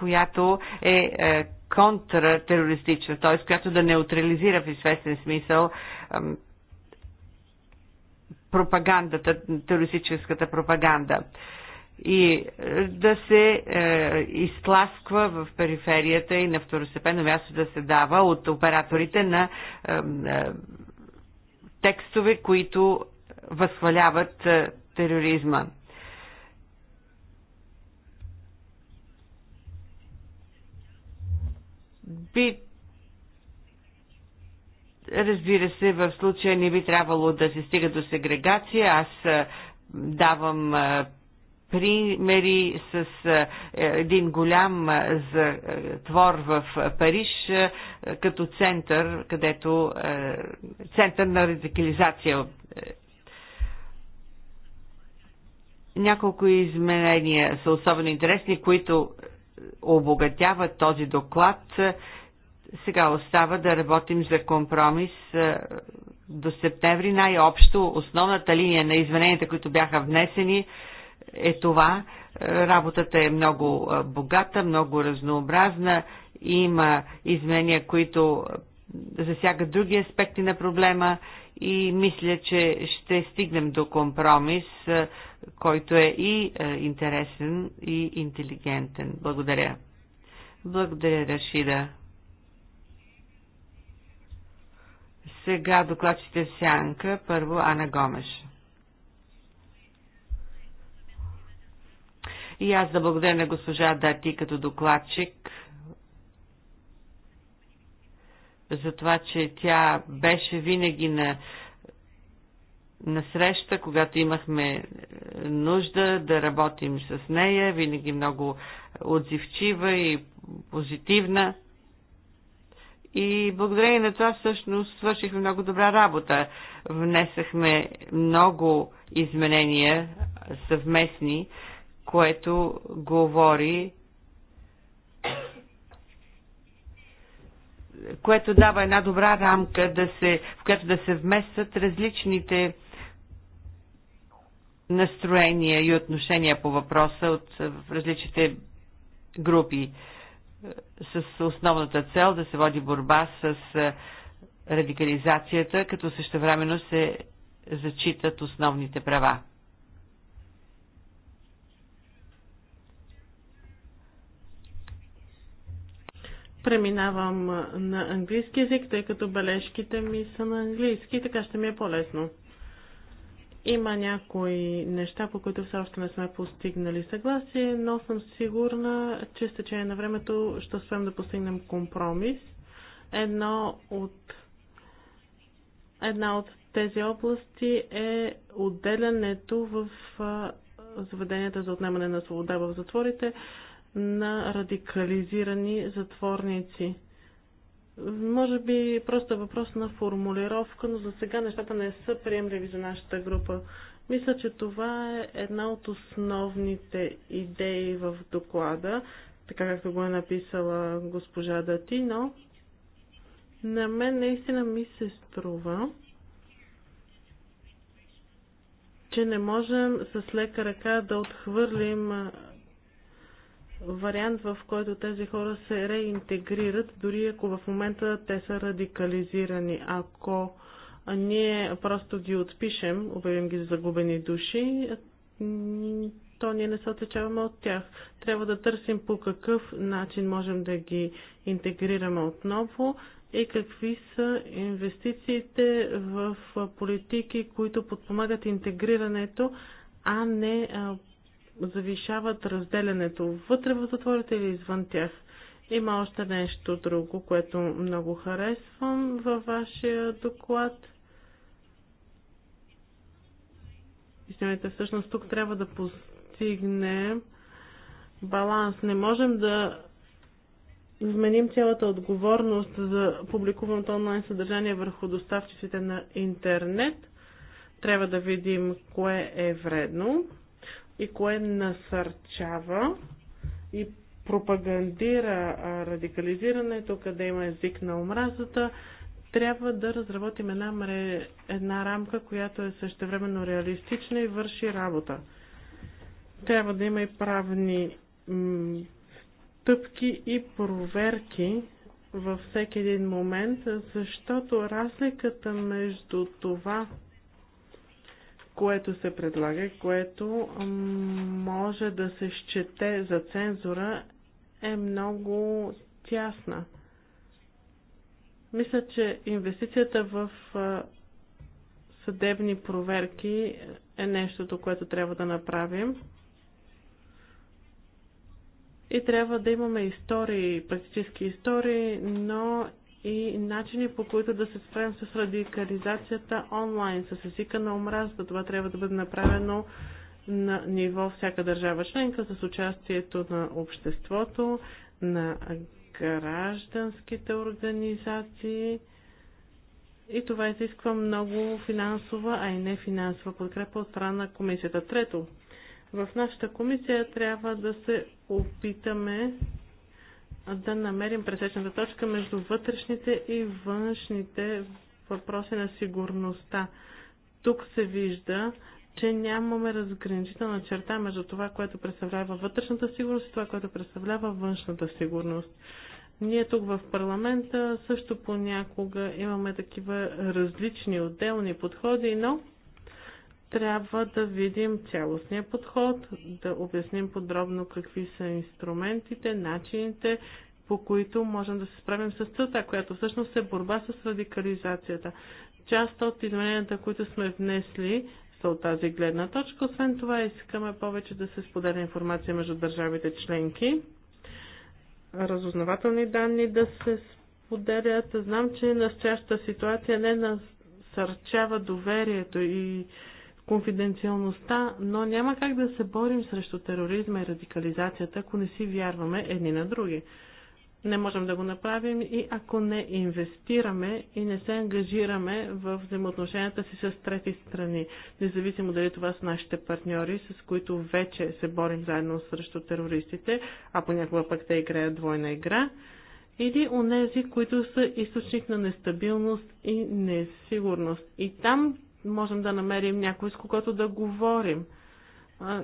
която е, е контртерористична, т.е. която да неутрализира в известен смисъл пропагандата, терористическата пропаганда и е, да се е, изтласква в периферията и на второстепенно място да се дава от операторите на е, е, текстове, които възхваляват е, тероризма. Би Разбира се, в случая не би трябвало да се стига до сегрегация. Аз давам примери с е, един голям затвор в Париж като център, където център на радикализация. Няколко изменения са особено интересни, които обогатяват този доклад. Сега остава да работим за компромис е, до септември. Най-общо основната линия на измененията, които бяха внесени, е това. Е, работата е много е, богата, много разнообразна. Има изменения, които засягат други аспекти на проблема и мисля, че ще стигнем до компромис, е, който е и е, интересен, и интелигентен. Благодаря. Благодаря, Рашида. Сега докладчите в сянка. Първо Ана Гомеш. И аз да благодаря на госпожа Дати като докладчик за това, че тя беше винаги на, на среща, когато имахме е, нужда да работим с нея, винаги много отзивчива и позитивна. И благодарение на това всъщност свършихме много добра работа. Внесахме много изменения съвместни, което говори което дава една добра рамка, да се, в която да се вместят различните настроения и отношения по въпроса от в различните групи е, с основната цел да се води борба с е, радикализацията, като същевременно се зачитат основните права. Преминавам на английски язик, тъй като бележките ми са на английски, така ще ми е по-лесно. Има някои неща, по които все още не сме постигнали съгласие, но съм сигурна, че с течение на времето ще успеем да постигнем компромис. Едно от, една от тези области е отделянето в заведенията за отнемане на свобода в затворите на радикализирани затворници. Може би просто е въпрос на формулировка, но за сега нещата не са приемливи за нашата група. Мисля, че това е една от основните идеи в доклада, така както го е написала госпожа Дати, но на мен наистина ми се струва, че не можем с лека ръка да отхвърлим вариант, в който тези хора се реинтегрират, дори ако в момента те са радикализирани. Ако ние просто ги отпишем, обявим ги за загубени души, то ние не се отличаваме от тях. Трябва да търсим по какъв начин можем да ги интегрираме отново и какви са инвестициите в политики, които подпомагат интегрирането, а не завишават разделянето вътре в затворите или извън тях. Има още нещо друго, което много харесвам във вашия доклад. Извинете, всъщност тук трябва да постигнем баланс. Не можем да вменим цялата отговорност за публикуваното онлайн съдържание върху доставчиците на интернет. Трябва да видим кое е вредно и кое насърчава и пропагандира радикализирането, къде има език на омразата, трябва да разработим една, мре, една рамка, която е същевременно реалистична и върши работа. Трябва да има и правни стъпки и проверки във всеки един момент, защото разликата между това което се предлага, което може да се счете за цензура, е много тясна. Мисля, че инвестицията в съдебни проверки е нещото, което трябва да направим. И трябва да имаме истории, практически истории, но и начини по които да се справим с радикализацията онлайн, с езика на омразата. Това трябва да бъде направено на ниво всяка държава членка с участието на обществото, на гражданските организации. И това изисква много финансова, а и не финансова подкрепа от страна на комисията. Трето, в нашата комисия трябва да се опитаме да намерим пресечната точка между вътрешните и външните въпроси на сигурността. Тук се вижда, че нямаме разграничителна черта между това, което представлява вътрешната сигурност и това, което представлява външната сигурност. Ние тук в парламента също понякога имаме такива различни отделни подходи, но трябва да видим цялостния подход, да обясним подробно какви са инструментите, начините, по които можем да се справим с целта, която всъщност е борба с радикализацията. Част от измененията, които сме внесли, са от тази гледна точка. Освен това, искаме повече да се споделя информация между държавите членки, разузнавателни данни да се споделят. Знам, че е настоящата ситуация не насърчава доверието и конфиденциалността, но няма как да се борим срещу тероризма и радикализацията, ако не си вярваме едни на други. Не можем да го направим и ако не инвестираме и не се ангажираме в взаимоотношенията си с трети страни, независимо дали това са нашите партньори, с които вече се борим заедно срещу терористите, а понякога пък те играят двойна игра, или у нези, които са източник на нестабилност и несигурност. И там можем да намерим някой, с когото да говорим.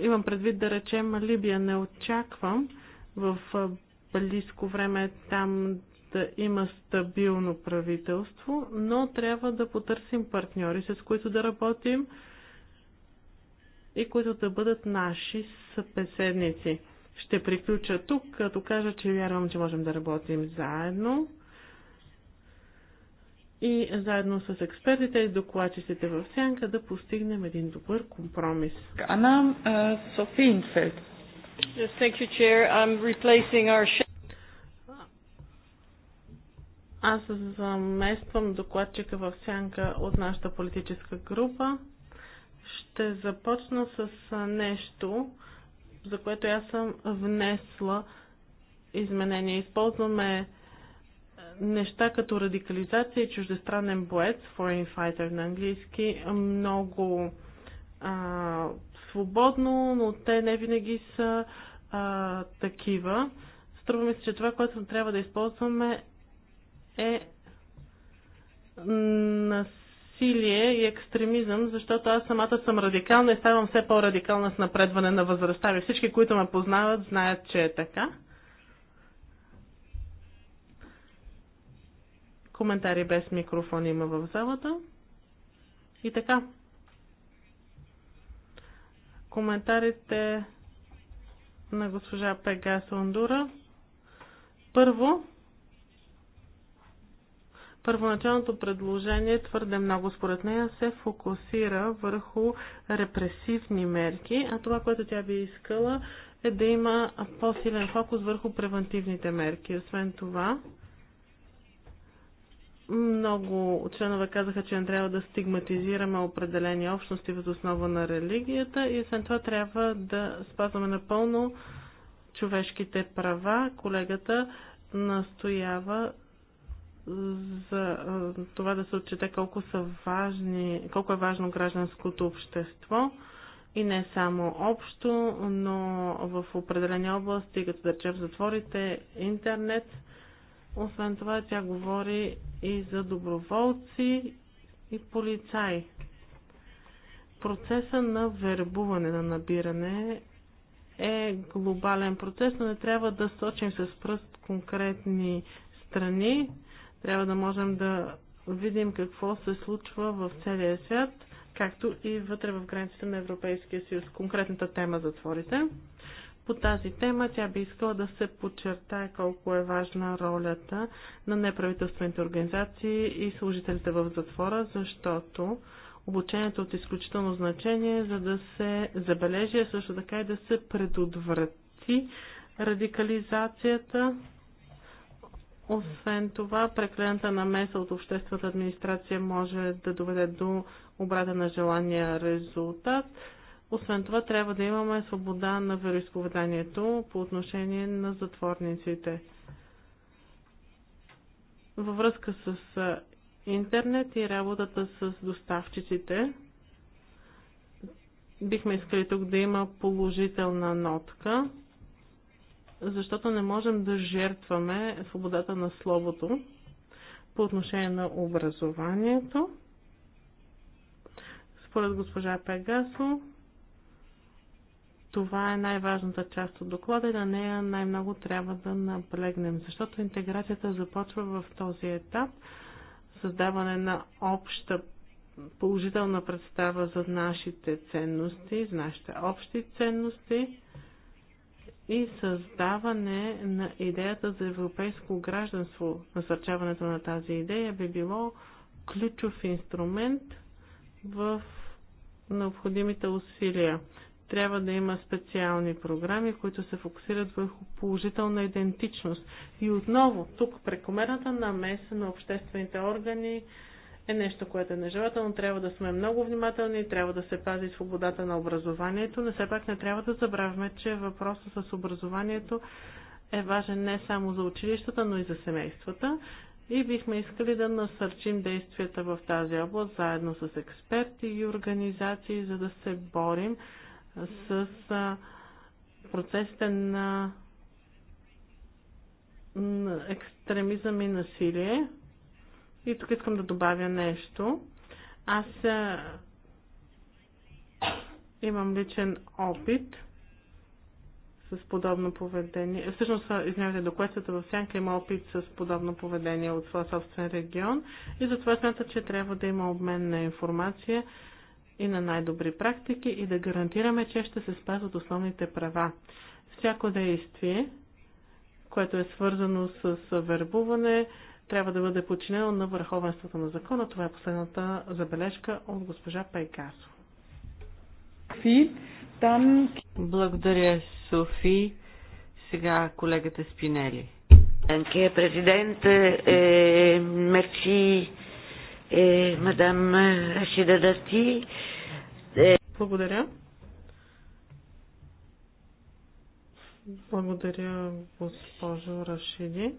Имам предвид да речем Либия. Не очаквам в близко време там да има стабилно правителство, но трябва да потърсим партньори, с които да работим и които да бъдат наши събеседници. Ще приключа тук, като кажа, че вярвам, че можем да работим заедно и заедно с експертите и докладчиците в сянка да постигнем един добър компромис. Анам Софинфелд. аз замествам докладчика в сянка от нашата политическа група. Ще започна с нещо, за което аз съм внесла изменение. Използваме неща като радикализация и чуждестранен боец, foreign fighter на английски, много а, свободно, но те не винаги са а, такива. Струва ми се, че това, което трябва да използваме е насилие и екстремизъм, защото аз самата съм радикална и ставам все по-радикална с напредване на възрастта. Всички, които ме познават, знаят, че е така. Коментари без микрофон има в залата. И така. Коментарите на госпожа Пега Сондура. Първо, първоначалното предложение твърде много според нея се фокусира върху репресивни мерки, а това, което тя би искала е да има по-силен фокус върху превентивните мерки. Освен това, много от членове казаха, че не трябва да стигматизираме определени общности въз основа на религията и освен това трябва да спазваме напълно човешките права. Колегата настоява за това да се отчете колко, са важни, колко е важно гражданското общество и не само общо, но в определени области, като да в затворите, интернет – освен това, тя говори и за доброволци и полицаи. Процеса на вербуване, на набиране е глобален процес, но не трябва да сочим с пръст конкретни страни. Трябва да можем да видим какво се случва в целия свят, както и вътре в границите на Европейския съюз. Конкретната тема затворите. По тази тема тя би искала да се подчертае колко е важна ролята на неправителствените организации и служителите в затвора, защото обучението е от изключително значение, за да се забележи, а също така и да се предотврати радикализацията. Освен това, преклената намеса от обществената администрация може да доведе до обрата на желания резултат. Освен това, трябва да имаме свобода на вероисповеданието по отношение на затворниците. Във връзка с интернет и работата с доставчиците, бихме искали тук да има положителна нотка, защото не можем да жертваме свободата на словото по отношение на образованието. Според госпожа Пегасо, това е най-важната част от доклада и на нея най-много трябва да наблегнем, защото интеграцията започва в този етап. Създаване на обща положителна представа за нашите ценности, за нашите общи ценности и създаване на идеята за европейско гражданство. Насърчаването на тази идея би било ключов инструмент в необходимите усилия трябва да има специални програми, които се фокусират върху положителна идентичност. И отново, тук прекомерната намеса на обществените органи е нещо, което е нежелателно. Трябва да сме много внимателни, трябва да се пази свободата на образованието, но все пак не трябва да забравяме, че въпросът с образованието е важен не само за училищата, но и за семействата. И бихме искали да насърчим действията в тази област, заедно с експерти и организации, за да се борим с процесите на екстремизъм и насилие. И тук искам да добавя нещо. Аз имам личен опит с подобно поведение. Всъщност, извинявайте, което в Сянка има опит с подобно поведение от своя собствен регион и затова смята, че трябва да има обмен на информация и на най-добри практики и да гарантираме, че ще се спазват основните права. Всяко действие, което е свързано с вербуване, трябва да бъде подчинено на върховенството на закона. Това е последната забележка от госпожа Пайкасо. Благодаря, Софи. Сега колегата Спинели. Анке президент, мерси е мадам Рашида Дати. Е... Благодаря. Благодаря, госпожо Рашиди.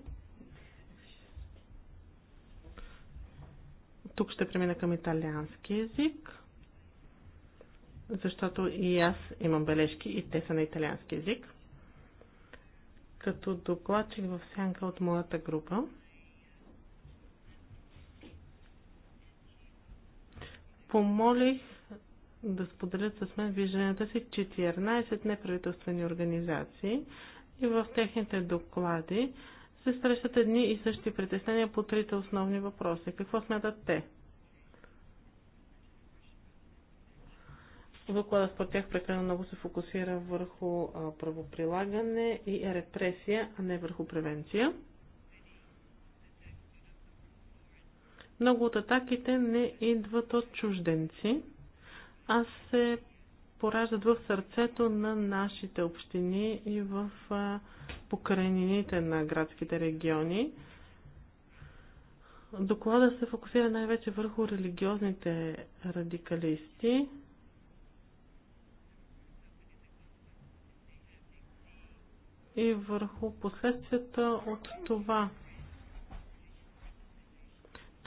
Тук ще премина към италиански язик, защото и аз имам бележки и те са на италиански язик. Като докладчик в сянка от моята група, помолих да споделят с мен вижданията си 14 неправителствени организации и в техните доклади се срещат едни и същи притеснения по трите основни въпроси. Какво смятат те? Докладът според тях прекалено много се фокусира върху правоприлагане и репресия, а не върху превенция. Много от атаките не идват от чужденци, а се пораждат в сърцето на нашите общини и в покрайнините на градските региони. Доклада се фокусира най-вече върху религиозните радикалисти. И върху последствията от това.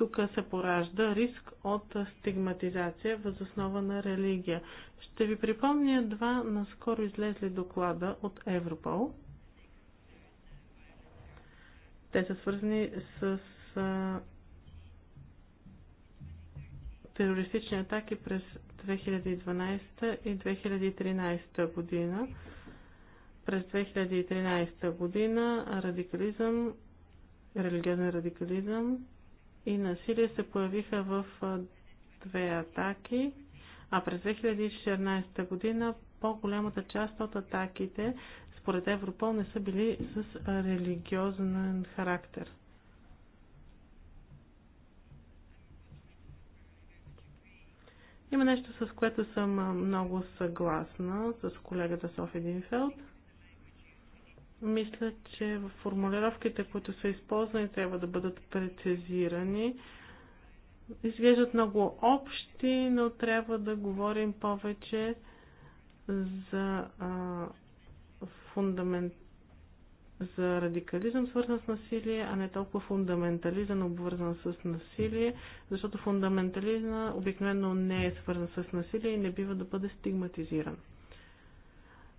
Тук се поражда риск от стигматизация възоснова на религия. Ще ви припомня два наскоро излезли доклада от Европол. Те са свързани с а, терористични атаки през 2012 и 2013 година. През 2013 година радикализъм, религиозен радикализъм, и насилие се появиха в две атаки, а през 2014 година по-голямата част от атаките според Европол не са били с религиозен характер. Има нещо, с което съм много съгласна с колегата Софи Динфелд – мисля, че в формулировките, които са използвани, трябва да бъдат прецизирани. Изглеждат много общи, но трябва да говорим повече за а, фундамент за радикализъм, свързан с насилие, а не толкова фундаментализъм, обвързан с насилие, защото фундаментализъм обикновено не е свързан с насилие и не бива да бъде стигматизиран.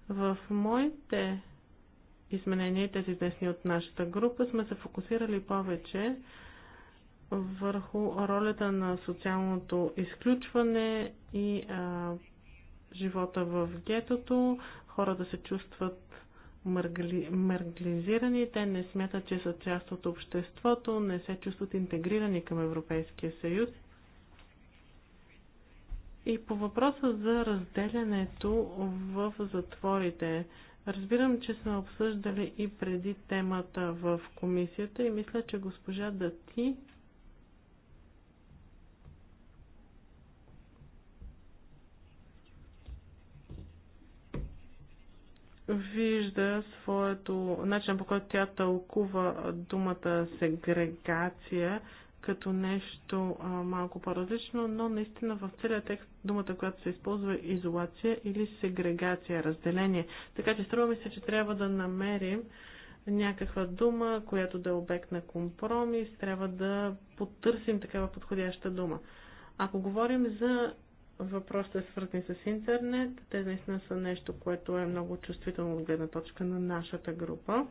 В моите изменения, тези изнесени от нашата група, сме се фокусирали повече върху ролята на социалното изключване и а, живота в гетото. Хората да се чувстват маргли, марглизирани, те не смятат, че са част от обществото, не се чувстват интегрирани към Европейския съюз. И по въпроса за разделянето в затворите, Разбирам, че сме обсъждали и преди темата в комисията и мисля, че госпожа Дати вижда своето начин по който тя тълкува думата сегрегация като нещо а, малко по-различно, но наистина в целия текст думата, която се използва е изолация или сегрегация, разделение. Така че струва ми се, че трябва да намерим някаква дума, която да е обект на компромис, трябва да потърсим такава подходяща дума. Ако говорим за въпросите свързани с интернет, те наистина са нещо, което е много чувствително от гледна точка на нашата група.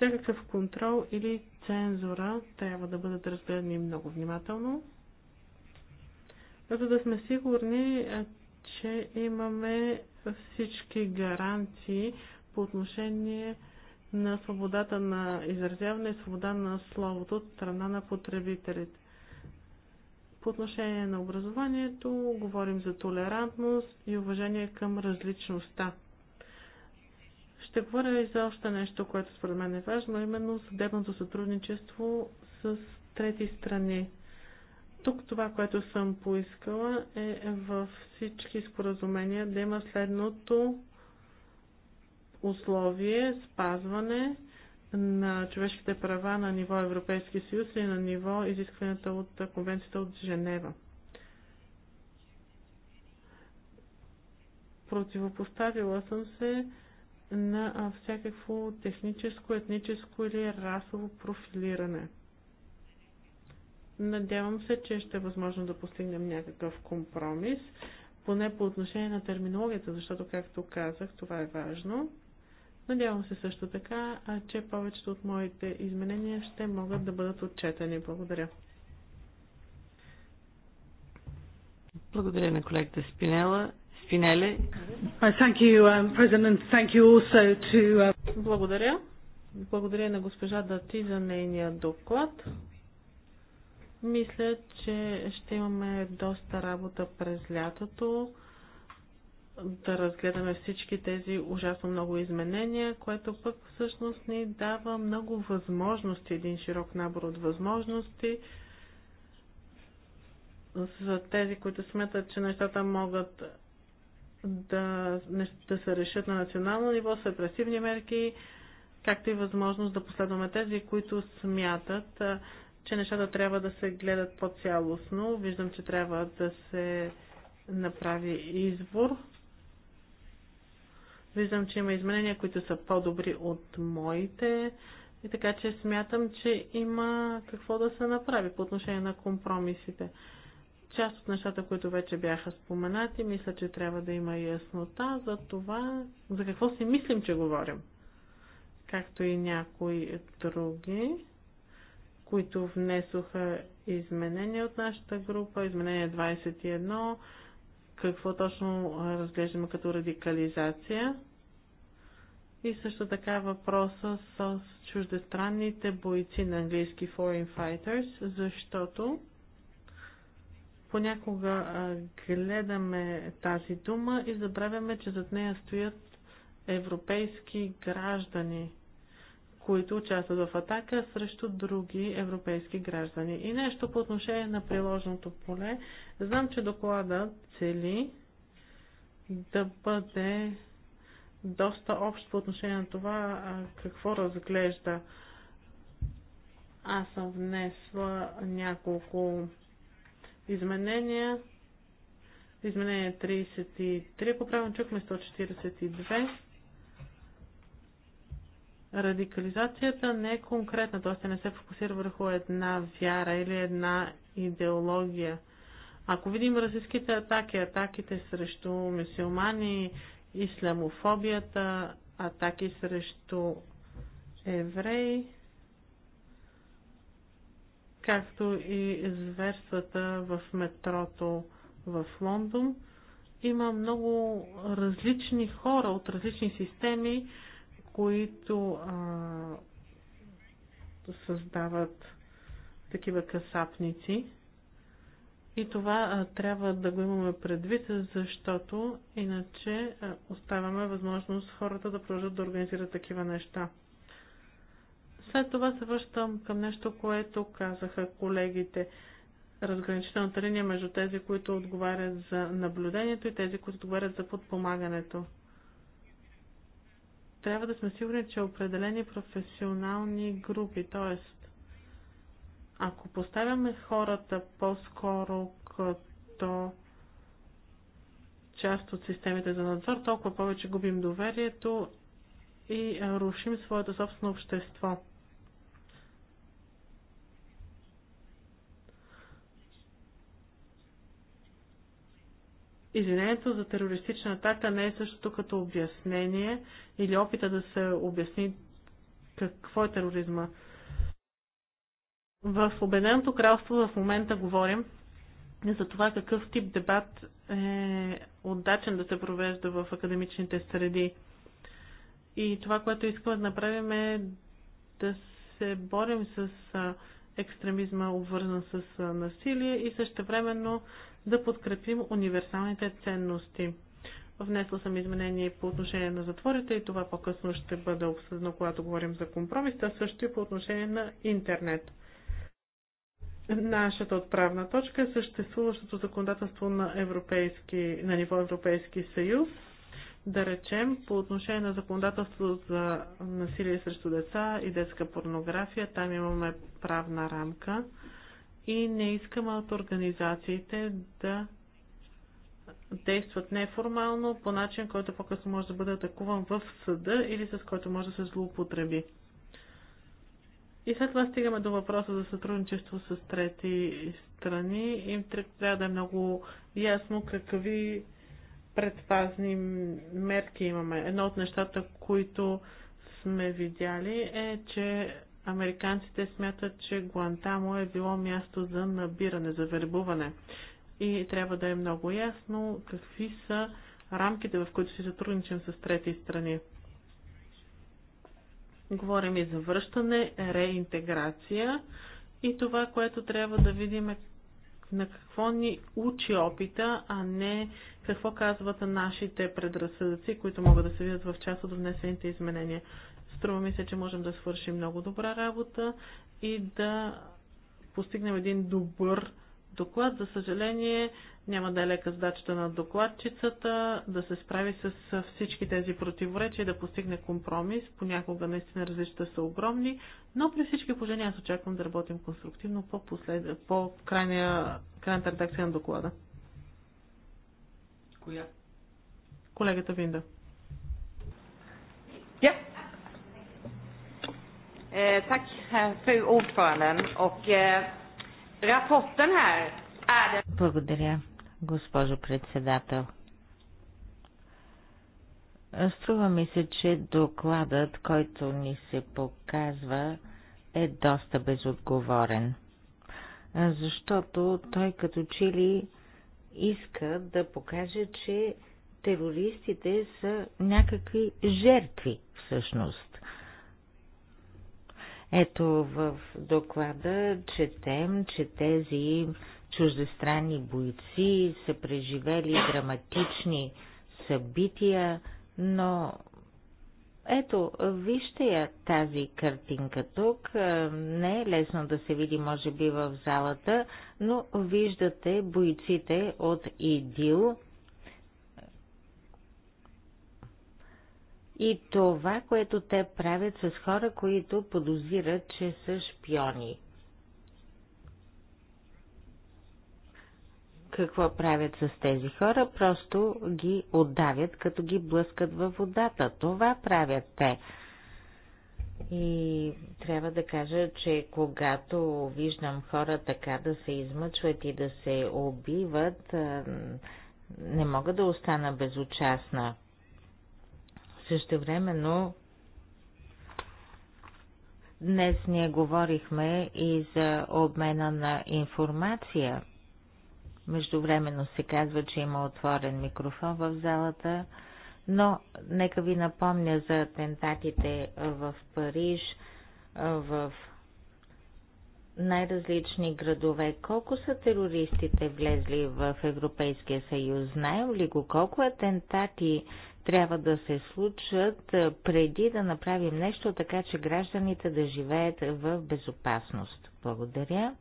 Всякакъв контрол или цензура трябва да бъдат разгледани много внимателно, за да сме сигурни, че имаме всички гаранции по отношение на свободата на изразяване и свобода на словото от страна на потребителите. По отношение на образованието говорим за толерантност и уважение към различността. Ще говоря и за още нещо, което според мен е важно, именно съдебното сътрудничество с трети страни. Тук това, което съм поискала е във всички споразумения да има следното условие, спазване на човешките права на ниво Европейски съюз и на ниво изискванията от Конвенцията от Женева. Противопоставила съм се на всякакво техническо, етническо или расово профилиране. Надявам се, че ще е възможно да постигнем някакъв компромис, поне по отношение на терминологията, защото, както казах, това е важно. Надявам се също така, че повечето от моите изменения ще могат да бъдат отчетени. Благодаря. Благодаря на колегата Спинела. Финеле. Um, uh, Благодаря. Благодаря на госпожа Дати за нейния доклад. Мисля, че ще имаме доста работа през лятото да разгледаме всички тези ужасно много изменения, което пък всъщност ни дава много възможности, един широк набор от възможности за тези, които смятат, че нещата могат да, да се решат на национално ниво, с репресивни мерки, както и възможност да последваме тези, които смятат, че нещата трябва да се гледат по-цялостно. Виждам, че трябва да се направи избор. Виждам, че има изменения, които са по-добри от моите. И така, че смятам, че има какво да се направи по отношение на компромисите част от нещата, които вече бяха споменати, мисля, че трябва да има яснота за това, за какво си мислим, че говорим. Както и някои други, които внесоха изменения от нашата група, изменение 21, какво точно разглеждаме като радикализация. И също така въпроса с чуждестранните бойци на английски foreign fighters, защото Понякога гледаме тази дума и забравяме, че зад нея стоят европейски граждани, които участват в атака срещу други европейски граждани. И нещо по отношение на приложеното поле. Знам, че доклада цели да бъде доста общ по отношение на това какво разглежда. Аз съм внесла няколко Изменения. Изменение 33. правилно чухме 142. Радикализацията не е конкретна, т.е. не се фокусира върху една вяра или една идеология. Ако видим расистските атаки, атаките срещу мусулмани, ислямофобията, атаки срещу евреи, както и зверствата в метрото в Лондон. Има много различни хора от различни системи, които а, създават такива касапници. И това а, трябва да го имаме предвид, защото иначе а, оставяме възможност хората да продължат да организират такива неща. След това се връщам към нещо, което казаха колегите. Разграничителната линия между тези, които отговарят за наблюдението и тези, които отговарят за подпомагането. Трябва да сме сигурни, че определени професионални групи, т.е. ако поставяме хората по-скоро като част от системите за надзор, толкова повече губим доверието и рушим своето собствено общество. извинението за терористична атака не е същото като обяснение или опита да се обясни какво е тероризма. В Обединеното кралство в момента говорим за това какъв тип дебат е отдачен да се провежда в академичните среди. И това, което искаме да направим е да се борим с екстремизма, обвързан с насилие и същевременно да подкрепим универсалните ценности. Внесла съм изменение по отношение на затворите и това по-късно ще бъде обсъдено, когато говорим за компромис, а също и по отношение на интернет. Нашата отправна точка е съществуващото законодателство на, европейски, на ниво Европейски съюз, да речем, по отношение на законодателство за насилие срещу деца и детска порнография, там имаме правна рамка и не искаме от организациите да действат неформално, по начин, който по-късно може да бъде атакуван в съда или с който може да се злоупотреби. И след това стигаме до въпроса за сътрудничество с трети страни. Им трябва да е много ясно какви предпазни мерки имаме. Едно от нещата, които сме видяли е, че Американците смятат, че Гуантамо е било място за набиране, за вербуване. И трябва да е много ясно какви са рамките, в които си сътрудничим с трети страни. Говорим и за връщане, реинтеграция и това, което трябва да видим е на какво ни учи опита, а не какво казват нашите предразсъдъци, които могат да се видят в част от внесените изменения. Струва ми се, че можем да свършим много добра работа и да постигнем един добър доклад. За съжаление, няма да е лека задачата на докладчицата да се справи с всички тези противоречия и да постигне компромис. Понякога наистина различията са огромни, но при всички положения аз очаквам да работим конструктивно по, послед... по крайния... крайната редакция на доклада. Коя? Колегата Винда. Yeah. Eh, tack, eh, fru ordföranden. Och eh, rapporten här är den... Благодаря, госпожо председател. Струва ми се, че докладът, който ни се показва, е доста безотговорен. Защото той като че ли иска да покаже, че терористите са някакви жертви всъщност. Ето в доклада четем, че тези чуждестранни бойци са преживели драматични събития, но ето, вижте я тази картинка тук. Не е лесно да се види, може би, в залата, но виждате бойците от ИДИЛ, и това, което те правят с хора, които подозират, че са шпиони. Какво правят с тези хора? Просто ги отдавят, като ги блъскат във водата. Това правят те. И трябва да кажа, че когато виждам хора така да се измъчват и да се убиват, не мога да остана безучастна. Същевременно днес ние говорихме и за обмена на информация. Междувременно се казва, че има отворен микрофон в залата, но нека ви напомня за атентатите в Париж, в най-различни градове. Колко са терористите влезли в Европейския съюз? Знаем ли го? Колко атентати трябва да се случат преди да направим нещо, така че гражданите да живеят в безопасност. Благодаря.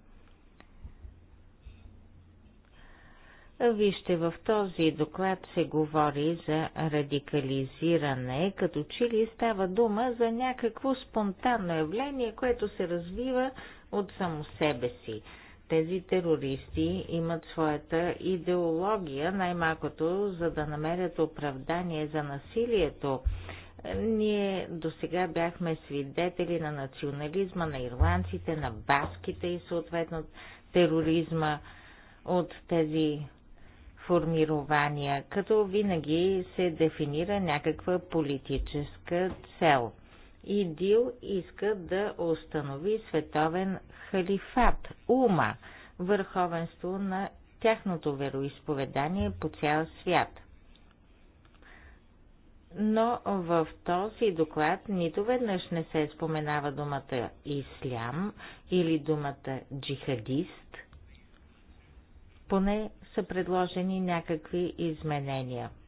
Вижте, в този доклад се говори за радикализиране, като че ли става дума за някакво спонтанно явление, което се развива от само себе си тези терористи имат своята идеология, най-малкото за да намерят оправдание за насилието. Ние до сега бяхме свидетели на национализма на ирландците, на баските и съответно тероризма от тези формирования, като винаги се дефинира някаква политическа цел. ИДИЛ иска да установи световен халифат, ума, върховенство на тяхното вероисповедание по цял свят. Но в този доклад нито веднъж не се споменава думата ислям или думата джихадист, поне са предложени някакви изменения –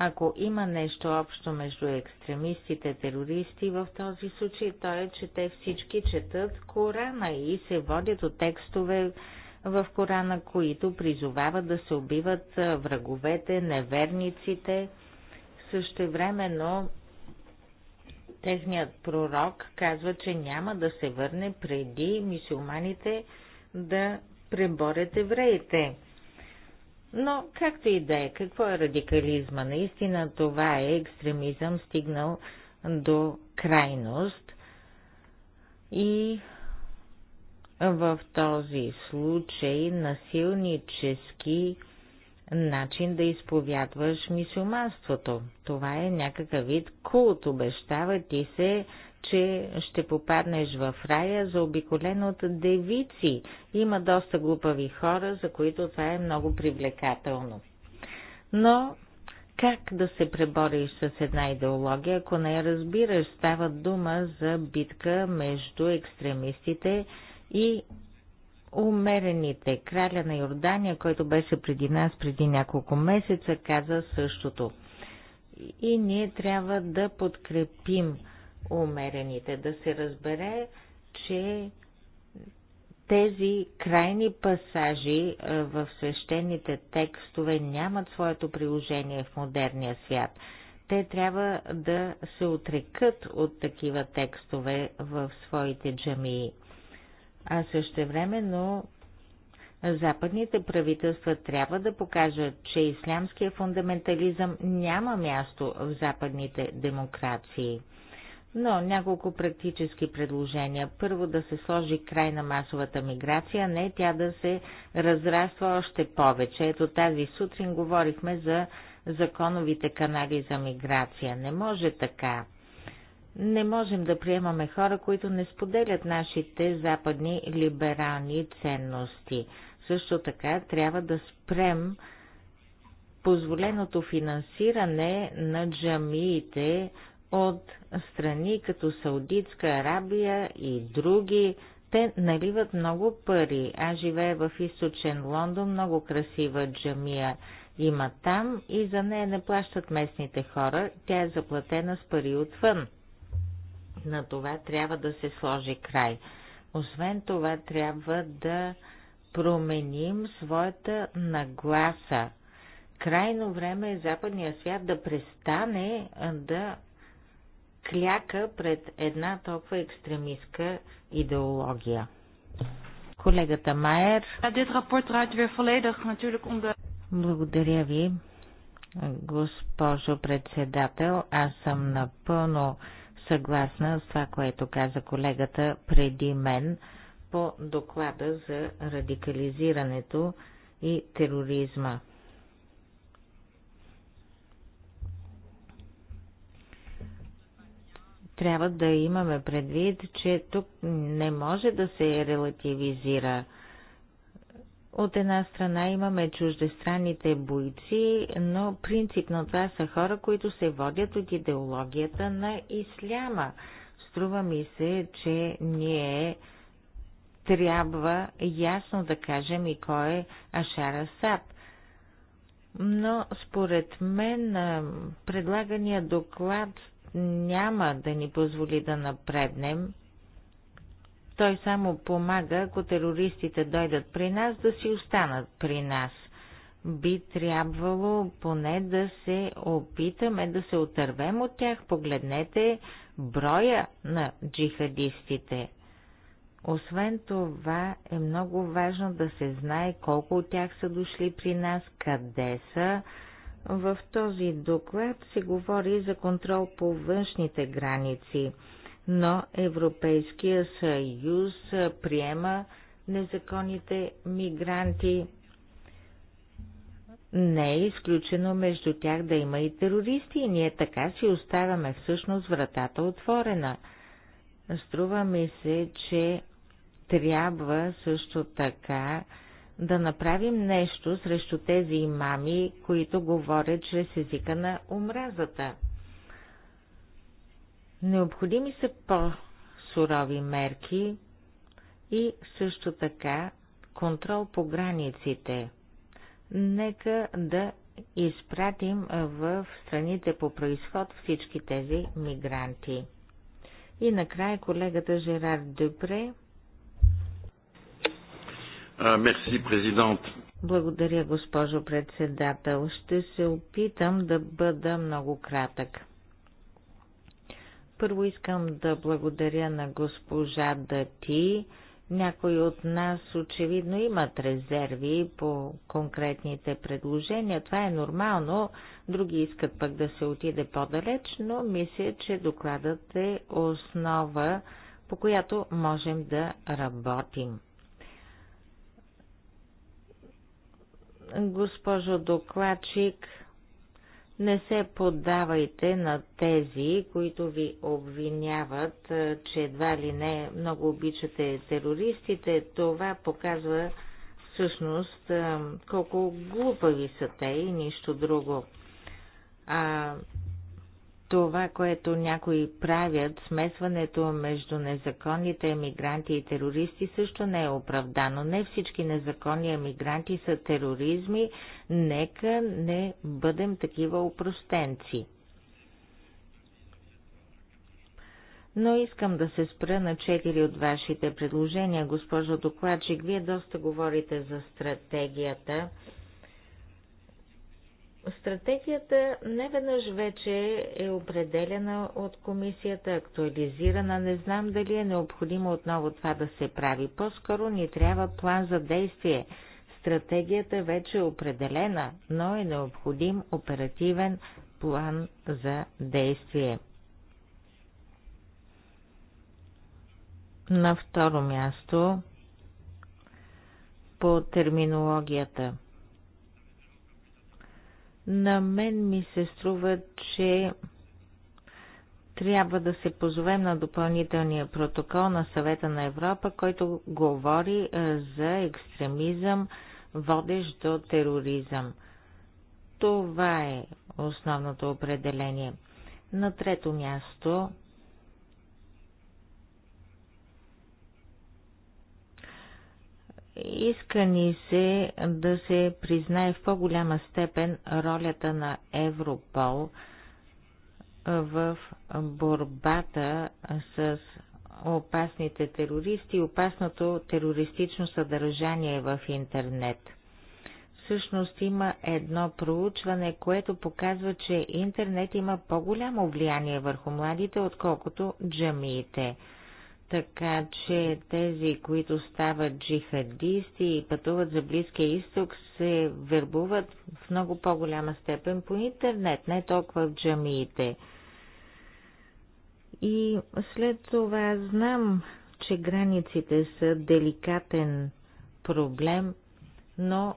ако има нещо общо между екстремистите, терористи в този случай, то е, че те всички четат Корана и се водят от текстове в Корана, които призовават да се убиват враговете, неверниците. Същевременно техният пророк казва, че няма да се върне преди мисюлманите да преборят евреите. Но както и да е, какво е радикализма? Наистина това е екстремизъм, стигнал до крайност. И в този случай насилнически начин да изповядваш мисюманството. Това е някакъв вид култ, обещава ти се че ще попаднеш в рая, за обиколено от девици. Има доста глупави хора, за които това е много привлекателно. Но как да се пребориш с една идеология, ако не я разбираш, става дума за битка между екстремистите и умерените. Краля на Йордания, който беше преди нас преди няколко месеца, каза същото. И ние трябва да подкрепим умерените. Да се разбере, че тези крайни пасажи в свещените текстове нямат своето приложение в модерния свят. Те трябва да се отрекат от такива текстове в своите джамии. А същевременно западните правителства трябва да покажат, че ислямския фундаментализъм няма място в западните демокрации – но няколко практически предложения. Първо да се сложи край на масовата миграция, не тя да се разраства още повече. Ето тази сутрин говорихме за законовите канали за миграция. Не може така. Не можем да приемаме хора, които не споделят нашите западни либерални ценности. Също така трябва да спрем позволеното финансиране на джамиите, от страни като Саудитска Арабия и други. Те наливат много пари. Аз живея в източен Лондон, много красива джамия има там и за нея не плащат местните хора. Тя е заплатена с пари отвън. На това трябва да се сложи край. Освен това трябва да променим своята нагласа. Крайно време е западния свят да престане да кляка пред една толкова екстремистка идеология. Колегата Майер. Благодаря ви, госпожо председател. Аз съм напълно съгласна с това, което каза колегата преди мен по доклада за радикализирането и тероризма. трябва да имаме предвид, че тук не може да се релативизира. От една страна имаме чуждестранните бойци, но принципно това са хора, които се водят от идеологията на исляма. Струва ми се, че ние трябва ясно да кажем и кой е Ашара Сад. Но според мен предлагания доклад няма да ни позволи да напреднем. Той само помага, ако терористите дойдат при нас, да си останат при нас. Би трябвало поне да се опитаме да се отървем от тях. Погледнете броя на джихадистите. Освен това е много важно да се знае колко от тях са дошли при нас, къде са, в този доклад се говори за контрол по външните граници, но Европейския съюз приема незаконните мигранти. Не е изключено между тях да има и терористи и ние така си оставяме всъщност вратата отворена. Струва ми се, че трябва също така да направим нещо срещу тези имами, които говорят чрез езика на омразата. Необходими са по-сурови мерки и също така контрол по границите. Нека да изпратим в страните по происход всички тези мигранти. И накрая колегата Жерар Дюпре Мерси, euh, президент. Благодаря, госпожо председател. Ще се опитам да бъда много кратък. Първо искам да благодаря на госпожа Дати. Някои от нас очевидно имат резерви по конкретните предложения. Това е нормално. Други искат пък да се отиде по-далеч, но мисля, че докладът е основа, по която можем да работим. Госпожо докладчик, не се поддавайте на тези, които ви обвиняват, че едва ли не много обичате терористите. Това показва всъщност колко глупави са те и нищо друго. А това, което някои правят, смесването между незаконните емигранти и терористи също не е оправдано. Не всички незаконни емигранти са тероризми. Нека не бъдем такива упростенци. Но искам да се спра на четири от вашите предложения, госпожо докладчик. Вие доста говорите за стратегията. Стратегията не веднъж вече е определена от комисията, актуализирана. Не знам дали е необходимо отново това да се прави. По-скоро ни трябва план за действие. Стратегията вече е определена, но е необходим оперативен план за действие. На второ място по терминологията – на мен ми се струва, че трябва да се позовем на допълнителния протокол на съвета на Европа, който говори е, за екстремизъм, водещ до тероризъм. Това е основното определение. На трето място Иска ни се да се признае в по-голяма степен ролята на Европол в борбата с опасните терористи и опасното терористично съдържание в интернет. Всъщност има едно проучване, което показва, че интернет има по-голямо влияние върху младите, отколкото джамиите – така че тези, които стават джихадисти и пътуват за Близкия изток, се вербуват в много по-голяма степен по интернет, не толкова в джамиите. И след това знам, че границите са деликатен проблем, но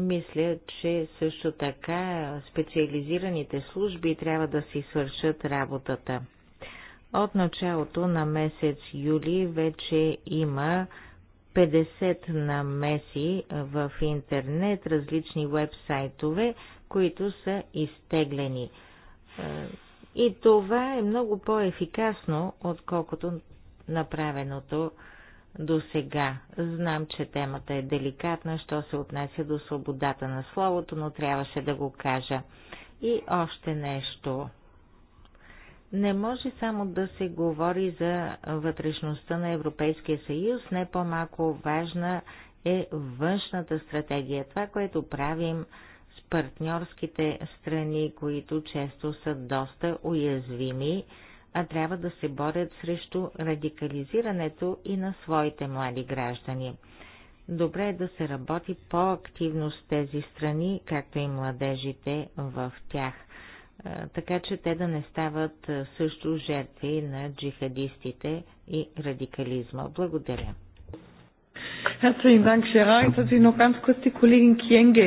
Мисля, че също така специализираните служби трябва да си свършат работата. От началото на месец юли вече има 50 намеси в интернет, различни вебсайтове, които са изтеглени. И това е много по-ефикасно, отколкото направеното до сега. Знам, че темата е деликатна, що се отнася до свободата на словото, но трябваше да го кажа. И още нещо. Не може само да се говори за вътрешността на Европейския съюз, не по-малко важна е външната стратегия. Това, което правим с партньорските страни, които често са доста уязвими, а трябва да се борят срещу радикализирането и на своите млади граждани. Добре е да се работи по-активно с тези страни, както и младежите в тях, така че те да не стават също жертви на джихадистите и радикализма. Благодаря. Herzlichen Dank, Gerard. Jetzt hat sich noch ganz kurz die Kollegin Kienge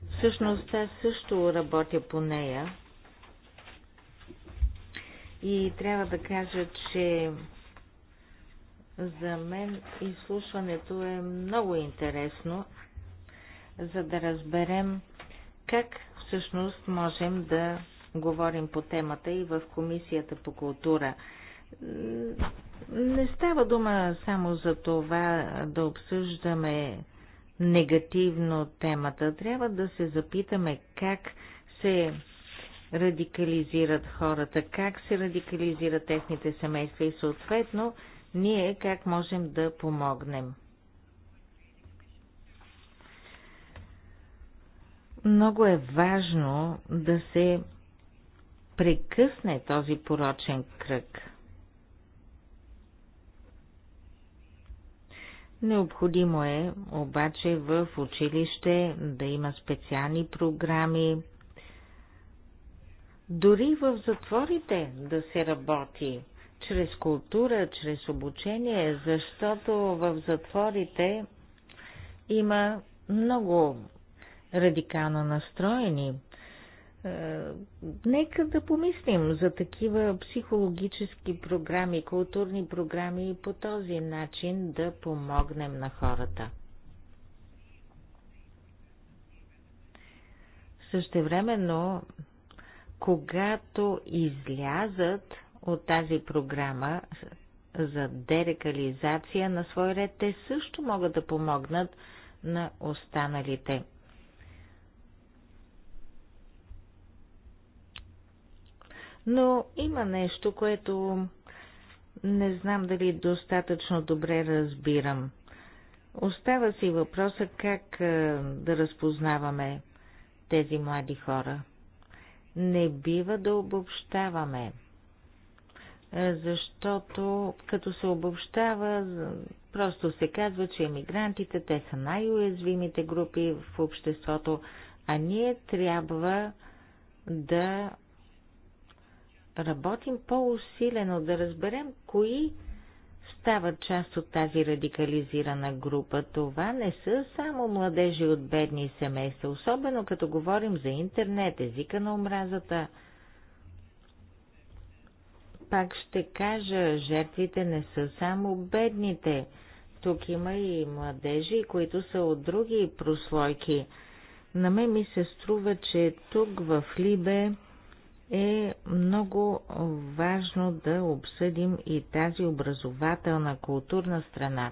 Всъщност аз също работя по нея и трябва да кажа, че за мен изслушването е много интересно, за да разберем как всъщност можем да говорим по темата и в Комисията по култура. Не става дума само за това да обсъждаме негативно темата. Трябва да се запитаме как се радикализират хората, как се радикализират техните семейства и съответно ние как можем да помогнем. Много е важно да се прекъсне този порочен кръг – Необходимо е обаче в училище да има специални програми, дори в затворите да се работи чрез култура, чрез обучение, защото в затворите има много радикално настроени е, нека да помислим за такива психологически програми, културни програми и по този начин да помогнем на хората. Същевременно, когато излязат от тази програма за дерекализация на свой ред, те също могат да помогнат на останалите – Но има нещо, което не знам дали достатъчно добре разбирам. Остава си въпроса как да разпознаваме тези млади хора. Не бива да обобщаваме, защото като се обобщава, просто се казва, че емигрантите, те са най-уязвимите групи в обществото, а ние трябва да работим по-усилено, да разберем кои стават част от тази радикализирана група. Това не са само младежи от бедни семейства, особено като говорим за интернет, езика на омразата. Пак ще кажа, жертвите не са само бедните. Тук има и младежи, които са от други прослойки. На мен ми се струва, че тук в Либе е много важно да обсъдим и тази образователна културна страна.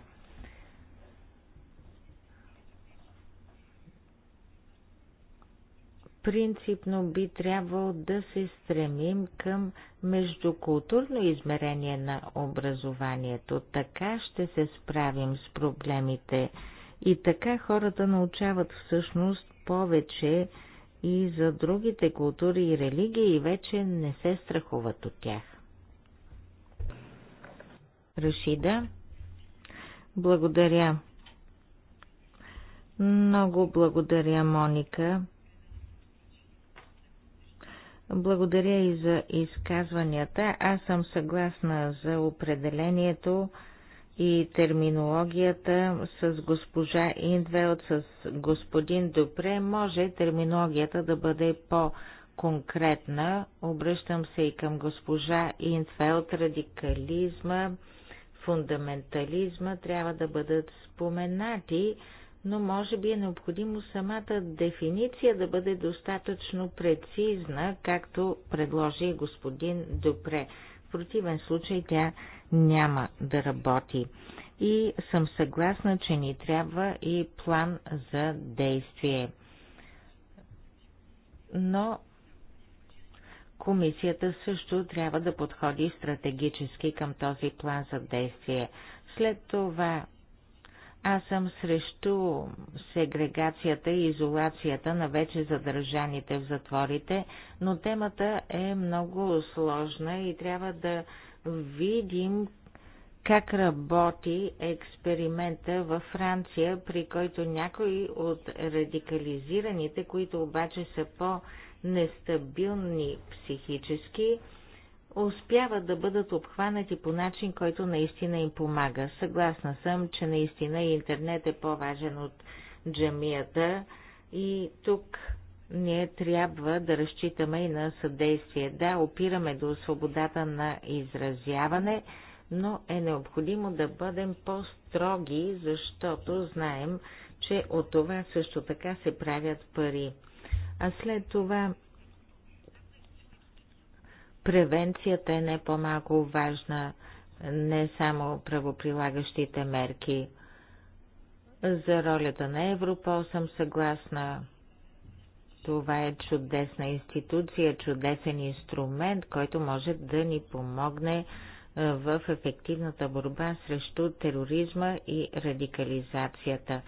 Принципно би трябвало да се стремим към междукултурно измерение на образованието. Така ще се справим с проблемите и така хората научават всъщност повече и за другите култури и религии и вече не се страхуват от тях. Рашида, благодаря. Много благодаря, Моника. Благодаря и за изказванията. Аз съм съгласна за определението и терминологията с госпожа Индвелт, с господин Допре, може терминологията да бъде по-конкретна. Обръщам се и към госпожа Индвелт, радикализма, фундаментализма трябва да бъдат споменати, но може би е необходимо самата дефиниция да бъде достатъчно прецизна, както предложи господин Допре. В противен случай тя няма да работи. И съм съгласна, че ни трябва и план за действие. Но комисията също трябва да подходи стратегически към този план за действие. След това аз съм срещу сегрегацията и изолацията на вече задържаните в затворите, но темата е много сложна и трябва да видим как работи експеримента във Франция, при който някои от радикализираните, които обаче са по-нестабилни психически, успяват да бъдат обхванати по начин, който наистина им помага. Съгласна съм, че наистина интернет е по-важен от джамията и тук ние трябва да разчитаме и на съдействие. Да, опираме до свободата на изразяване, но е необходимо да бъдем по-строги, защото знаем, че от това също така се правят пари. А след това превенцията е не по-малко важна, не само правоприлагащите мерки. За ролята на Европол съм съгласна, това е чудесна институция, чудесен инструмент, който може да ни помогне е, в ефективната борба срещу тероризма и радикализацията.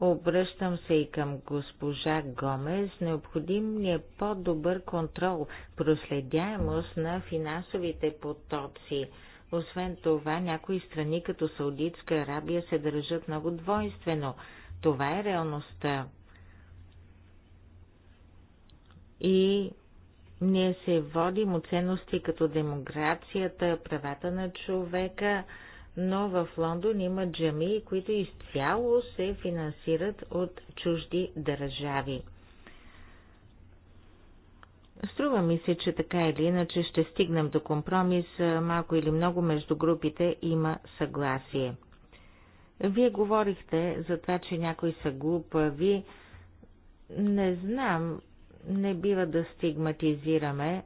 Обръщам се и към госпожа Гомес. Необходим ни е по-добър контрол, проследяемост на финансовите потоци. Освен това, някои страни като Саудитска Арабия се държат много двойствено. Това е реалността и ние се водим от ценности като демокрацията, правата на човека, но в Лондон има джами, които изцяло се финансират от чужди държави. Струва ми се, че така или иначе ще стигнем до компромис, малко или много между групите има съгласие. Вие говорихте за това, че някои са глупави. Не знам, не бива да стигматизираме.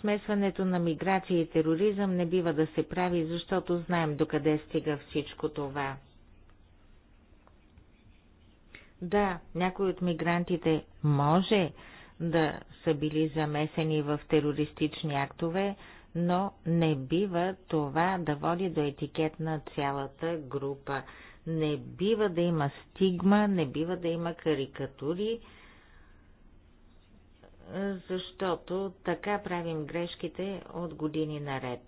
Смесването на миграция и тероризъм не бива да се прави, защото знаем докъде стига всичко това. Да, някои от мигрантите може да са били замесени в терористични актове, но не бива това да води до етикет на цялата група. Не бива да има стигма, не бива да има карикатури, защото така правим грешките от години наред.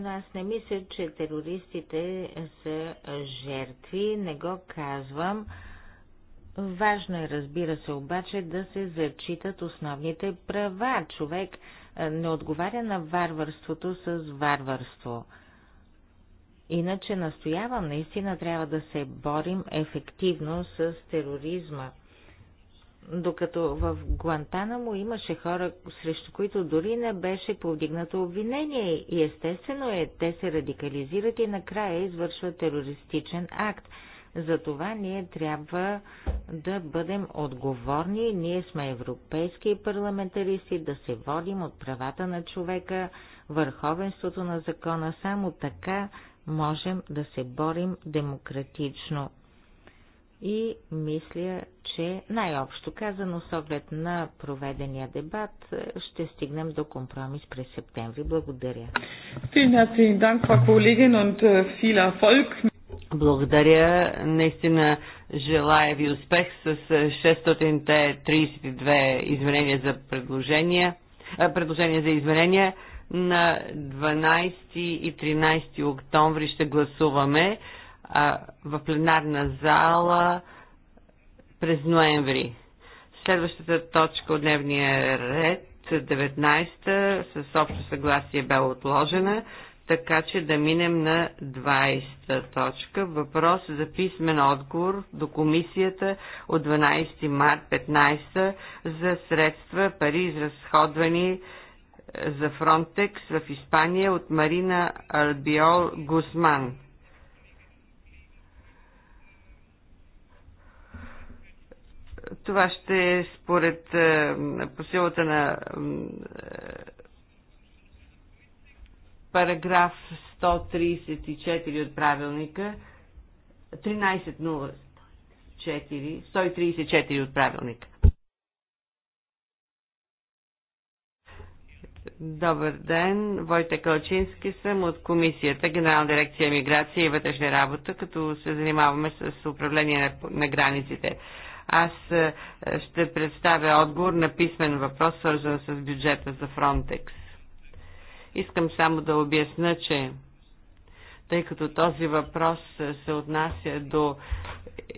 но аз не мисля, че терористите са жертви, не го казвам. Важно е, разбира се, обаче да се зачитат основните права. Човек не отговаря на варварството с варварство. Иначе настоявам, наистина трябва да се борим ефективно с тероризма. Докато в Гуантана му имаше хора, срещу които дори не беше повдигнато обвинение и естествено е, те се радикализират и накрая извършват терористичен акт. Затова ние трябва да бъдем отговорни, ние сме европейски парламентаристи, да се водим от правата на човека, върховенството на закона. Само така можем да се борим демократично. И мисля, че най-общо казано, с оглед на проведения дебат, ще стигнем до компромис през септември. Благодаря. Äh, Благодаря. Наистина желая ви успех с 632 изменения за предложения, предложения за изменения. На 12 и 13 октомври ще гласуваме а, в пленарна зала през ноември. Следващата точка от дневния ред, 19-та, с общо съгласие бе отложена, така че да минем на 20-та точка. Въпрос за писмен отговор до комисията от 12 март 15 за средства, пари изразходвани за Фронтекс в Испания от Марина Албиол Гусман. Това ще е според е, по силата на е, параграф 134 от правилника 1304 134 от правилника. Добър ден, Войте Калчински съм от Комисията Генерална дирекция Миграция и вътрешна работа, като се занимаваме с управление на, на границите. Аз е, ще представя отговор на писмен въпрос, свързан с бюджета за Фронтекс. Искам само да обясна, че тъй като този въпрос се отнася до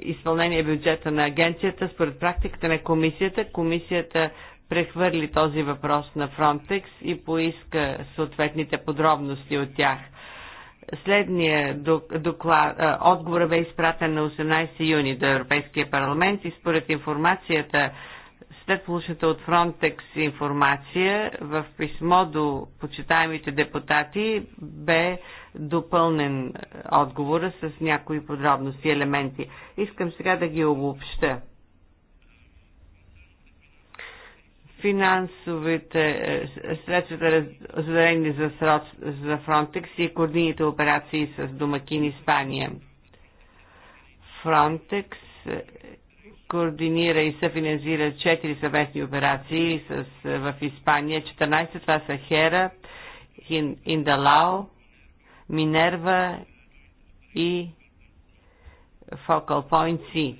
изпълнение бюджета на агенцията, според практиката на комисията, комисията прехвърли този въпрос на Фронтекс и поиска съответните подробности от тях. Следния доклад, отговор бе изпратен на 18 юни до Европейския парламент и според информацията след получената от Фронтекс информация в писмо до почитаемите депутати бе допълнен отговора с някои подробности и елементи. Искам сега да ги обобща. финансовите е, средствата, заделени за, за Фронтекс и координите операции с Домакин Испания. Фронтекс координира и съфинансира 4 съвместни операции с, е, в Испания. 14 това са Хера, Индалао, Минерва и Focal Point C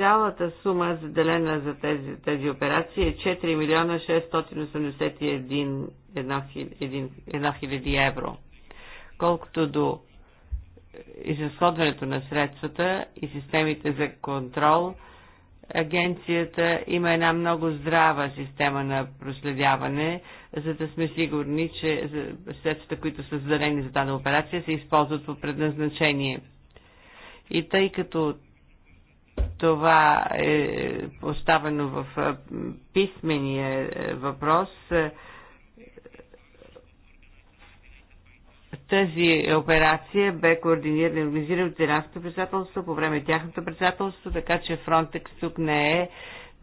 цялата сума, заделена за тези, тези операции, е 4 милиона 681 хиляди евро. Колкото до изразходването на средствата и системите за контрол, агенцията има една много здрава система на проследяване, за да сме сигурни, че средствата, които са заделени за тази операция, се използват по предназначение. И тъй като това е поставено в писмения е, въпрос. Тази операция бе координирана и организирана от Иранското председателство по време тяхното председателство, така че Фронтекс тук не е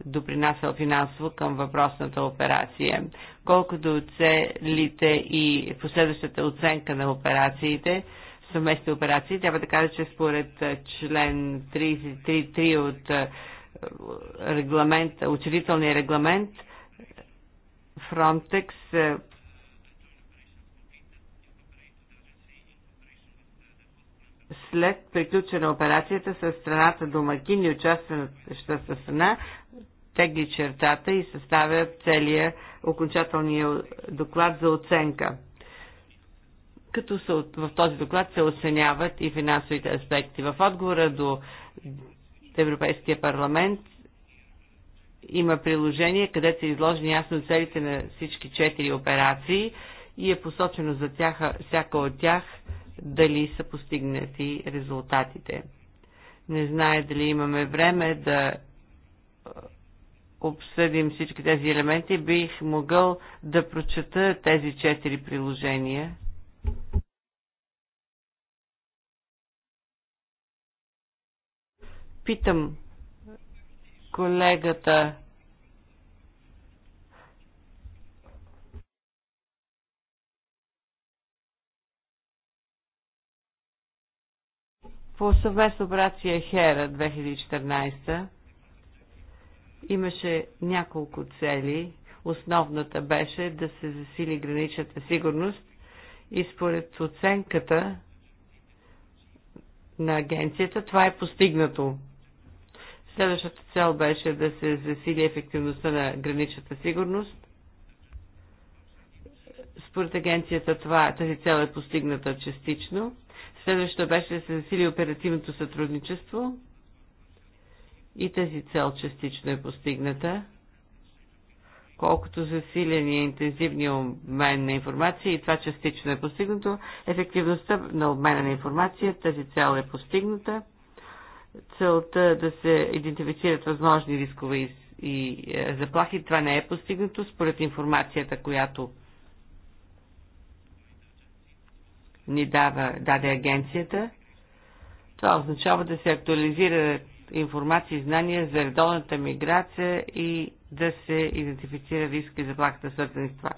допринасял финансово към въпросната операция. Колкото до целите и последващата оценка на операциите, съвместни операции. Трябва да кажа, че според член 33 от регламент, учредителния регламент, Frontex след приключване на операцията с страната домакин и участващата страна тегли чертата и съставя целия окончателния доклад за оценка като са, в този доклад се оценяват и финансовите аспекти. В отговора до Европейския парламент има приложение, където са изложени ясно целите на всички четири операции и е посочено за тях, всяка от тях дали са постигнати резултатите. Не знае дали имаме време да е, обсъдим всички тези елементи. Бих могъл да прочета тези четири приложения. питам колегата по съвместна операция Хера 2014 имаше няколко цели. Основната беше да се засили граничната сигурност и според оценката на агенцията това е постигнато Следващата цел беше да се засили ефективността на граничната сигурност. Според агенцията това, тази цел е постигната частично. Следващата беше да се засили оперативното сътрудничество. И тази цел частично е постигната. Колкото засилен и интензивния обмен на информация, и това частично е постигнато, ефективността на обмена на информация, тази цел е постигната целта е да се идентифицират възможни рискове и, и е, заплахи. Това не е постигнато според информацията, която ни дава, даде агенцията. Това означава да се актуализира информация и знания за редовната миграция и да се идентифицира риска и заплахата, свързани с това.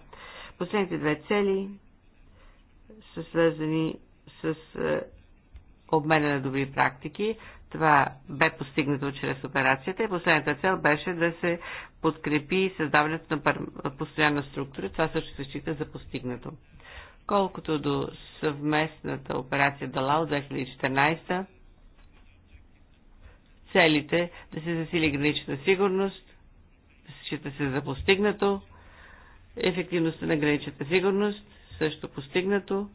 Последните две цели са свързани с е, обмена на добри практики. Това бе постигнато чрез операцията и последната цел беше да се подкрепи създаването на постоянна структура. Това също се счита за постигнато. Колкото до съвместната операция Далао 2014, целите да се засили гранична сигурност, да се счита се за постигнато, ефективността на граничната сигурност, също постигнато,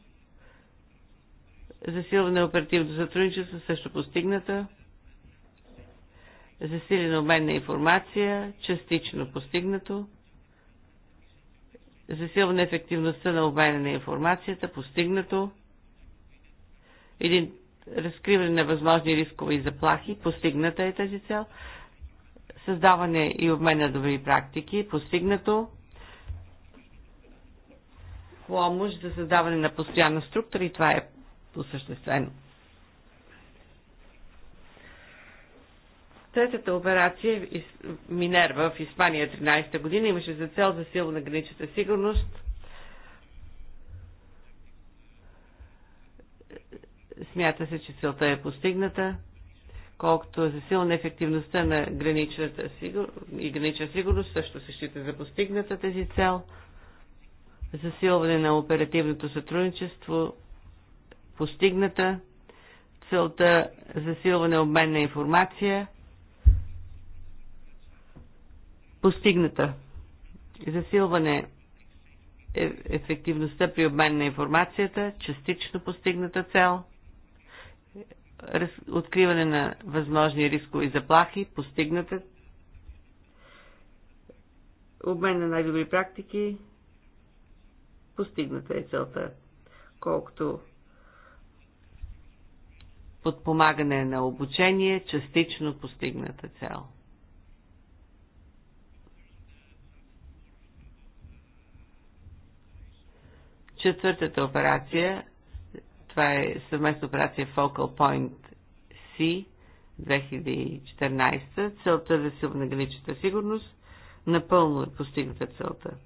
Засилване на оперативното сътрудничество също постигната. Засилен обмен на информация, частично постигнато. Засилване на ефективността на обмена на информацията, постигнато. Един разкриване на възможни рискови заплахи, постигната е тази цел. Създаване и обмен на добри практики, постигнато помощ за създаване на постоянна структура и това е осъществено. Третата операция е Минерва в Испания 13-та година имаше за цел за сила на граничната сигурност. Смята се, че целта е постигната. Колкото е засилна ефективността на граничната сигур... и гранична сигурност също се счита за постигната тази цел. Засилване на оперативното сътрудничество постигната. Целта засилване обмен на информация постигната. Засилване е, ефективността при обмен на информацията, частично постигната цел, откриване на възможни рискови заплахи, постигната, обмен на най-добри практики, постигната е целта. Колкото подпомагане на обучение, частично постигната цел. Четвъртата операция, това е съвместна операция Focal Point C 2014. Целта е да се обнагали сигурност. Напълно е постигната целта.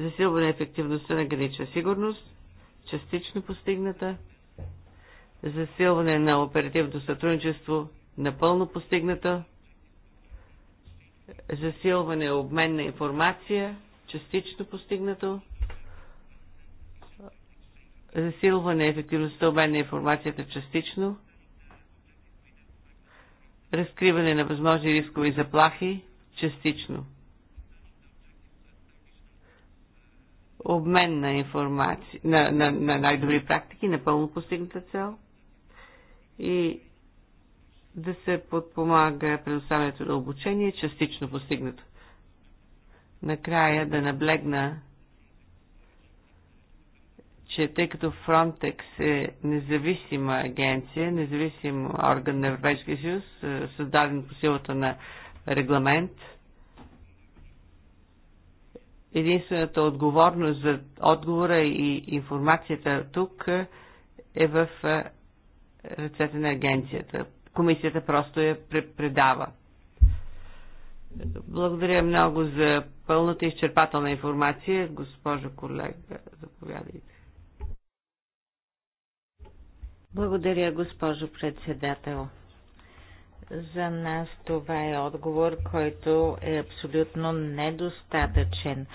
Засилване ефективността на гранична сигурност, частично постигната засилване на оперативното сътрудничество, напълно постигната, засилване обмен на информация, частично постигнато, засилване ефективността обмен на информацията частично, разкриване на възможни рискови заплахи частично, обмен на информация, на, на, на най-добри практики, напълно постигната цел – и да се подпомага предоставянето на обучение, частично постигнато. Накрая да наблегна, че тъй като Frontex е независима агенция, независим орган на Европейския съюз, е, създаден по силата на регламент, единствената отговорност за отговора и информацията тук е в е, ръцете на агенцията. Комисията просто я предава. Благодаря много за пълната изчерпателна информация. Госпожо колега, заповядайте. Благодаря, госпожо председател. За нас това е отговор, който е абсолютно недостатъчен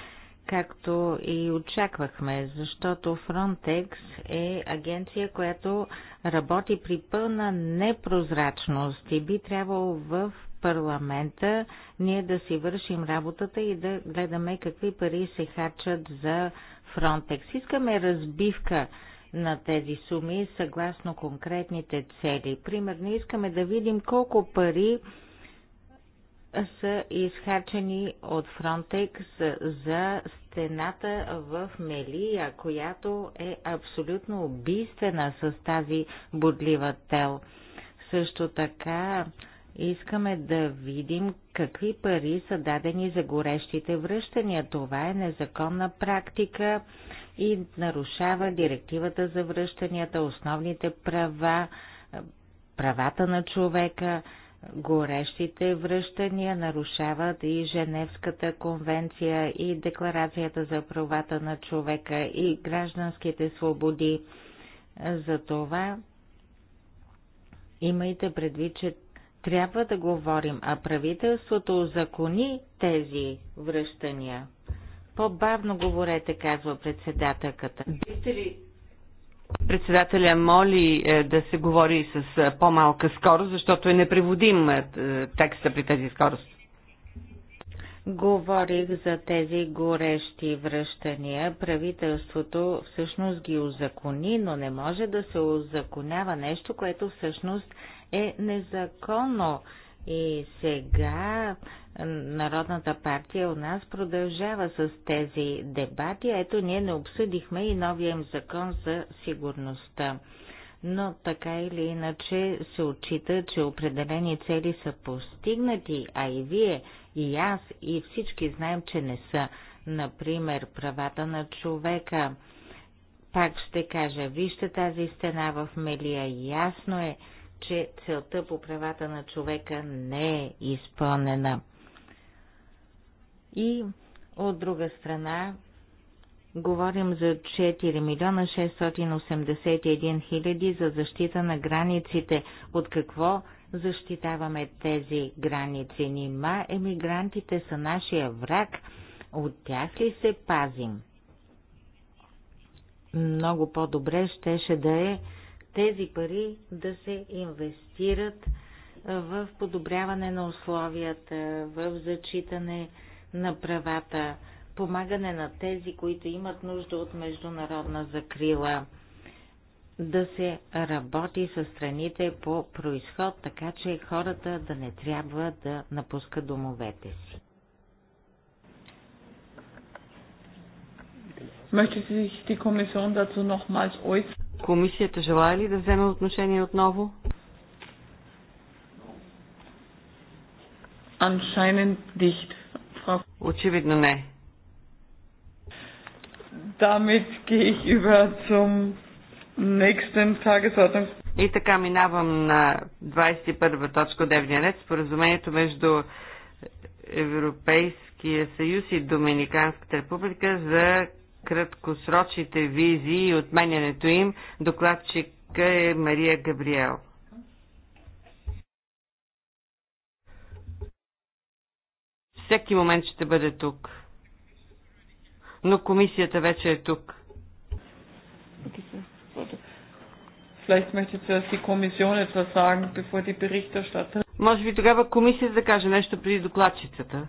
както и очаквахме, защото Frontex е агенция, която работи при пълна непрозрачност и би трябвало в парламента ние да си вършим работата и да гледаме какви пари се харчат за Frontex. Искаме разбивка на тези суми съгласно конкретните цели. Примерно искаме да видим колко пари са изхарчени от Фронтекс за стената в Мелия, която е абсолютно убийствена с тази бодлива тел. Също така искаме да видим какви пари са дадени за горещите връщания. Това е незаконна практика и нарушава директивата за връщанията, основните права, правата на човека горещите връщания нарушават и Женевската конвенция и Декларацията за правата на човека и гражданските свободи. Затова имайте предвид, че трябва да говорим, а правителството закони тези връщания. По-бавно говорете, казва председателката. Бихте ли Председателя моли е, да се говори с е, по-малка скорост, защото е непреводим е, текста при тези скорост. Говорих за тези горещи връщания. Правителството всъщност ги озакони, но не може да се озаконява нещо, което всъщност е незаконно. И сега Народната партия у нас продължава с тези дебати. Ето ние не обсъдихме и новия им закон за сигурността. Но така или иначе се отчита, че определени цели са постигнати, а и вие, и аз, и всички знаем, че не са. Например, правата на човека. Пак ще кажа, вижте тази стена в Мелия, ясно е, че целта по правата на човека не е изпълнена. И от друга страна, говорим за 4 милиона 681 хиляди за защита на границите. От какво защитаваме тези граници? Нима емигрантите са нашия враг. От тях ли се пазим? Много по-добре щеше да е тези пари да се инвестират в подобряване на условията, в зачитане на правата, помагане на тези, които имат нужда от международна закрила, да се работи с страните по происход, така че хората да не трябва да напускат домовете си. Möchte sich die Kommission dazu nochmals äußern? Комисията желая ли да вземе отношение отново? Очевидно не. Damit gehe ich über zum nächsten И така минавам на 21 точка дневния ред. Споразумението между Европейския съюз и Доминиканската република за краткосрочните визии и отменянето им, докладчика е Мария Габриел. Всеки момент ще бъде тук. Но комисията вече е тук. Може би тогава комисията да каже нещо преди докладчицата.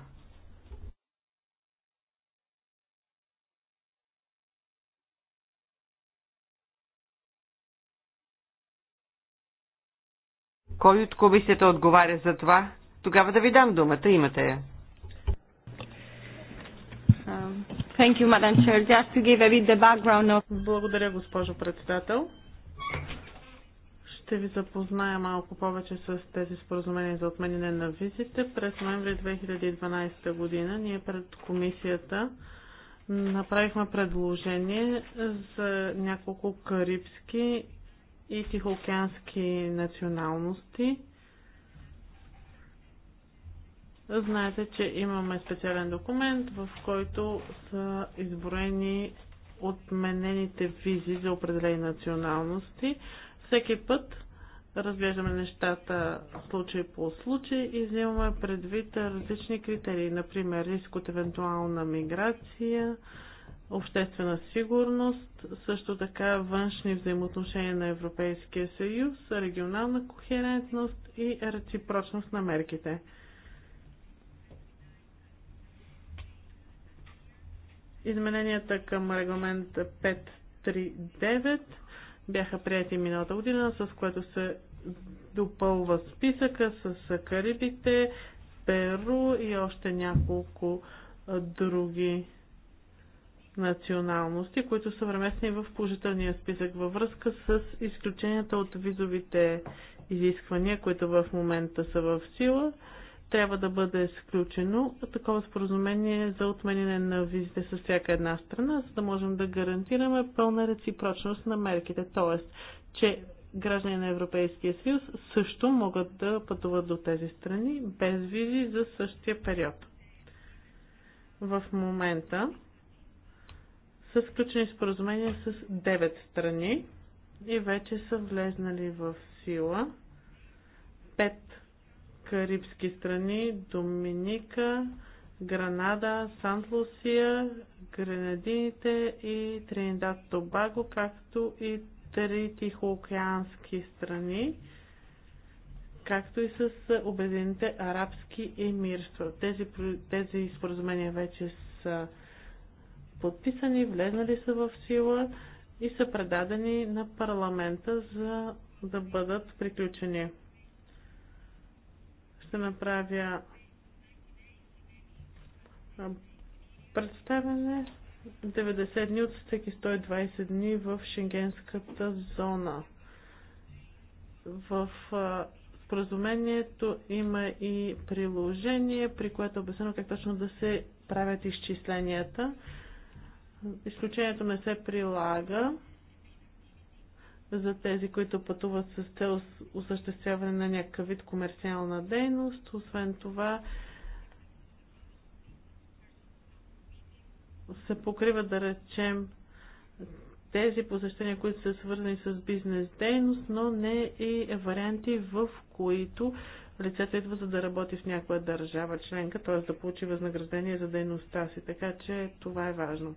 Кой от комисията отговаря за това? Тогава да ви дам думата. Имате я. Благодаря, госпожо председател. Ще ви запозная малко повече с тези споразумения за отменяне на визите. През ноември 2012 година ние пред комисията направихме предложение за няколко карибски и тихоокеански националности. Знаете, че имаме специален документ, в който са изброени отменените визи за определени националности. Всеки път разглеждаме нещата случай по случай и взимаме предвид различни критерии, например риск от евентуална миграция, обществена сигурност, също така външни взаимоотношения на Европейския съюз, регионална кохерентност и реципрочност на мерките. Измененията към регламент 539 бяха прияти миналата година, с което се допълва списъка с Карибите, Перу и още няколко други националности, които са времестни в положителния списък във връзка с изключенията от визовите изисквания, които в момента са в сила. Трябва да бъде изключено такова споразумение за отменяне на визите с всяка една страна, за да можем да гарантираме пълна реципрочност на мерките, т.е. че граждани на Европейския съюз също могат да пътуват до тези страни без визи за същия период. В момента са сключени споразумения с 9 страни и вече са влезнали в сила 5 карибски страни Доминика, Гранада, Сант Лусия, Гренадините и Тринидад Тобаго, както и три тихоокеански страни, както и с Обединените арабски емирства. Тези, тези споразумения вече са подписани, влезнали са в сила и са предадени на парламента за да бъдат приключени. Ще направя представяне 90 дни от всеки 120 дни в Шенгенската зона. В споразумението има и приложение, при което е обяснено как точно да се правят изчисленията. Изключението не се прилага за тези, които пътуват с цел осъществяване на някакъв вид комерциална дейност. Освен това, се покрива да речем, тези посещения, които са свързани с бизнес дейност, но не и варианти, в които лицето идва за да работи в някоя държава членка, т.е. да получи възнаграждение за дейността си. Така че това е важно.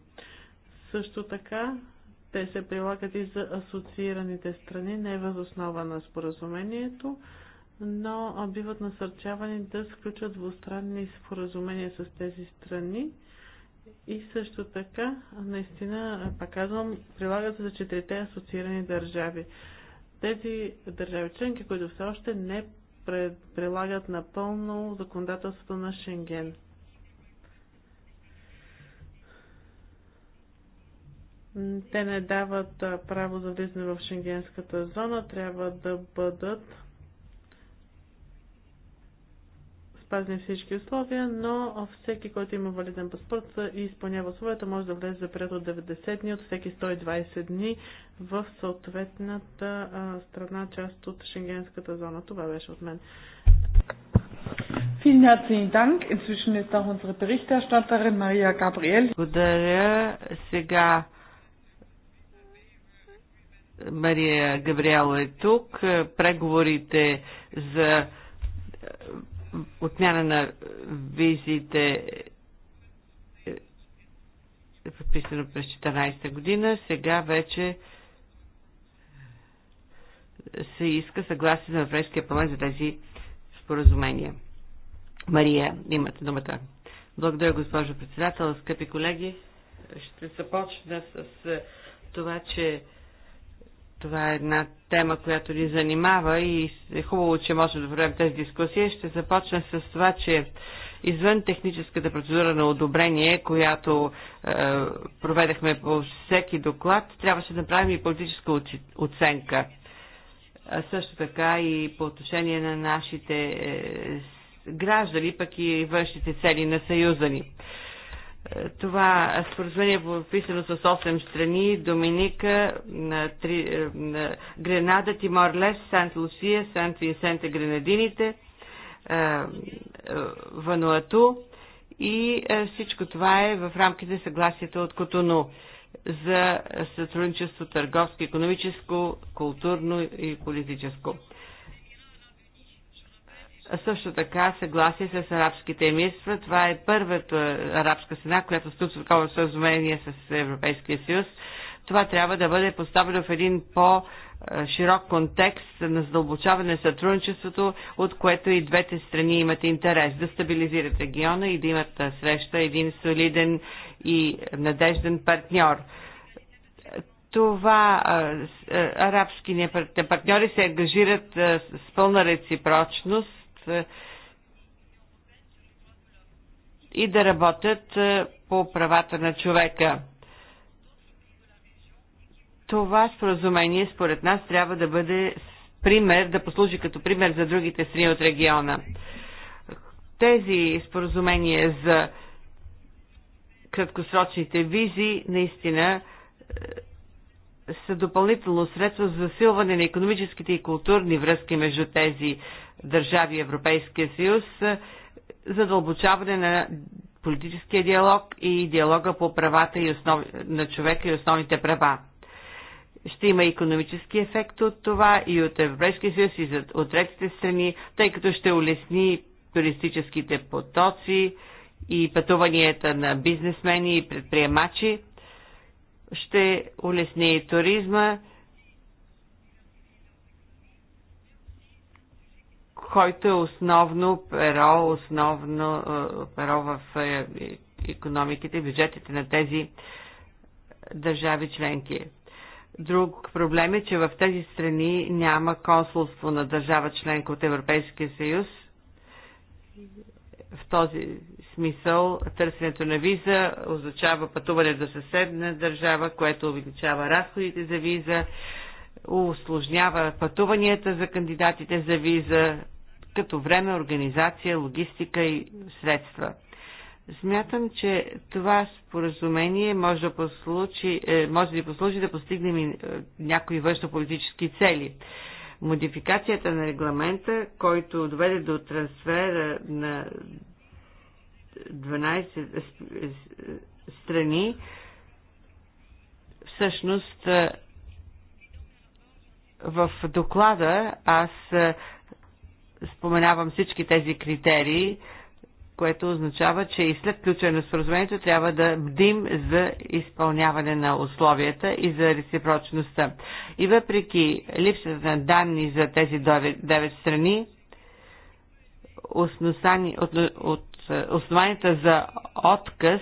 Също така, те се прилагат и за асоциираните страни, не въз основа на споразумението, но биват насърчавани да сключат двустранни споразумения с тези страни. И също така, наистина, пак казвам, прилагат се за четирите асоциирани държави. Тези държави членки, които все още не прилагат напълно законодателството на Шенген. Те не дават право за влизане в шенгенската зона, трябва да бъдат спазни всички условия, но всеки, който има валиден паспорт и изпълнява условията, може да влезе за период от 90 дни, от всеки 120 дни в съответната страна, част от шенгенската зона. Това беше от мен. Vielen herzlichen Dank. Inzwischen ist auch unsere Berichterstatterin Maria Gabriel. Благодаря. Сега Мария Габриел е тук. Преговорите за е, отмяна на визите е, е подписано през 14 година. Сега вече се иска съгласие на Европейския парламент за тези споразумения. Мария, имате думата. Благодаря, госпожо председател. Скъпи колеги, ще започна с е, това, че това е една тема, която ни занимава и е хубаво, че можем да проведем тази дискусия. Ще започна с това, че извън техническата процедура на одобрение, която е, проведахме по всеки доклад, трябваше да направим и политическа оценка. А също така и по отношение на нашите е, граждани, пък и външните цели на Съюза ни. Е, това споразумение е описано с 8 страни Доминика, на три, е, на Гренада, Тимор Лес, Сант Лусия, Сант Винсента, Гренадините, е, е, Вануату и всичко това е в рамките съгласието от Котону за сътрудничество търговско, економическо, културно и политическо. Също така съгласие с арабските емирства. Това е първата арабска страна, която сключва такова съразумение с Европейския съюз. Това трябва да бъде поставено в един по-широк контекст на задълбочаване на сътрудничеството, от което и двете страни имат интерес да стабилизират региона и да имат среща един солиден и надежден партньор това арабски партньори се ангажират с пълна реципрочност и да работят е, по правата на човека. Това споразумение, според нас, трябва да бъде пример, да послужи като пример за другите страни от региона. Тези споразумения за краткосрочните визи наистина е, са допълнително средство за засилване на економическите и културни връзки между тези държави Европейския съюз, е, задълбочаване на политическия диалог и диалога по правата и основ... на човека и основните права. Ще има економически ефект от това и от Европейския съюз и от третите страни, тъй като ще улесни туристическите потоци и пътуванията на бизнесмени и предприемачи, ще улесни и туризма, който е основно перо, основно е, перо в е, економиките, бюджетите на тези държави членки. Друг проблем е, че в тези страни няма консулство на държава членка от Европейския съюз. В този смисъл търсенето на виза означава пътуване до съседна държава, което увеличава разходите за виза, усложнява пътуванията за кандидатите за виза, като време, организация, логистика и средства. Смятам, че това споразумение може да, послучи, е, може да послужи да постигнем и е, някои политически цели. Модификацията на регламента, който доведе до трансфера на 12 е, страни, всъщност в доклада аз споменавам всички тези критерии, което означава, че и след ключване на споразумението трябва да бдим за изпълняване на условията и за реципрочността. И въпреки липсата на данни за тези 9 страни, от, от, основанията за отказ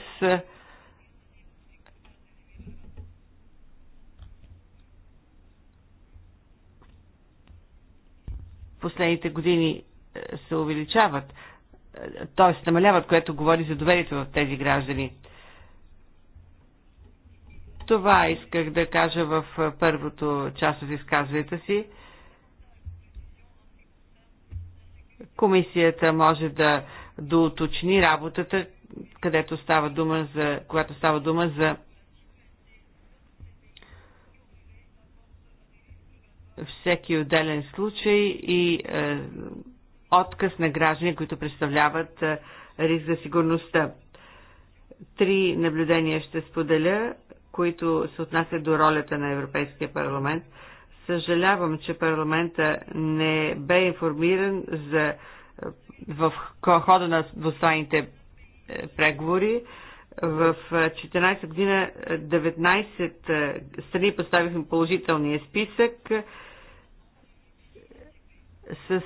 последните години е, се увеличават, е, т.е. намаляват, което говори за доверието в тези граждани. Това исках да кажа в е, първото част от изказването си. Комисията може да доуточни работата, където става дума за, когато става дума за всеки отделен случай и е, отказ на граждани, които представляват е, риск за сигурността. Три наблюдения ще споделя, които се отнасят до ролята на Европейския парламент. Съжалявам, че парламента не бе информиран за е, в хода на двустранните е, преговори. В 14 е, година 19 страни поставихме положителния списък. С, е, с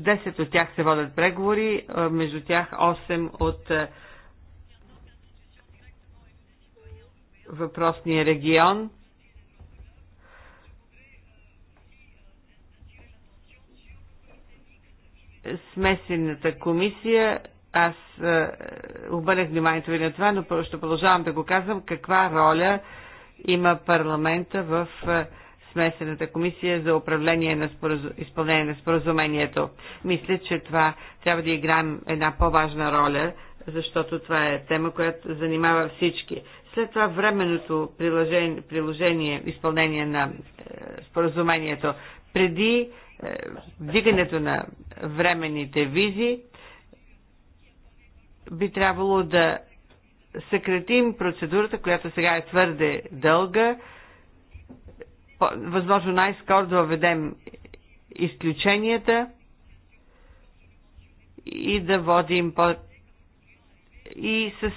10 от тях се водят преговори, е, между тях 8 от е, въпросния регион. Смесената комисия, аз обърнах вниманието ви на това, но ще продължавам да го казвам, каква роля има парламента в смесената комисия за управление на споразу... изпълнение на споразумението. Мисля, че това трябва да играем една по-важна роля, защото това е тема, която занимава всички. След това временното приложение, приложение изпълнение на е, споразумението. Преди е, вдигането на временните визи, би трябвало да съкратим процедурата, която сега е твърде дълга, възможно най-скоро да въведем изключенията и да водим по... И с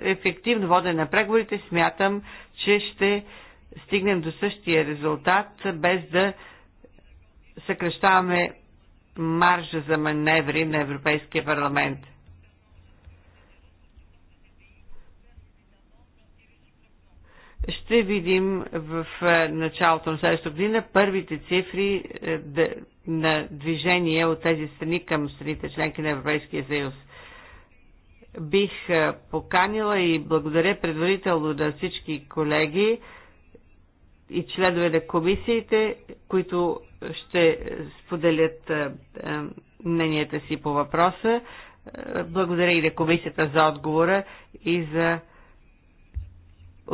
ефективно водене на преговорите смятам, че ще стигнем до същия резултат, без да съкрещаваме маржа за маневри на Европейския парламент. ще видим в е, началото на следващата година първите цифри е, на движение от тези страни към страните членки на Европейския съюз. Бих е, поканила и благодаря предварително на всички колеги и членове на комисиите, които ще споделят мненията си по въпроса. Благодаря и на комисията за отговора и за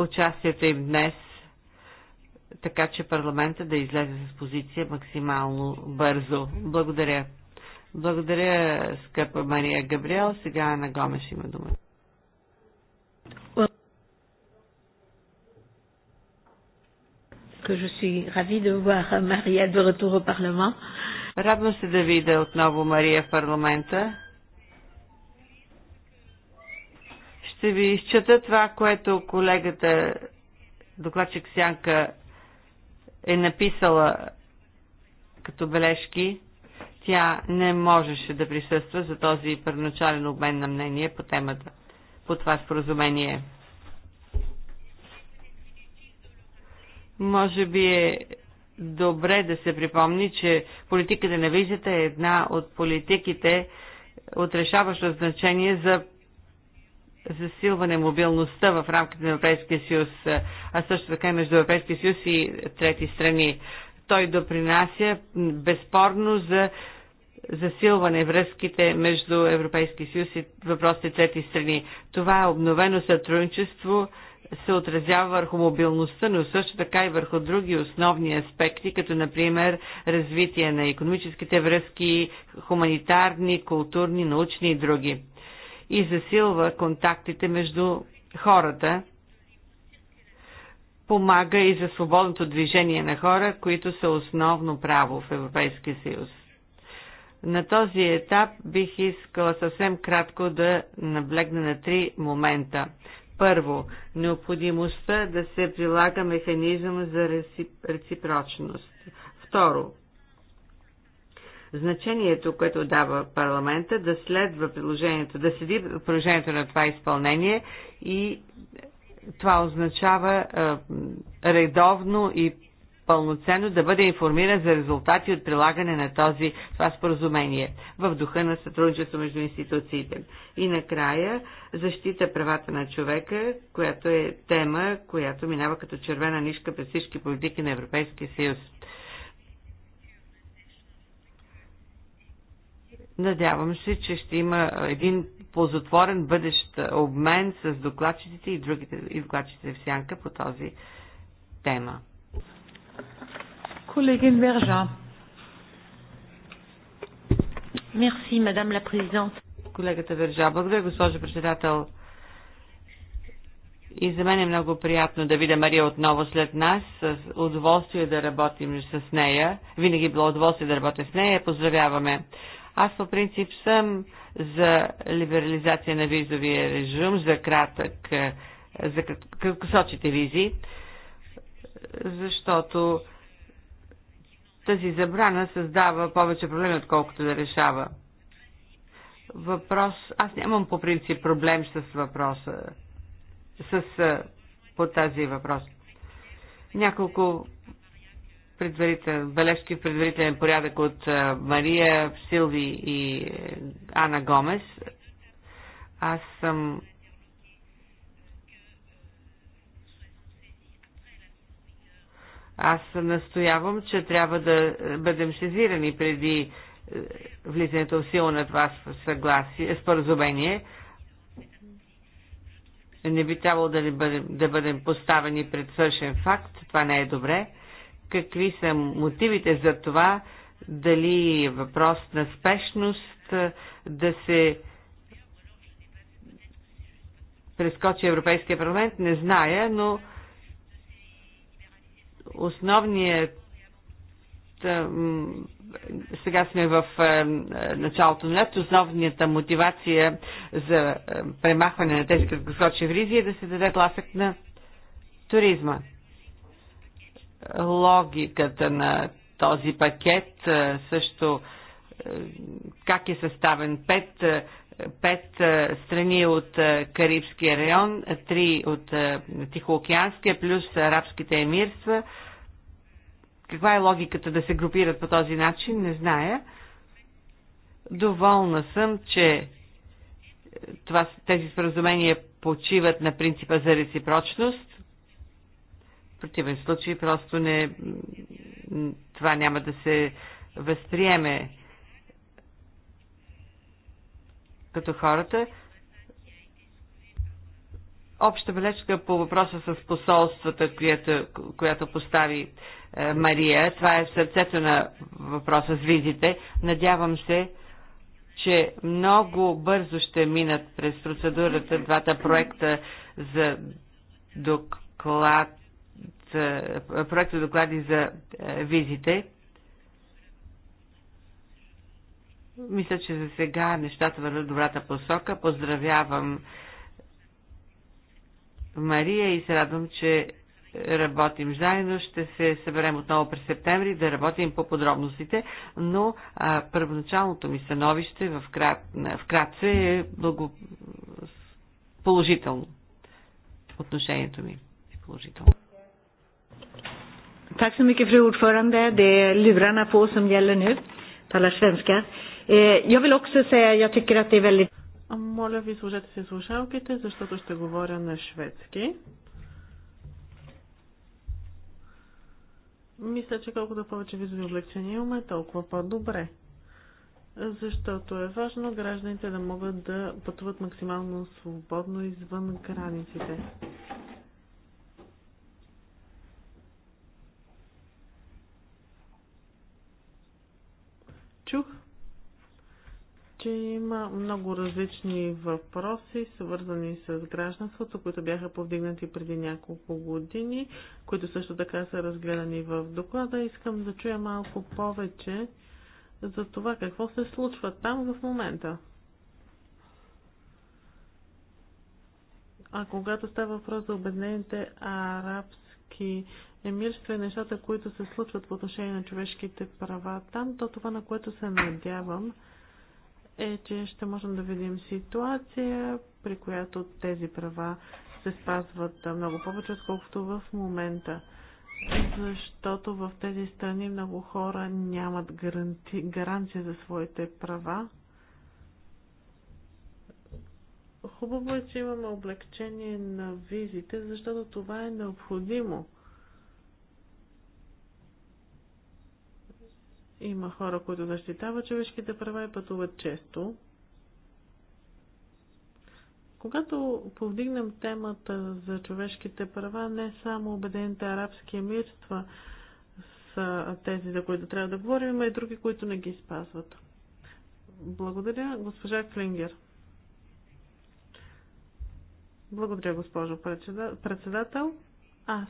участието им днес, така че парламента да излезе с позиция максимално бързо. Благодаря. Благодаря, скъпа Мария Габриел. Сега на Гомеш има думата. je suis ravie de voir Maria de retour au Parlement. Радвам се да видя отново Мария в парламента. ще ви изчета това, което колегата докладчик Сянка е написала като бележки. Тя не можеше да присъства за този първоначален обмен на мнение по темата, по това споразумение. Може би е добре да се припомни, че политиката на визията е една от политиките от решаващо значение за засилване мобилността в рамките на Европейския съюз, а също така и между Европейския съюз и трети страни. Той допринася безспорно за засилване връзките между Европейския съюз и въпросите трети страни. Това обновено сътрудничество се отразява върху мобилността, но също така и върху други основни аспекти, като например развитие на економическите връзки, хуманитарни, културни, научни и други и засилва контактите между хората, помага и за свободното движение на хора, които са основно право в Европейския съюз. На този етап бих искала съвсем кратко да наблегна на три момента. Първо, необходимостта да се прилага механизъм за реципрочност. Второ, значението, което дава парламента, да следва приложението, да седи приложението на това изпълнение и това означава редовно и пълноценно да бъде информиран за резултати от прилагане на този, това споразумение в духа на сътрудничество между институциите. И накрая защита правата на човека, която е тема, която минава като червена нишка през всички политики на Европейския съюз. Надявам се, че ще има един позатворен бъдещ обмен с докладчиците и другите и докладчиците в сянка по този тема. Колегин Вержа. Мерси, мадам ла президент. Колегата Вержа. Благодаря, госпожо председател. И за мен е много приятно да видя Мария отново след нас. С удоволствие да работим с нея. Винаги е било удоволствие да работя с нея. Поздравяваме аз по принцип съм за либерализация на визовия режим, за кратък, е, за краткосочите визи, защото тази забрана създава повече проблеми, отколкото да решава. Въпрос... Аз нямам по принцип проблем с въпроса, с, е, по тази въпрос. Няколко предварителен, бележки в предварителен порядък от Мария, Силви и е, Ана Гомес. Аз съм Аз настоявам, че трябва да бъдем сезирани преди е, влизането в сила на това съгласие, споразумение. Не би трябвало да, бъдем, да бъдем поставени пред свършен факт. Това не е добре какви са мотивите за това, дали е въпрос на спешност да се прескочи Европейския парламент, не зная, но основният сега сме в началото на лято, основната мотивация за премахване на тези краткосрочни вризи е да се даде тласък на туризма логиката на този пакет, също как е съставен пет, пет страни от Карибския район, три от Тихоокеанския, плюс арабските емирства. Каква е логиката да се групират по този начин, не зная. Доволна съм, че това, тези споразумения почиват на принципа за реципрочност в противен случай просто не, това няма да се възприеме като хората. Обща бележка по въпроса с посолствата, която, която постави е, Мария. Това е сърцето на въпроса с визите. Надявам се, че много бързо ще минат през процедурата двата проекта за доклад е, проекта доклади за е, визите. Мисля, че за сега нещата върват добрата посока. Поздравявам Мария и се радвам, че работим заедно. Ще се съберем отново през септември да работим по подробностите, но а, първоначалното ми становище в, крат, в кратце е благо... положително. Отношението ми е положително. Tack så mycket fru ordförande. Det är lurarna på som gäller nu. Talar svenska. Eh, Jag vill också säga, jag tycker att det är väldigt... Моля ви, сложете си слушалките, защото ще говоря на шведски. Мисля, че колкото повече визови облегчения имаме, толкова по-добре. Защото е важно гражданите да могат да пътуват максимално свободно извън границите. чух, че има много различни въпроси, свързани с гражданството, които бяха повдигнати преди няколко години, които също така са разгледани в доклада. Искам да чуя малко повече за това какво се случва там в момента. А когато става въпрос за обеднените арабски емирство и нещата, които се случват по отношение на човешките права там, то това, на което се надявам, е, че ще можем да видим ситуация, при която тези права се спазват много повече, отколкото в момента. Защото в тези страни много хора нямат гаранти, гаранция за своите права. Хубаво е, че имаме облегчение на визите, защото това е необходимо – Има хора, които защитават човешките права и пътуват често. Когато повдигнем темата за човешките права, не само Обедените арабски емирства са тези, за които трябва да говорим, има и други, които не ги спазват. Благодаря, госпожа Клингер. Благодаря, госпожо председател. Аз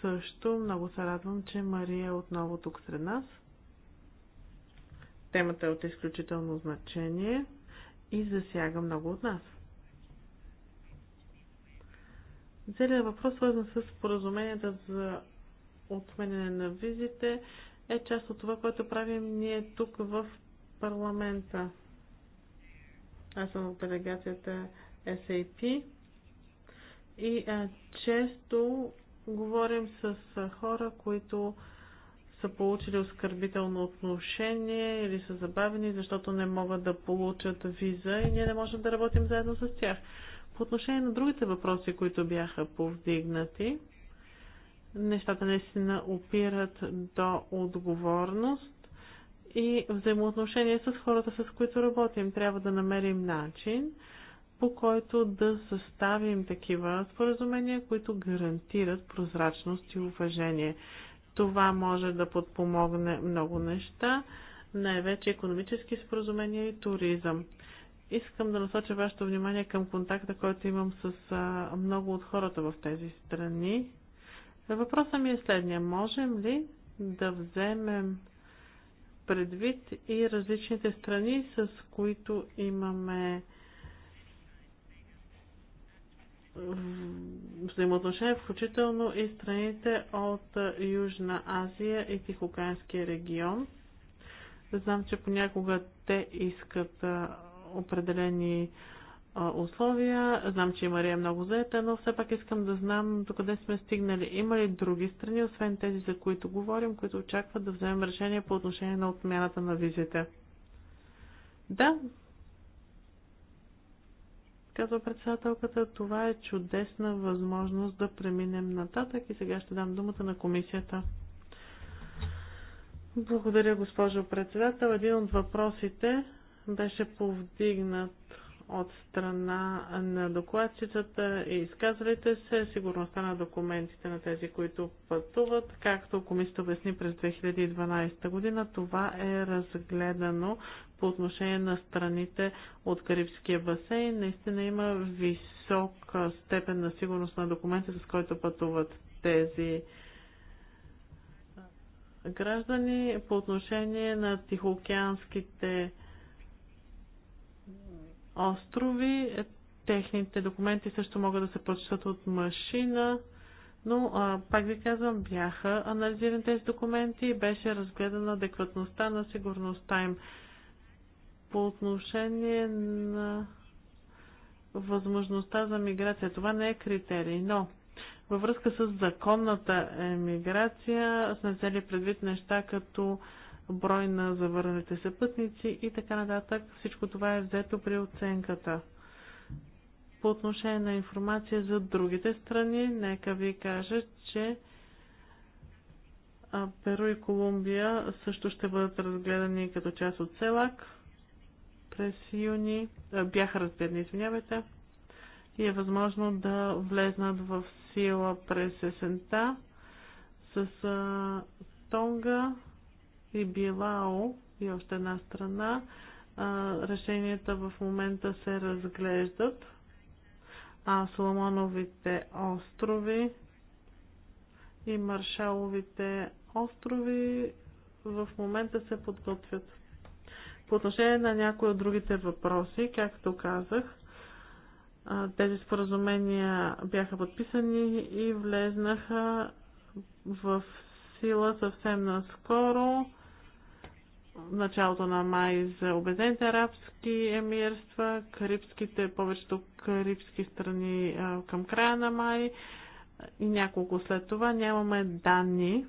също много се радвам, че Мария е отново тук сред нас. Темата е от изключително значение и засяга много от нас. Целият въпрос, свързан с поразуменията за отменяне на визите, е част от това, което правим ние тук в парламента. Аз съм в делегацията SAP и а, често говорим с а, хора, които а, са получили оскърбително отношение или са забавени, защото не могат да получат виза и ние не можем да работим заедно с тях. По отношение на другите въпроси, които бяха повдигнати, нещата наистина опират до отговорност и взаимоотношение с хората, с които работим. Трябва да намерим начин, по който да съставим такива споразумения, които гарантират прозрачност и уважение. Това може да подпомогне много неща, най-вече економически споразумения и туризъм. Искам да насоча вашето внимание към контакта, който имам с а, много от хората в тези страни. Въпросът ми е следния. Можем ли да вземем предвид и различните страни, с които имаме взаимоотношения, включително и страните от Южна Азия и Тихоканския регион. Знам, че понякога те искат определени условия. Знам, че и Мария е много заета, но все пак искам да знам до къде сме стигнали. Има ли други страни, освен тези, за които говорим, които очакват да вземем решение по отношение на отмяната на визите? Да, казва председателката. Това е чудесна възможност да преминем нататък и сега ще дам думата на комисията. Благодаря, госпожо председател. Един от въпросите беше повдигнат от страна на докладчицата и изказалите се, сигурността на документите на тези, които пътуват. Както комисията обясни през 2012 година, това е разгледано по отношение на страните от Карибския басейн. Наистина има висока степен на сигурност на документите, с който пътуват тези граждани по отношение на тихоокеанските острови. Е, техните документи също могат да се прочитат от машина, но а, пак ви казвам, бяха анализирани тези документи и беше разгледана адекватността на сигурността им. По отношение на възможността за миграция. Това не е критерий, но във връзка с законната емиграция сме взели предвид неща като брой на завърналите се пътници и така нататък. Всичко това е взето при оценката. По отношение на информация за другите страни, нека ви кажа, че Перу и Колумбия също ще бъдат разгледани като част от СЕЛАК през юни. Бяха разгледани, извинявайте. И е възможно да влезнат в сила през есента с Тонга и Билао и още една страна. Решенията в момента се разглеждат. А Соломоновите острови и Маршаловите острови в момента се подготвят. По отношение на някои от другите въпроси, както казах, тези споразумения бяха подписани и влезнаха в сила съвсем наскоро началото на май за Обединените арабски емирства, карибските, повечето карибски страни към края на май и няколко след това. Нямаме данни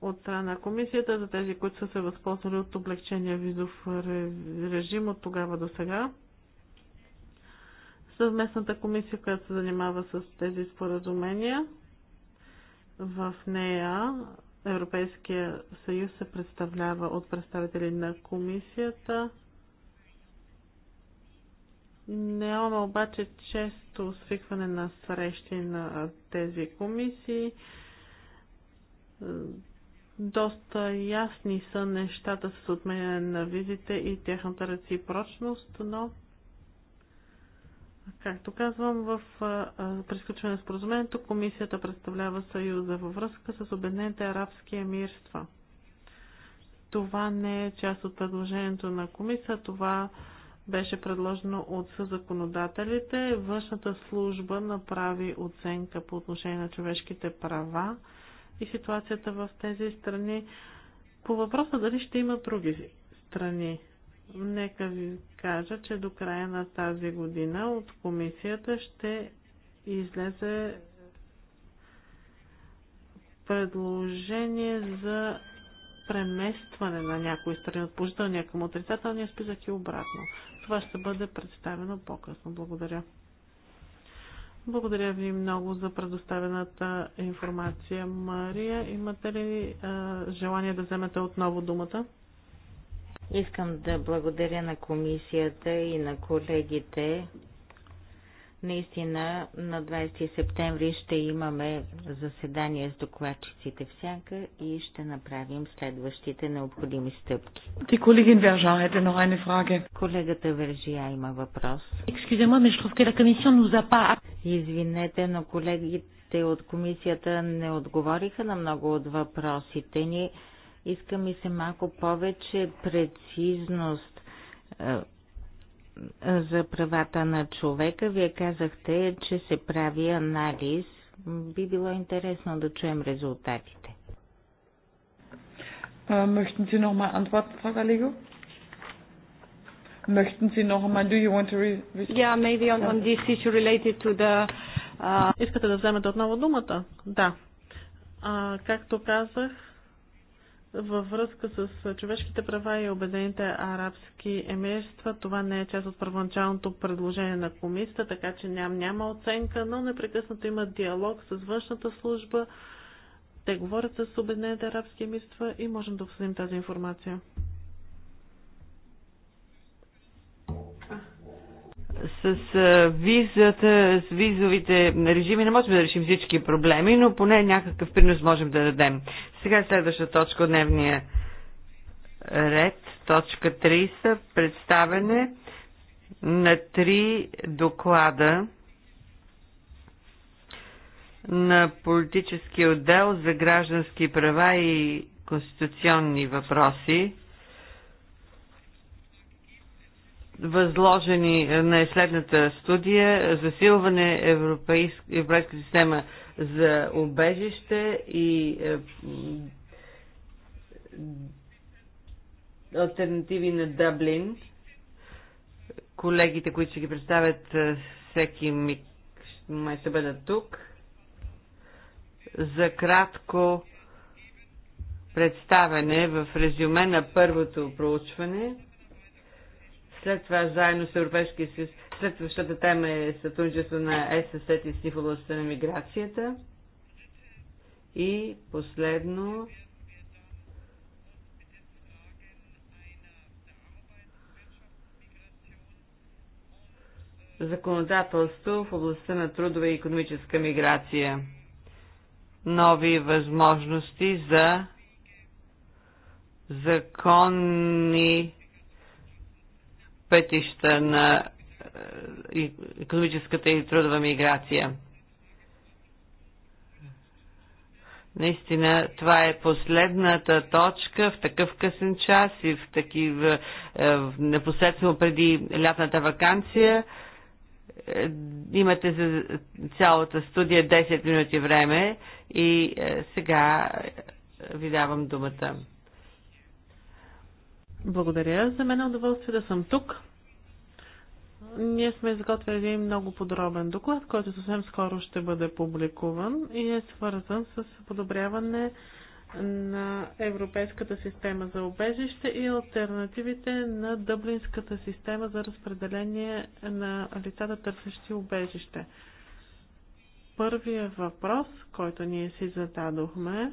от страна на комисията за тези, които са се възползвали от облегчения визов режим от тогава до сега. Съвместната комисия, която се занимава с тези споразумения, в нея Европейския съюз се представлява от представители на комисията. Нямаме обаче често свикване на срещи на тези комисии. Доста ясни са нещата с отменяне на визите и тяхната реципрочност, но Както казвам, в пресключване на споразумението комисията представлява Съюза във връзка с Обединените арабски емирства. Това не е част от предложението на комисията, това беше предложено от съзаконодателите. Външната служба направи оценка по отношение на човешките права и ситуацията в тези страни. По въпроса дали ще има други страни Нека ви кажа, че до края на тази година от комисията ще излезе предложение за преместване на някои страни от положителния към отрицателния списък и обратно. Това ще бъде представено по-късно. Благодаря. Благодаря ви много за предоставената информация, Мария. Имате ли желание да вземете отново думата? Искам да благодаря на комисията и на колегите. Наистина на 20 септември ще имаме заседание с докладчиците всяка и ще направим следващите необходими стъпки. Ти колегин Вержа, ете noch eine Колегата Вержия има въпрос. Екскюзема, ме mais да trouve que la Извинете, но колегите от комисията не отговориха на много от въпросите ни. Иска ми се малко повече прецизност е, за правата на човека. Вие казахте, че се прави анализ. Би било интересно да чуем резултатите. Е, möchten Sie noch mal antworten, Frau Gallego? Möchten Sie noch mal, do you want to... Yeah, maybe on, on this issue related to the... Uh, Искате да вземете отново думата? Да. както казах, във връзка с човешките права и обедените арабски емирства. Това не е част от първоначалното предложение на комисията, така че ням, няма оценка, но непрекъснато има диалог с външната служба. Те говорят с обедените арабски емирства и можем да обсъдим тази информация. с визата, с визовите режими не можем да решим всички проблеми, но поне някакъв принос можем да дадем. Сега е следваща точка от дневния ред, точка 30, представене на три доклада на политическия отдел за граждански права и конституционни въпроси, възложени на следната студия Засилване европейска система за убежище и е, альтернативи на Дъблин. Колегите, които ще ги представят е, всеки миг, май ще бъдат тук. За кратко представяне в резюме на първото проучване – след това заедно с Европейския съюз, следващата тема е сътрудничество на ССС и в областта на миграцията. И последно законодателство в областта на трудова и економическа миграция. Нови възможности за законни пътища на е, економическата и трудова миграция. Наистина, това е последната точка в такъв късен час и в такива е, е, непосредствено преди лятната вакансия. имате за цялата студия 10 минути време и сега ви давам думата. Благодаря. За мен е удоволствие да съм тук. Ние сме изготвили един много подробен доклад, който съвсем скоро ще бъде публикуван и е свързан с подобряване на Европейската система за обежище и альтернативите на Дъблинската система за разпределение на лицата търсещи обежище. Първият въпрос, който ние си зададохме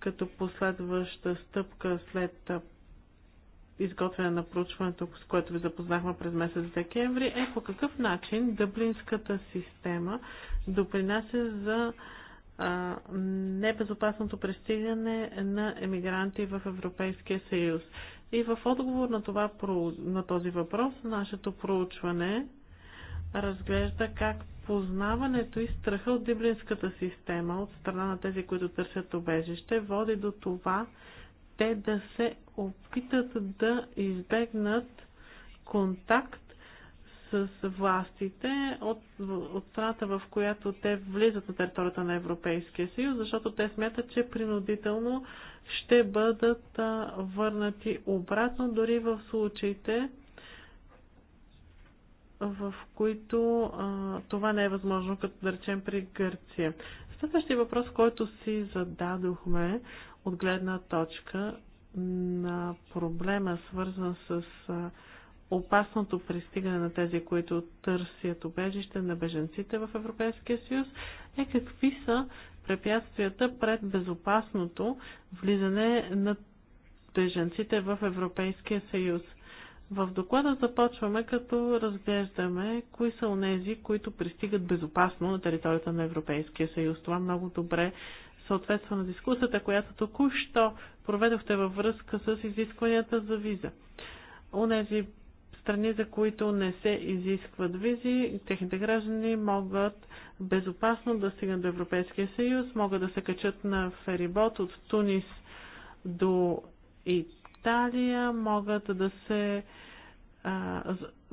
като последваща стъпка след изготвяне на проучването, с което ви запознахме през месец декември, е по какъв начин дъблинската система допринася за небезопасното пристигане на емигранти в Европейския съюз. И в отговор на, това, на този въпрос, нашето проучване разглежда как Познаването и страха от диблинската система от страна на тези, които търсят обежище, води до това те да се опитат да избегнат контакт с властите от, от страната, в която те влизат на територията на Европейския съюз, защото те смятат, че принудително ще бъдат а, върнати обратно, дори в случаите, в които а, това не е възможно, като да речем при Гърция. Следващия въпрос, който си зададохме от гледна точка на проблема, свързан с а, опасното пристигане на тези, които търсят убежище на беженците в Европейския съюз, е какви са препятствията пред безопасното влизане на беженците в Европейския съюз. В доклада започваме като разглеждаме кои са онези, които пристигат безопасно на територията на Европейския съюз. Това много добре съответства на дискусията, която току-що проведохте във връзка с изискванията за виза. Онези страни, за които не се изискват визи, техните граждани могат безопасно да стигнат до Европейския съюз, могат да се качат на ферибот от Тунис до Италия Италия могат да се а,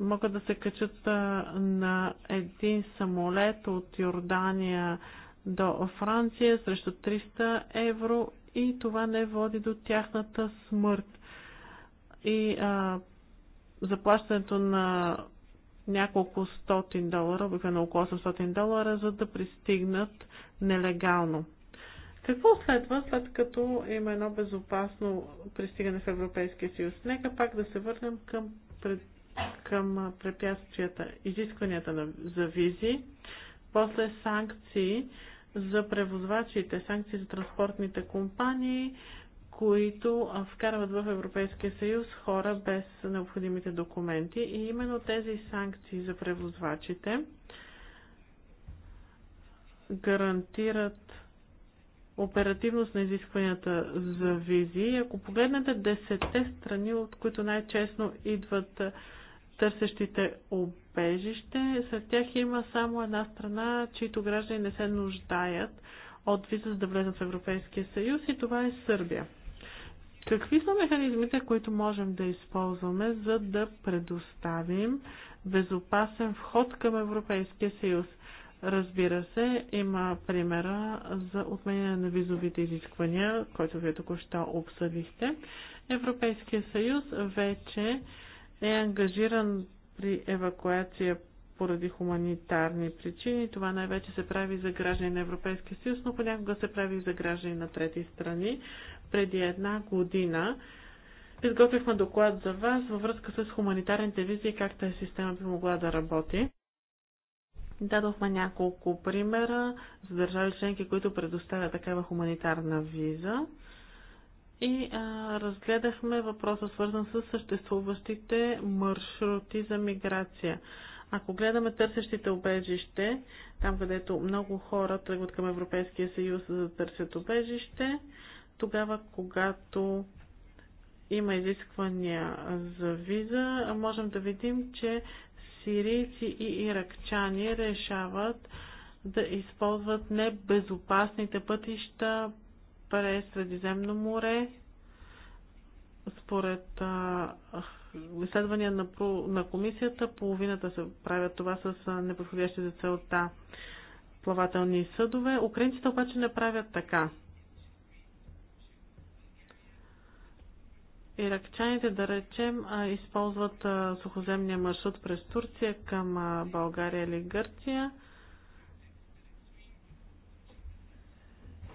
могат да се качат а, на един самолет от Йордания до Франция срещу 300 евро и това не води до тяхната смърт. И а, заплащането на няколко стотин долара, обикновено около 800 долара, за да пристигнат нелегално. Какво следва, след като има едно безопасно пристигане в Европейския съюз? Нека пак да се върнем към, пред, към препятствията, изискванията на, за визи, после санкции за превозвачите, санкции за транспортните компании, които вкарват в Европейския съюз хора без необходимите документи и именно тези санкции за превозвачите гарантират оперативност на изискванията за визи. Ако погледнете 10 страни, от които най-честно идват търсещите обежище, сред тях има само една страна, чието граждани не се нуждаят от виза, за да влезат в Европейския съюз и това е Сърбия. Какви са механизмите, които можем да използваме, за да предоставим безопасен вход към Европейския съюз? Разбира се, има примера за отменяне на визовите изисквания, който вие току-що обсъдихте. Европейския съюз вече е ангажиран при евакуация поради хуманитарни причини. Това най-вече се прави за граждани на Европейския съюз, но понякога се прави и за граждани на трети страни. Преди една година изготвихме доклад за вас във връзка с хуманитарните визии, и как тази система би могла да работи. Дадохме няколко примера за държави членки, които предоставят такава хуманитарна виза. И а, разгледахме въпроса, свързан с съществуващите маршрути за миграция. Ако гледаме търсещите обежище, там където много хора тръгват към Европейския съюз за да търсят обежище, тогава когато има изисквания за виза, можем да видим, че сирийци и иракчани решават да използват небезопасните пътища през Средиземно море. Според а, изследвания на, на комисията, половината се правят това с неподходящи за целта плавателни съдове. Украинците обаче не правят така. иракчаните, да речем, използват сухоземния маршрут през Турция към България или Гърция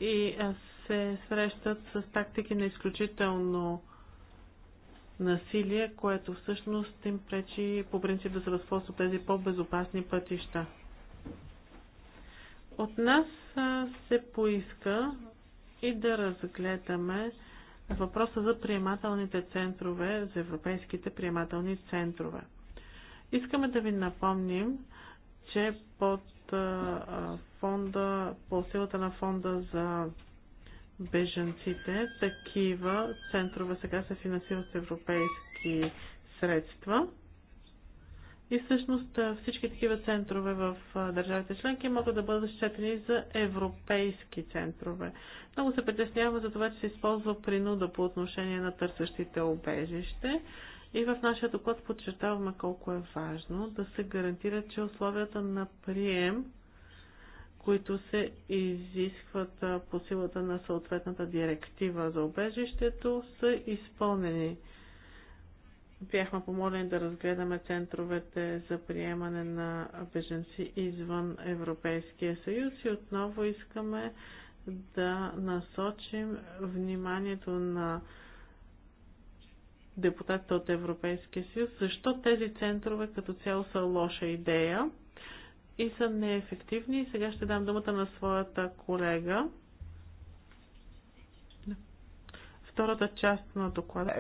и се срещат с тактики на изключително насилие, което всъщност им пречи по принцип да се възползват тези по-безопасни пътища. От нас се поиска и да разгледаме въпроса за приемателните центрове, за европейските приемателни центрове. Искаме да ви напомним, че под фонда, по силата на фонда за беженците, такива центрове сега се финансират с европейски средства. И всъщност всички такива центрове в държавите членки могат да бъдат счетени за европейски центрове. Много се притесняваме за това, че се използва принуда по отношение на търсещите обежище. И в нашия доклад подчертаваме колко е важно да се гарантира, че условията на прием, които се изискват по силата на съответната директива за обежището, са изпълнени бяхме помолени да разгледаме центровете за приемане на беженци извън Европейския съюз и отново искаме да насочим вниманието на депутатите от Европейския съюз, защо тези центрове като цяло са лоша идея и са неефективни. Сега ще дам думата на своята колега. Втората част на доклада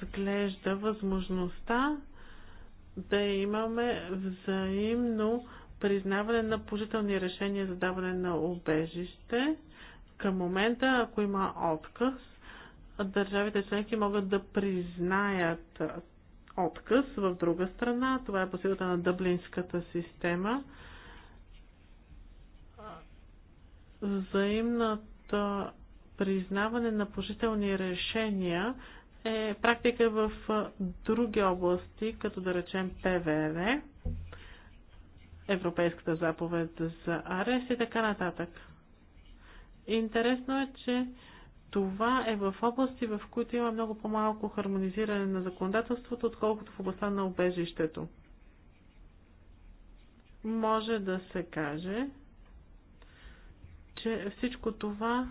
разглежда възможността да имаме взаимно признаване на положителни решения за даване на обежище. Към момента, ако има отказ, държавите членки могат да признаят отказ в друга страна. Това е по силата на дъблинската система. Взаимната признаване на положителни решения е практика в други области, като да речем ПВР, Европейската заповед за арест и така нататък. Интересно е, че това е в области, в които има много по-малко хармонизиране на законодателството, отколкото в областта на обежището. Може да се каже, че всичко това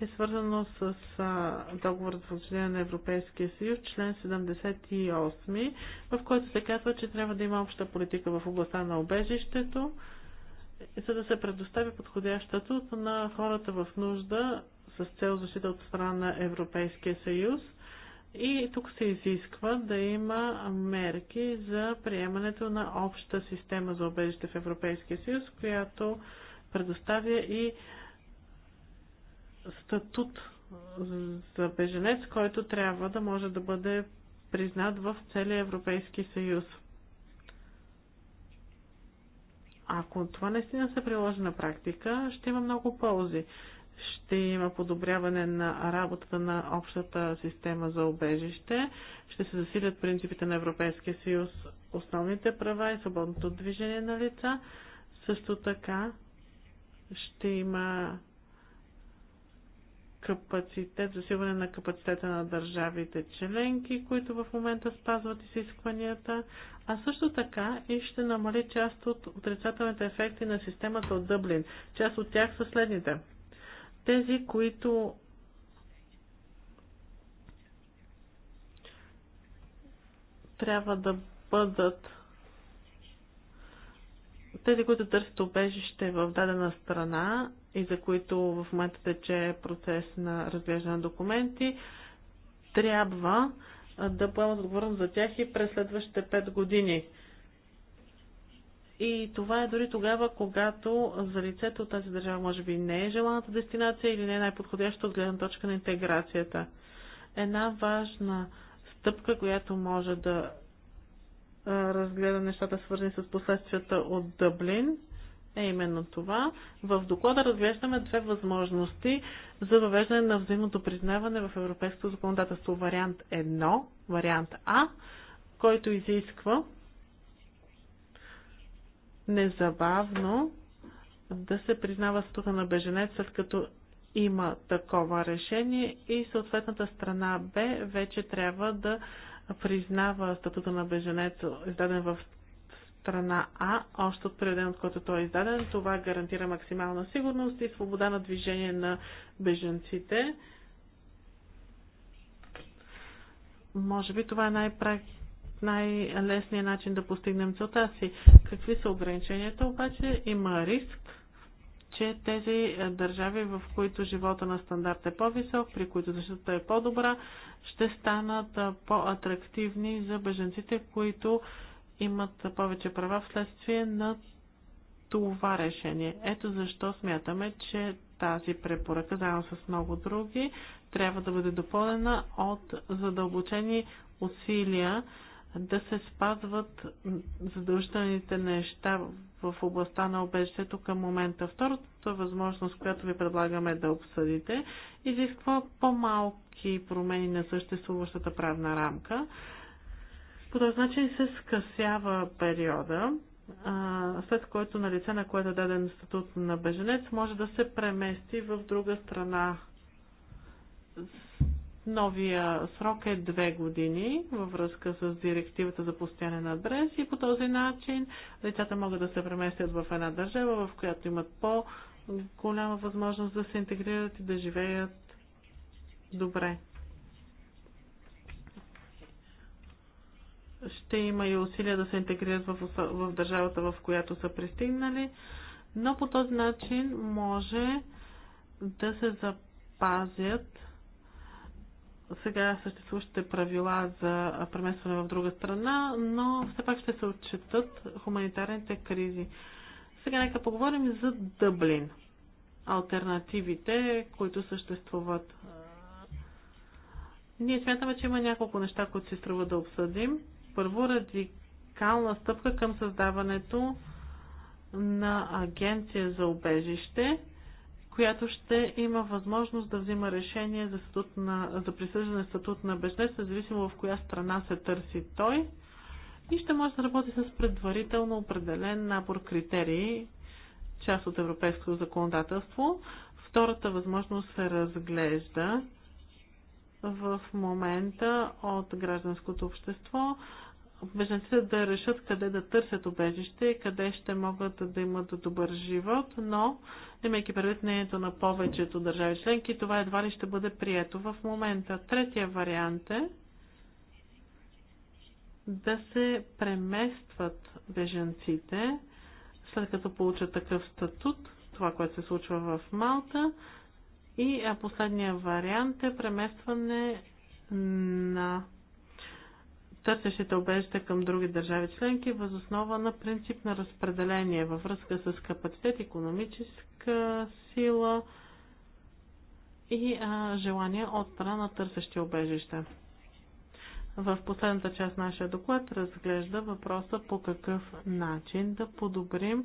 е свързано с а, договор за функциониране на Европейския съюз, член 78, в който се казва, че трябва да има обща политика в областта на обежището, за да се предостави подходящ статут на хората в нужда с цел защита от страна на Европейския съюз. И тук се изисква да има мерки за приемането на обща система за обежище в Европейския съюз, която предоставя и статут за беженец, който трябва да може да бъде признат в целия Европейски съюз. Ако това наистина се приложи на практика, ще има много ползи. Ще има подобряване на работата на общата система за обежище, ще се засилят принципите на Европейския съюз, основните права и свободното движение на лица. Също така ще има капацитет, засилване на капацитета на държавите членки, които в момента спазват изискванията, а също така и ще намали част от отрицателните ефекти на системата от Дъблин. Част от тях са следните. Тези, които трябва да бъдат тези, които търсят обежище в дадена страна, и за които в момента тече процес на разглеждане на документи, трябва да поемат отговорност за тях и през следващите 5 години. И това е дори тогава, когато за лицето от тази държава може би не е желаната дестинация или не е най-подходяща от гледна точка на интеграцията. Една важна стъпка, която може да разгледа нещата свързани с последствията от Дъблин, е именно това. В доклада разглеждаме две възможности за въвеждане на взаимното признаване в европейското законодателство. Вариант 1, вариант А, който изисква незабавно да се признава статута на беженец, след като има такова решение и съответната страна Б вече трябва да признава статута на беженец, издаден в страна А, още от преден, от който той е издаден. Това гарантира максимална сигурност и свобода на движение на беженците. Може би това е най-практично най-лесният начин да постигнем целта си. Какви са ограниченията обаче? Има риск, че тези държави, в които живота на стандарт е по-висок, при които защитата е по-добра, ще станат по-атрактивни за беженците, които имат повече права вследствие на това решение. Ето защо смятаме, че тази препоръка, заедно с много други, трябва да бъде допълнена от задълбочени усилия да се спазват задължителните неща в областта на обежището към момента. Втората възможност, която ви предлагаме да обсъдите, изисква по-малки промени на съществуващата правна рамка. По този начин се скъсява периода, след който на лице, на което е даден статут на беженец, може да се премести в друга страна. Новия срок е две години във връзка с директивата за постоянен адрес и по този начин лицата могат да се преместят в една държава, в която имат по-голяма възможност да се интегрират и да живеят добре. ще има и усилия да се интегрират в, в държавата, в която са пристигнали, но по този начин може да се запазят сега съществуващите правила за преместване в друга страна, но все пак ще се отчитат хуманитарните кризи. Сега нека поговорим за Дъблин. Альтернативите, които съществуват. Ние смятаме, че има няколко неща, които си струва да обсъдим първо радикална стъпка към създаването на агенция за обежище, която ще има възможност да взима решение за, статут на, за присъждане статут на бежнец, независимо в коя страна се търси той. И ще може да работи с предварително определен набор критерии, част от европейското законодателство. Втората възможност се разглежда в момента от гражданското общество беженците да решат къде да търсят обежище, къде ще могат да имат добър живот, но, имайки предвид мнението на повечето държави членки, това едва ли ще бъде прието в момента. Третия вариант е да се преместват беженците, след като получат такъв статут, това, което се случва в Малта. И последния вариант е преместване на търсещите обежда към други държави членки въз основа на принцип на разпределение във връзка с капацитет, економическа сила и а, желания от страна на търсещи обежища. В последната част нашия доклад разглежда въпроса по какъв начин да подобрим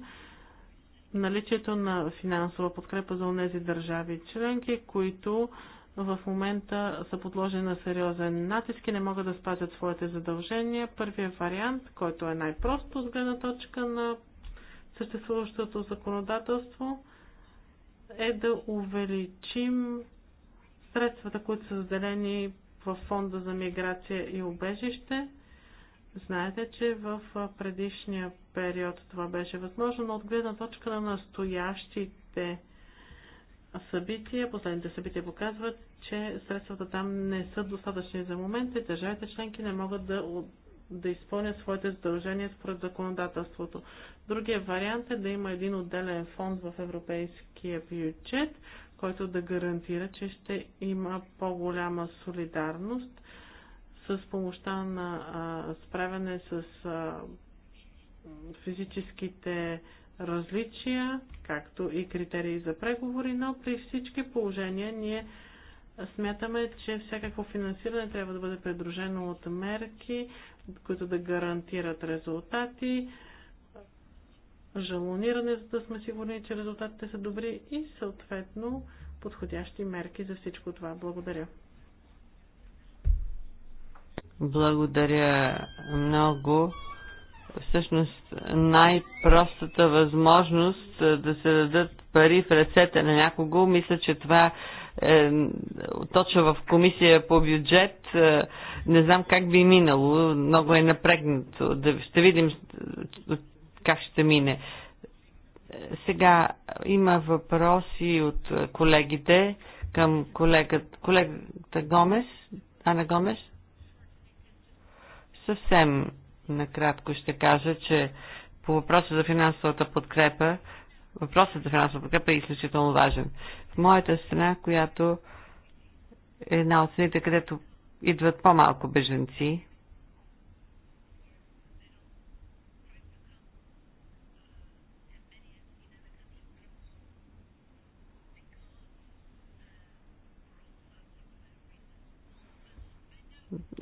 наличието на финансова подкрепа за тези държави членки, които в момента са подложени на сериозен натиск и не могат да спазят своите задължения. Първият вариант, който е най просто от гледна точка на съществуващото законодателство, е да увеличим средствата, които са заделени в фонда за миграция и убежище. Знаете, че в предишния период това беше възможно, но от гледна точка на настоящите събития, последните събития показват, че средствата там не са достатъчни за момента и държавите членки не могат да, да изпълнят своите задължения според законодателството. Другия вариант е да има един отделен фонд в европейския бюджет, който да гарантира, че ще има по-голяма солидарност с помощта на а, справяне с а, физическите различия както и критерии за преговори, но при всички положения ние смятаме, че всякакво финансиране трябва да бъде придружено от мерки, които да гарантират резултати, жалониране, за да сме сигурни, че резултатите са добри и съответно подходящи мерки за всичко това. Благодаря. Благодаря много всъщност най-простата възможност е, да се дадат пари в ръцете на някого. Мисля, че това е, точно в комисия по бюджет е, не знам как би минало. Много е напрегнато. Да, ще видим е, как ще мине. Сега има въпроси от колегите към колегата, колегата Гомес, Ана Гомес. Съвсем накратко ще кажа, че по въпроса за финансовата подкрепа, въпросът за финансова подкрепа е изключително важен. В моята страна, която е една от страните, където идват по-малко беженци,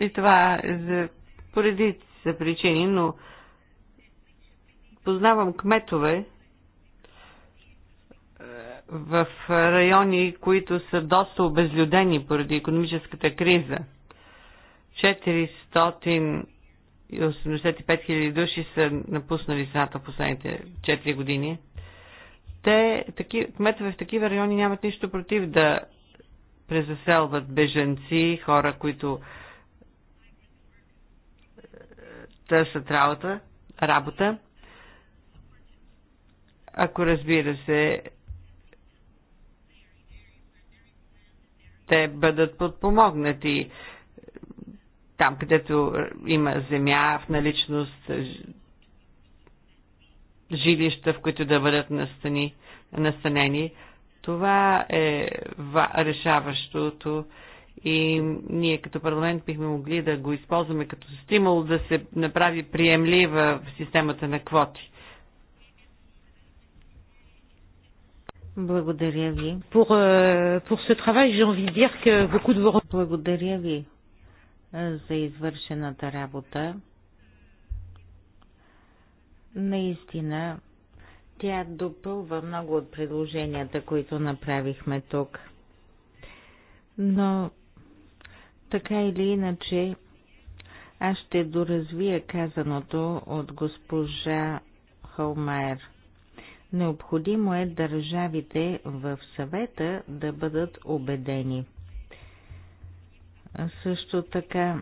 И това е за поредица са причини, но познавам кметове е, в райони, които са доста обезлюдени поради економическата криза. 485 000 души са напуснали страната в последните 4 години. Те, таки, кметове в такива райони нямат нищо против да презаселват беженци, хора, които търсят работа, работа ако разбира се, те бъдат подпомогнати там, където има земя в наличност, жилища, в които да бъдат настани, настанени. Това е решаващото и ние като парламент бихме могли да го използваме като стимул да се направи приемлива в системата на квоти. Благодаря ви. Pour, euh, pour ce travail, j'ai envie de dire que beaucoup de vos... Благодаря ви за извършената работа. Наистина, тя допълва много от предложенията, които направихме тук. Но така или иначе, аз ще доразвия казаното от госпожа Холмайер. Необходимо е държавите в съвета да бъдат убедени. Също така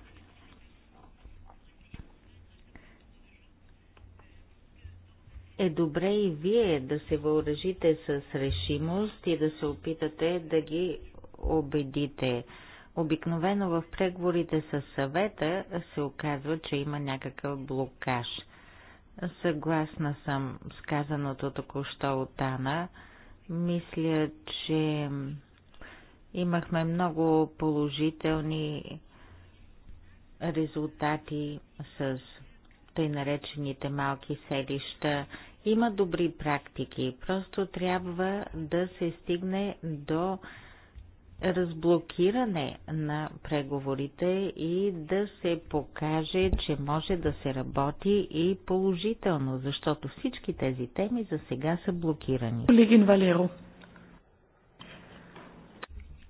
е добре и вие да се въоръжите с решимост и да се опитате да ги убедите. Обикновено в преговорите с съвета се оказва, че има някакъв блокаж. Съгласна съм с казаното току-що от Ана. Мисля, че имахме много положителни резултати с тъй наречените малки селища. Има добри практики, просто трябва да се стигне до разблокиране на преговорите и да се покаже, че може да се работи и положително, защото всички тези теми за сега са блокирани. Колегин Валеро.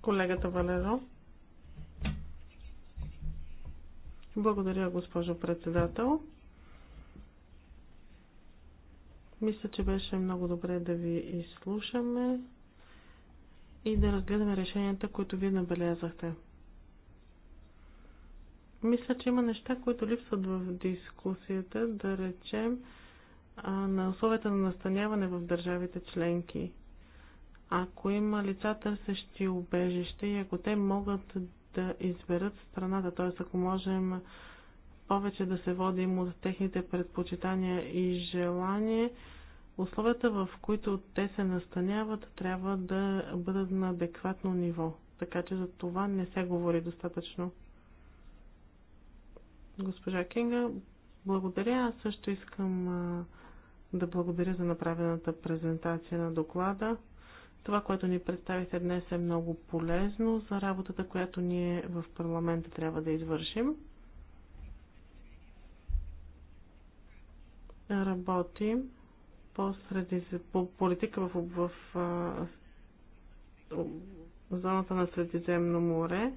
Колегата Валеро. Благодаря, госпожо председател. Мисля, че беше много добре да ви изслушаме и да разгледаме решенията, които вие набелязахте. Мисля, че има неща, които липсват в дискусията, да речем, на условията на настаняване в държавите членки. Ако има лица търсещи убежище и ако те могат да изберат страната, т.е. ако можем повече да се водим от техните предпочитания и желания, условията, в които те се настаняват, трябва да бъдат на адекватно ниво. Така че за това не се говори достатъчно. Госпожа Кинга, благодаря. Аз също искам да благодаря за направената презентация на доклада. Това, което ни представихте днес е много полезно за работата, която ние в парламента трябва да извършим. Работим по, по политика в, в, в, в зоната на Средиземно море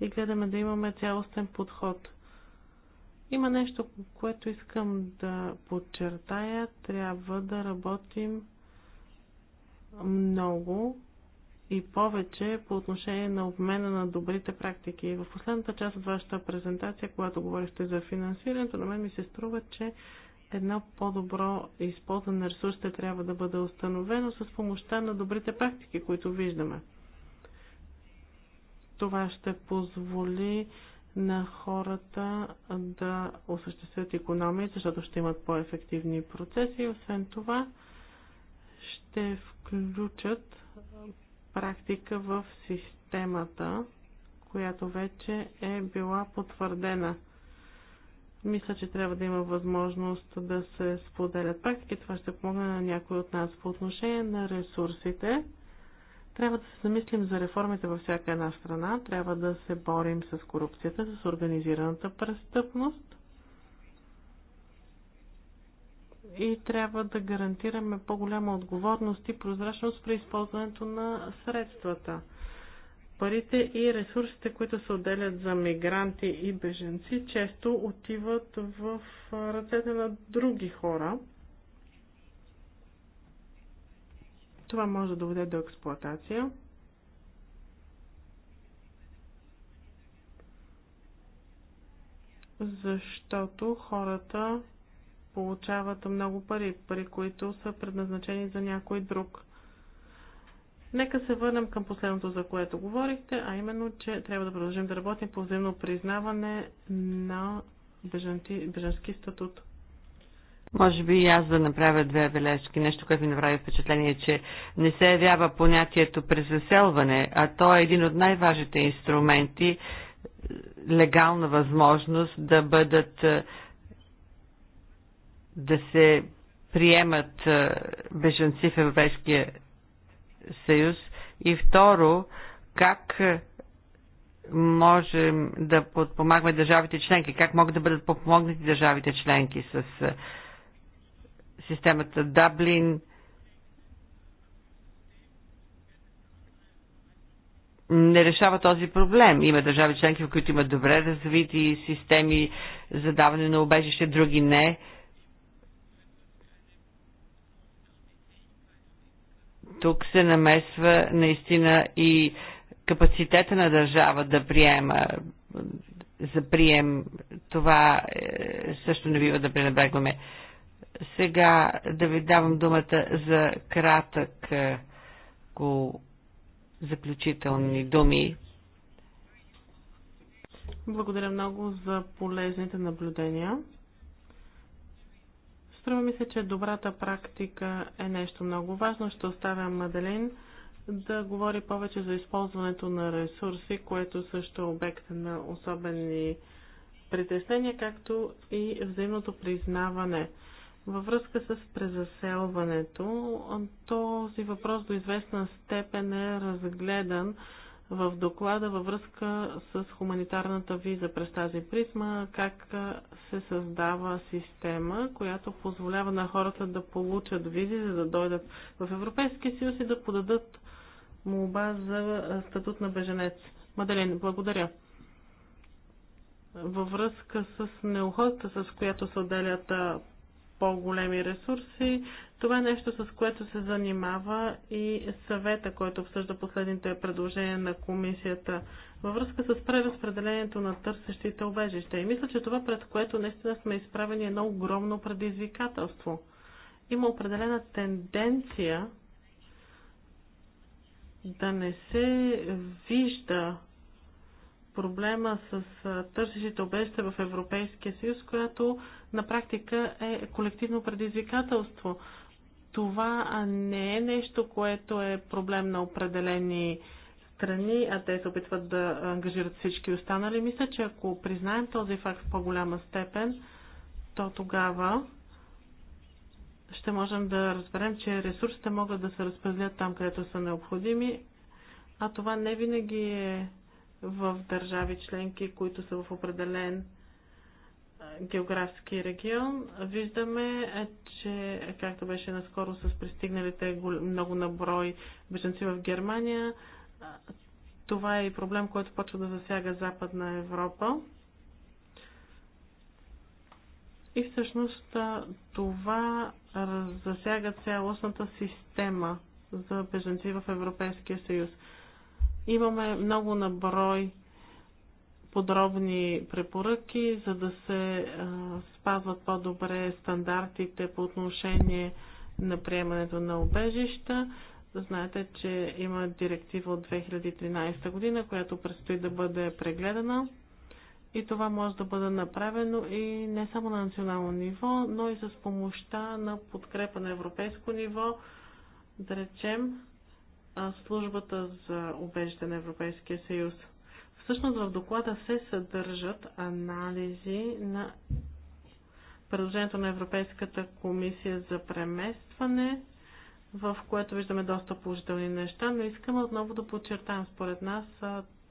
и гледаме да имаме цялостен подход. Има нещо, което искам да подчертая. Трябва да работим много и повече по отношение на обмена на добрите практики. В последната част от вашата презентация, когато говорихте за финансирането, на мен ми се струва, че едно по-добро използване на ресурсите трябва да бъде установено с помощта на добрите практики, които виждаме. Това ще позволи на хората да осъществят економия, защото ще имат по-ефективни процеси освен това ще включат практика в системата, която вече е била потвърдена – мисля, че трябва да има възможност да се споделят практики. Това ще помогне на някой от нас. По отношение на ресурсите, трябва да се замислим за реформите във всяка една страна. Трябва да се борим с корупцията, с организираната престъпност. И трябва да гарантираме по-голяма отговорност и прозрачност при използването на средствата парите и ресурсите, които се отделят за мигранти и беженци, често отиват в ръцете на други хора. Това може да доведе до експлоатация. Защото хората получават много пари, пари, които са предназначени за някой друг. Нека се върнем към последното, за което говорихте, а именно, че трябва да продължим да работим по взаимно признаване на бежанти, бежански статут. Може би и аз да направя две бележки. Нещо, което ми направи впечатление, че не се явява понятието през заселване, а то е един от най-важните инструменти, легална възможност да бъдат е, да се приемат е, бежанци в Европейския съюз? И второ, как можем да подпомагаме държавите членки? Как могат да бъдат подпомогнати държавите членки с системата Даблин? Не решава този проблем. Има държави членки, в които имат добре развити системи за даване на убежище, други не Тук се намесва наистина и капацитета на държава да приема за прием. Това е, също не бива да пренебрегваме. Сега да ви давам думата за кратък е, заключителни думи. Благодаря много за полезните наблюдения. Струва ми се, че добрата практика е нещо много важно. Ще оставя Маделин да говори повече за използването на ресурси, което също е обект на особени притеснения, както и взаимното признаване. Във връзка с презаселването, този въпрос до известна степен е разгледан в доклада във връзка с хуманитарната виза през тази призма, как се създава система, която позволява на хората да получат визи, за да дойдат в Европейския съюз и да подадат молба за статут на беженец. Маделин, благодаря. Във връзка с неохота, с която се отделят по-големи ресурси. Това е нещо, с което се занимава и съвета, който обсъжда последните предложения на комисията във връзка с преразпределението на търсещите обежища. И мисля, че това, пред което наистина сме изправени, е едно огромно предизвикателство. Има определена тенденция да не се вижда проблема с търсещите обеща в Европейския съюз, която на практика е колективно предизвикателство. Това не е нещо, което е проблем на определени страни, а те се опитват да ангажират всички останали. Мисля, че ако признаем този факт в по-голяма степен, то тогава ще можем да разберем, че ресурсите могат да се разпределят там, където са необходими, а това не винаги е в държави членки, които са в определен географски регион, виждаме, е, че, както беше наскоро с пристигналите много наброй беженци в Германия, това е и проблем, който почва да засяга Западна Европа. И всъщност това засяга цялостната система за беженци в Европейския съюз. Имаме много наброй подробни препоръки, за да се спазват по-добре стандартите по отношение на приемането на обежища. Знаете, че има директива от 2013 година, която предстои да бъде прегледана. И това може да бъде направено и не само на национално ниво, но и с помощта на подкрепа на европейско ниво. Да речем, службата за убежище на Европейския съюз. Всъщност в доклада се съдържат анализи на предложението на Европейската комисия за преместване, в което виждаме доста положителни неща, но искаме отново да подчертаем, според нас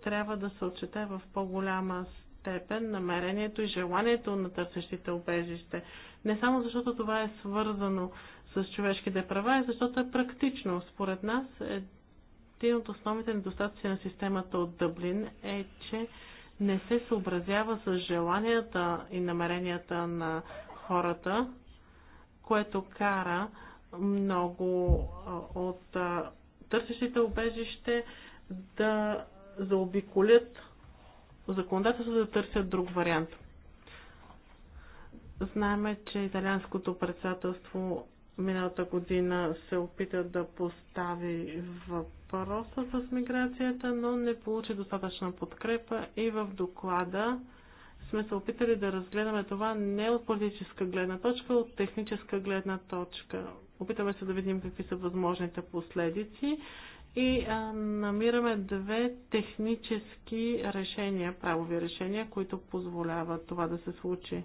трябва да се отчете в по-голяма степен намерението и желанието на търсещите обежище. Не само защото това е свързано с човешките права, а защото е практично. Според нас е един от основните недостатъци на системата от Дъблин е, че не се съобразява с желанията и намеренията на хората, което кара много от търсещите обежище да заобиколят законодателството да търсят друг вариант. Знаеме, че италианското председателство миналата година се опита да постави въпроса с миграцията, но не получи достатъчна подкрепа и в доклада сме се опитали да разгледаме това не от политическа гледна точка, а от техническа гледна точка. Опитаме се да видим какви са възможните последици и а, намираме две технически решения, правови решения, които позволяват това да се случи.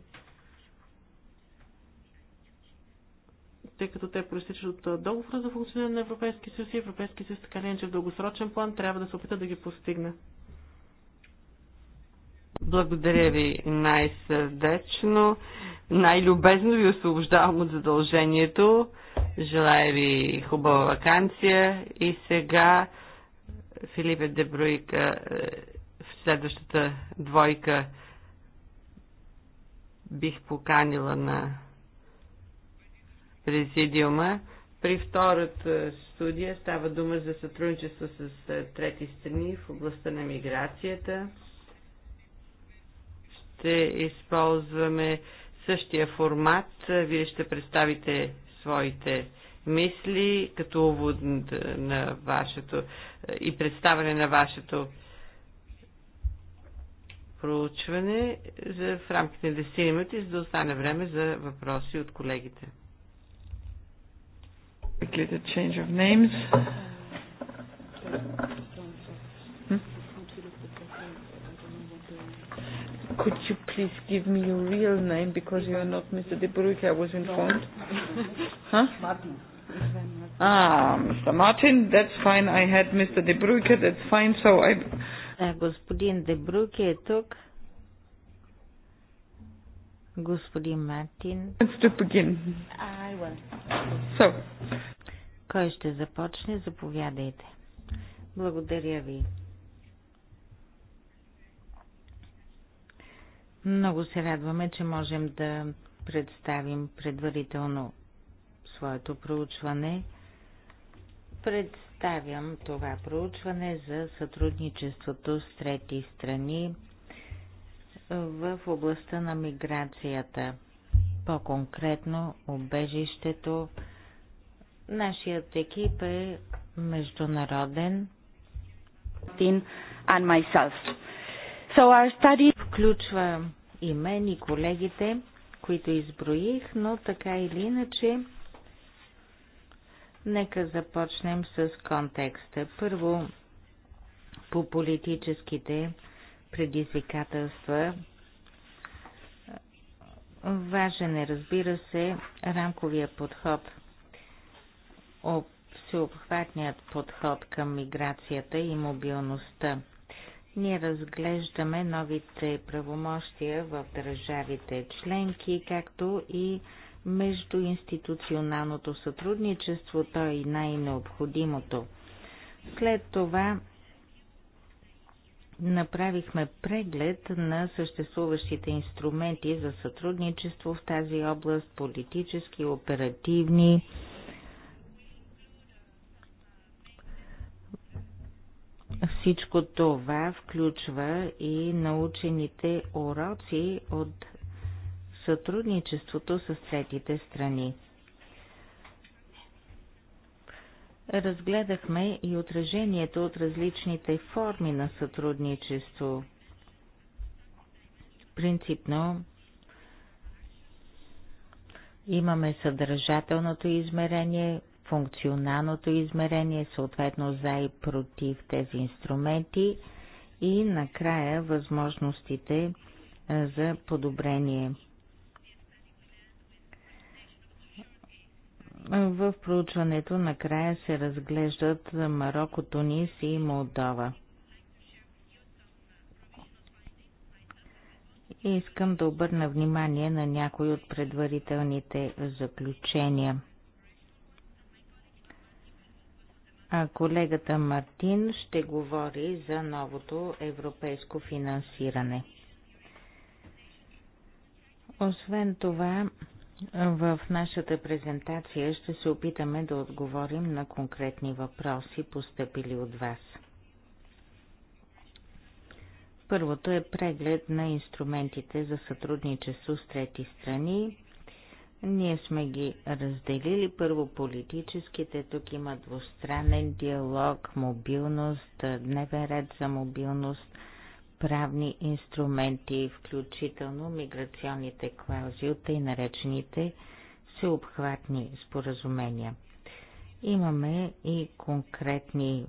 тъй като те проистичат от договора за функциониране на Европейския съюз и Европейския съюз така ли че в дългосрочен план трябва да се опита да ги постигне. Благодаря ви най-сърдечно, най-любезно ви освобождавам от задължението. Желая ви хубава вакансия и сега Филипе Дебруйка е, в следващата двойка бих поканила на президиума. При втората студия става дума за сътрудничество с е, трети страни в областта на миграцията. Ще използваме същия формат. Вие ще представите своите мисли като увод на вашето е, и представяне на вашето проучване за, в рамките на 10 минути, за да остане време за въпроси от колегите. Quickly the change of names. Could you please give me your real name because you are not Mr. De Bruyke, I was informed. huh? Martin. Ah, Mr. Martin, that's fine. I had Mr. De Bruyke, that's fine. So I. Господин Дебрук е тук. Господин Мартин. So. Кой ще започне? Заповядайте. Благодаря ви. Много се радваме, че можем да представим предварително своето проучване. Представям това проучване за сътрудничеството с трети страни в областта на миграцията, по-конкретно обежището. Нашият екип е международен. And myself. So our study... Включва и мен и колегите, които изброих, но така или иначе нека започнем с контекста. Първо по политическите предизвикателства. Важен е, разбира се, рамковия подход, всеобхватният подход към миграцията и мобилността. Ние разглеждаме новите правомощия в държавите членки, както и между институционалното сътрудничество, то е и най-необходимото. След това Направихме преглед на съществуващите инструменти за сътрудничество в тази област, политически, оперативни. Всичко това включва и научените уроци от сътрудничеството с третите страни. разгледахме и отражението от различните форми на сътрудничество. Принципно имаме съдържателното измерение, функционалното измерение, съответно за и против тези инструменти и накрая възможностите за подобрение. В проучването накрая се разглеждат Марокко, Тунис и Молдова. И искам да обърна внимание на някои от предварителните заключения. А колегата Мартин ще говори за новото европейско финансиране. Освен това, в нашата презентация ще се опитаме да отговорим на конкретни въпроси, постъпили от вас. Първото е преглед на инструментите за сътрудничество с трети страни. Ние сме ги разделили първо политическите, тук има двустранен диалог, мобилност, дневен ред за мобилност – правни инструменти, включително миграционните клаузи от наречените всеобхватни споразумения. Имаме и конкретни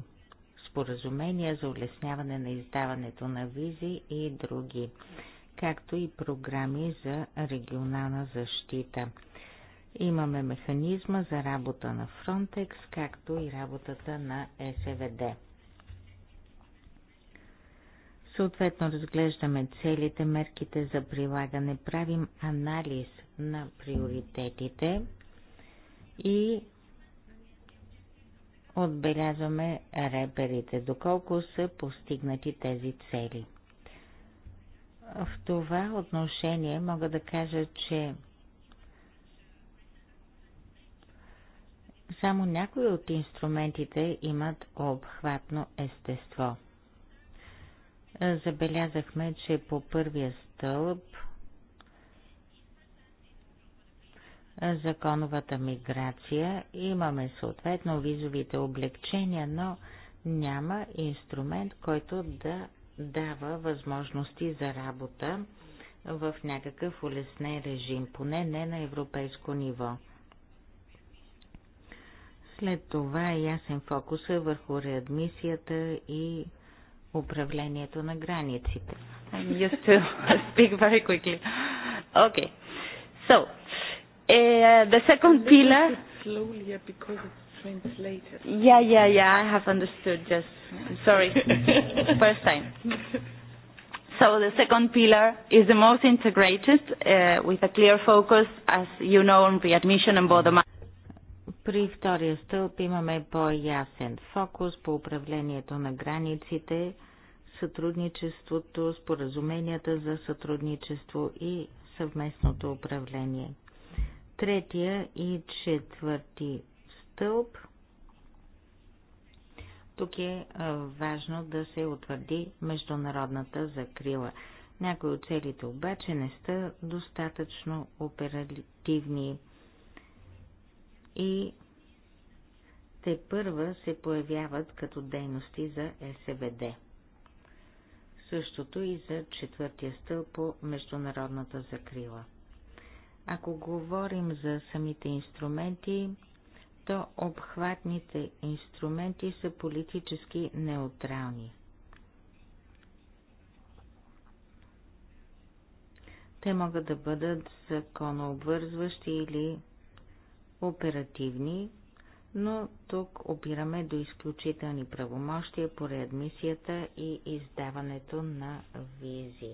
споразумения за улесняване на издаването на визи и други, както и програми за регионална защита. Имаме механизма за работа на Frontex, както и работата на СВД. Съответно разглеждаме целите, мерките за прилагане, правим анализ на приоритетите и отбелязваме реперите, доколко са постигнати тези цели. В това отношение мога да кажа, че само някои от инструментите имат обхватно естество – забелязахме, че по първия стълб законовата миграция имаме съответно визовите облегчения, но няма инструмент, който да дава възможности за работа в някакъв улеснен режим, поне не на европейско ниво. След това ясен фокус е върху реадмисията и управлението на границите. I'm used to speak very quickly. Okay. So, uh, the second pillar... Slowly, because it's translated. Yeah, yeah, yeah, I have understood, just... Sorry. First time. So The second pillar is the most integrated, uh with a clear focus, as you know, on readmission and bottom-up при втория стълб имаме по-ясен фокус по управлението на границите, сътрудничеството, споразуменията за сътрудничество и съвместното управление. Третия и четвърти стълб. Тук е важно да се утвърди международната закрила. Някои от целите обаче не са достатъчно оперативни и те първа се появяват като дейности за СВД. Същото и за четвъртия стълб по международната закрила. Ако говорим за самите инструменти, то обхватните инструменти са политически неутрални. Те могат да бъдат законообвързващи или оперативни, но тук опираме до изключителни правомощия по реадмисията и издаването на визи.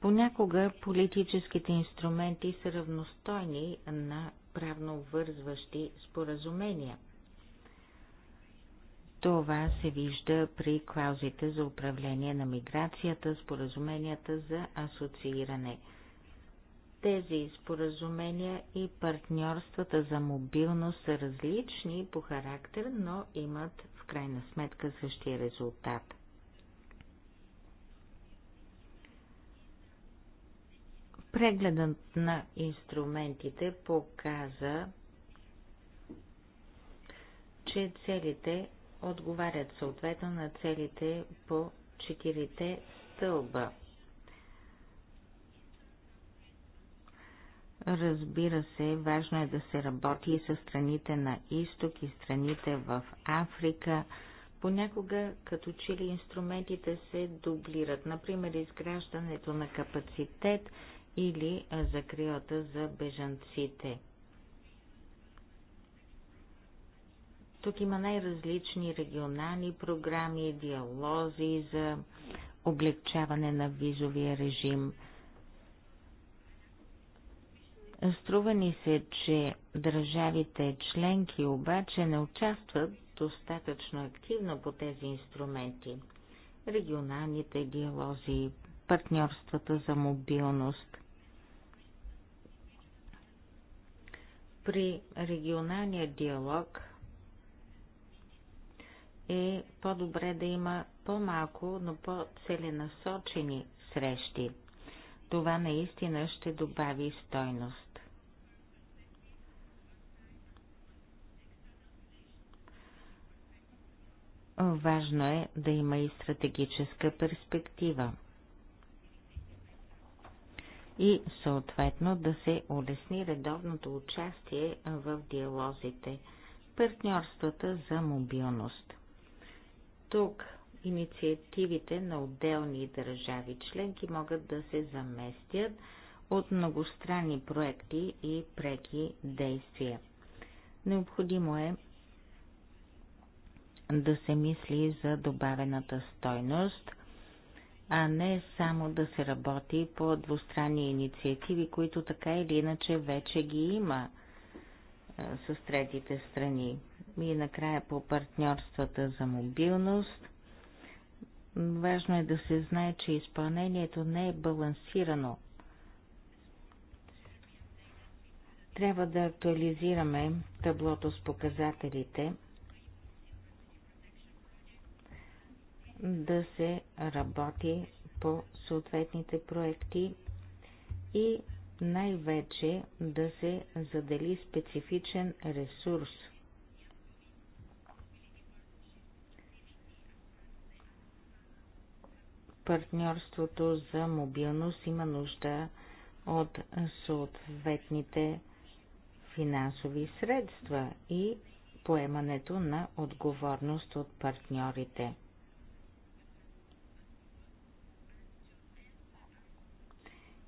Понякога политическите инструменти са равностойни на правно вързващи споразумения. Това се вижда при клаузите за управление на миграцията, споразуменията за асоцииране – тези споразумения и партньорствата за мобилност са различни по характер, но имат в крайна сметка същия резултат. Прегледът на инструментите показа, че целите отговарят съответно на целите по четирите стълба – Разбира се, важно е да се работи и с страните на изток и страните в Африка. Понякога, като че ли инструментите се дублират, например изграждането на капацитет или закрилата за бежанците. Тук има най-различни регионални програми, диалози за облегчаване на визовия режим – Струва ни се, че държавите членки обаче не участват достатъчно активно по тези инструменти. Регионалните диалози, партньорствата за мобилност. При регионалния диалог е по-добре да има по-малко, но по-целенасочени срещи. Това наистина ще добави стойност. Важно е да има и стратегическа перспектива и съответно да се улесни редовното участие в диалозите, партньорствата за мобилност. Тук инициативите на отделни държави членки могат да се заместят от многостранни проекти и преки действия. Необходимо е да се мисли за добавената стойност, а не само да се работи по двустранни инициативи, които така или иначе вече ги има с третите страни. И накрая по партньорствата за мобилност. Важно е да се знае, че изпълнението не е балансирано. Трябва да актуализираме таблото с показателите – да се работи по съответните проекти и най-вече да се задели специфичен ресурс. Партньорството за мобилност има нужда от съответните финансови средства и поемането на отговорност от партньорите.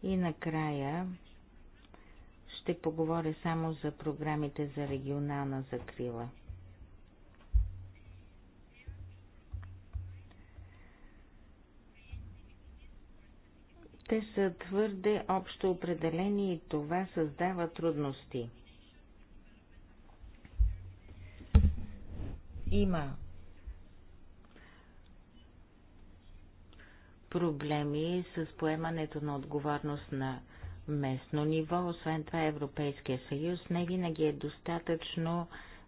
И накрая ще поговоря само за програмите за регионална закрила. Те са твърде общо определени и това създава трудности. Има проблеми с поемането на отговорност на местно ниво. Освен това Европейския съюз не винаги е достатъчно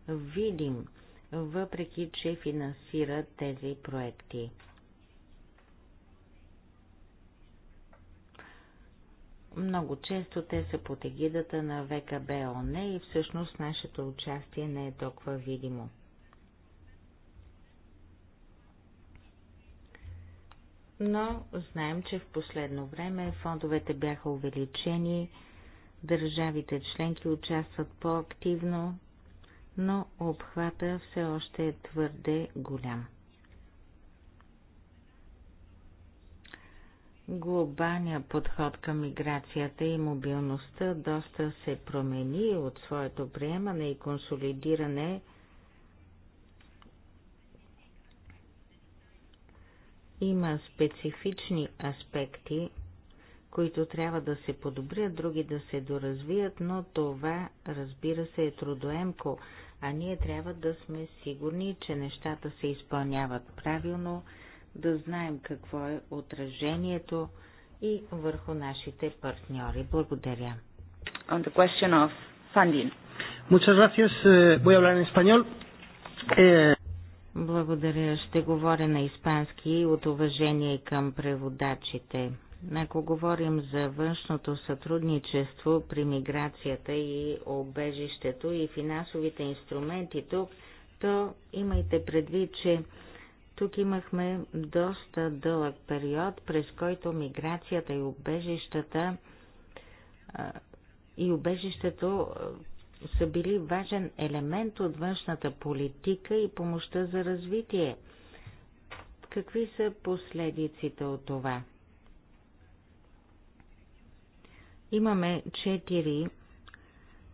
видим, въпреки че финансира тези проекти. Много често те са под егидата на ВКБ ОНЕ и всъщност нашето участие не е толкова видимо. но знаем, че в последно време фондовете бяха увеличени, държавите членки участват по-активно, но обхвата все още е твърде голям. Глобалният подход към миграцията и мобилността доста се промени от своето приемане и консолидиране – Има специфични аспекти, които трябва да се подобрят, други да се доразвият, но това, разбира се, е трудоемко, а ние трябва да сме сигурни, че нещата се изпълняват правилно, да знаем какво е отражението и върху нашите партньори. Благодаря. On the question of funding. Muchas gracias. Eh, voy a hablar en español. Eh... Благодаря. Ще говоря на испански от уважение към преводачите. Ако говорим за външното сътрудничество при миграцията и обежището и финансовите инструменти тук, то имайте предвид, че тук имахме доста дълъг период, през който миграцията и обежищата и обежището са били важен елемент от външната политика и помощта за развитие. Какви са последиците от това? Имаме четири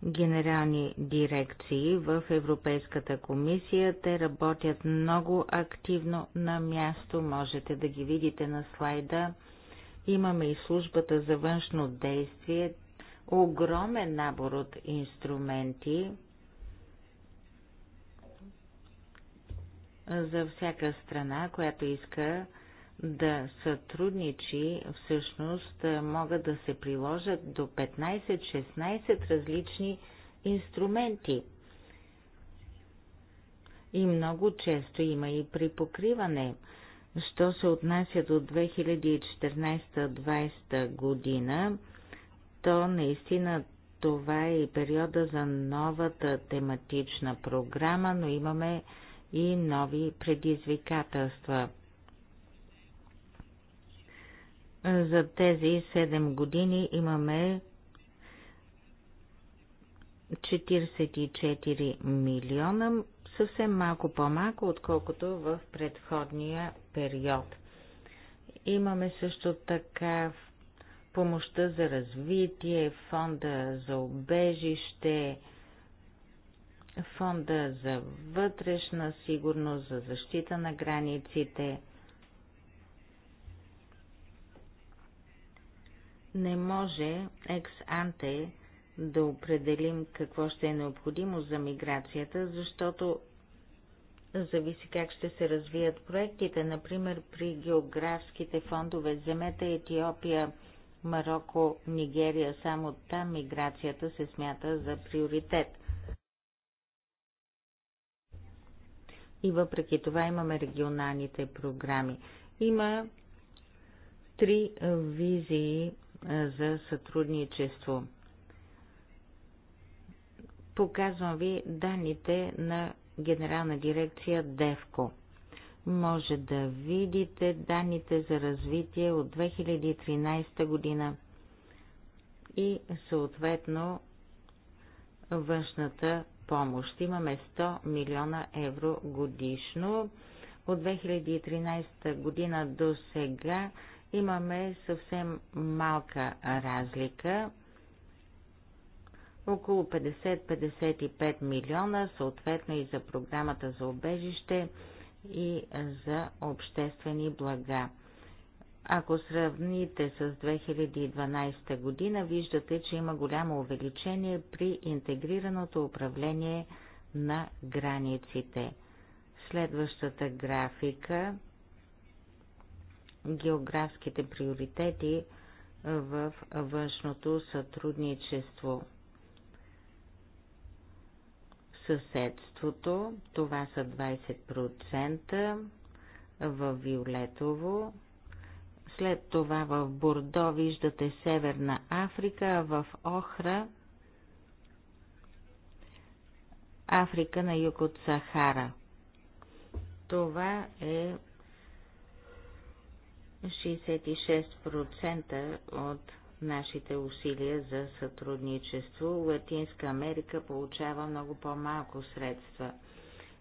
генерални дирекции в Европейската комисия. Те работят много активно на място. Можете да ги видите на слайда. Имаме и службата за външно действие огромен набор от инструменти за всяка страна, която иска да сътрудничи, всъщност могат да се приложат до 15-16 различни инструменти. И много често има и припокриване. Що се отнася до 2014-2020 година, то наистина това е и периода за новата тематична програма, но имаме и нови предизвикателства. За тези 7 години имаме 44 милиона, съвсем малко по-малко, отколкото в предходния период. Имаме също така в помощта за развитие, фонда за обежище, фонда за вътрешна сигурност, за защита на границите. Не може екс-анте да определим какво ще е необходимо за миграцията, защото зависи как ще се развият проектите. Например, при географските фондове Земета, Етиопия, Марокко, Нигерия. Само там миграцията се смята за приоритет. И въпреки това имаме регионалните програми. Има три визии за сътрудничество. Показвам ви данните на Генерална дирекция ДЕВКО може да видите данните за развитие от 2013 година и съответно външната помощ. Имаме 100 милиона евро годишно. От 2013 година до сега имаме съвсем малка разлика. Около 50-55 милиона, съответно и за програмата за обежище – и за обществени блага. Ако сравните с 2012 година, виждате, че има голямо увеличение при интегрираното управление на границите. Следващата графика географските приоритети в външното сътрудничество съседството, това са 20% в Виолетово, след това в Бордо виждате Северна Африка, а в Охра Африка на юг от Сахара. Това е 66% от нашите усилия за сътрудничество. Латинска Америка получава много по-малко средства.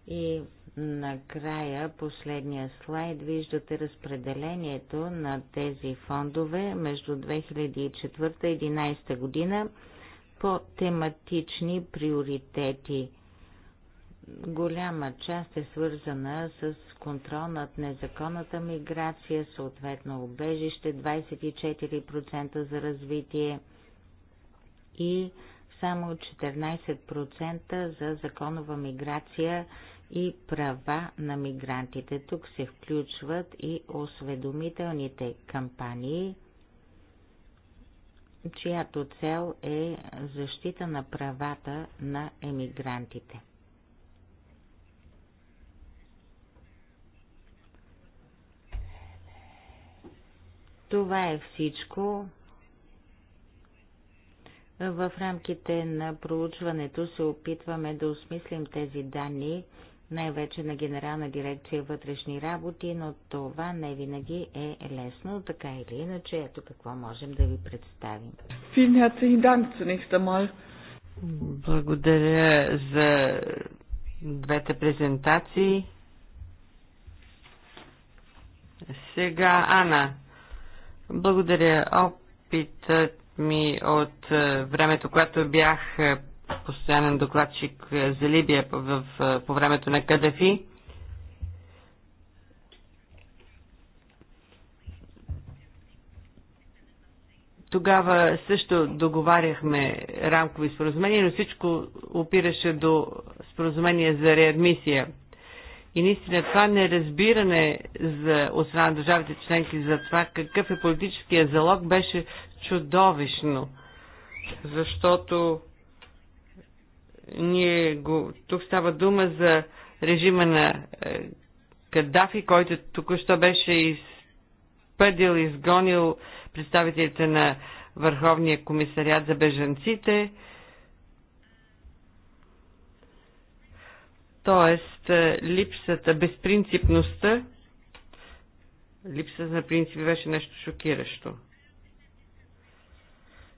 И накрая, последния слайд, виждате разпределението на тези фондове между 2004-2011 година по тематични приоритети. Голяма част е свързана с контрол над незаконната миграция, съответно убежище 24% за развитие и само 14% за законова миграция и права на мигрантите. Тук се включват и осведомителните кампании, чиято цел е защита на правата на емигрантите. Това е всичко. В рамките на проучването се опитваме да осмислим тези данни, най-вече на Генерална дирекция вътрешни работи, но това не винаги е лесно, така или иначе. Ето какво можем да ви представим. Благодаря за двете презентации. Сега, Ана, благодаря. Опитът ми от е, времето, когато бях е, постоянен докладчик е, за Либия в, по времето на Кадафи, Тогава също договаряхме рамкови споразумения, но всичко опираше до споразумение за реадмисия. И наистина това неразбиране за, от страна на държавите членки за това какъв е политическия залог беше чудовищно. Защото ние го, тук става дума за режима на е, Каддафи, който току-що беше изпъдил, изгонил представителите на Върховния комисариат за бежанците Тоест, е, липсата, безпринципността, липсата на принципи беше нещо шокиращо.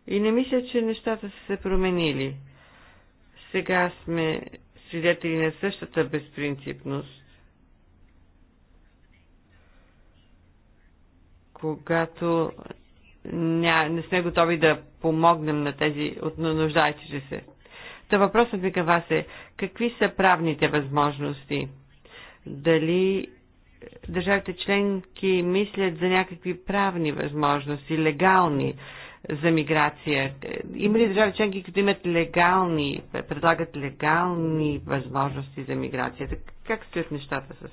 И не мисля, че нещата са се променили. Сега сме свидетели на същата безпринципност. Когато не сме готови да помогнем на тези от нуждаещите се. Та въпросът ви към вас е, какви са правните възможности? Дали държавите членки мислят за някакви правни възможности, легални за миграция? Има ли държави членки, които имат легални, предлагат легални възможности за миграцията? Как стоят нещата с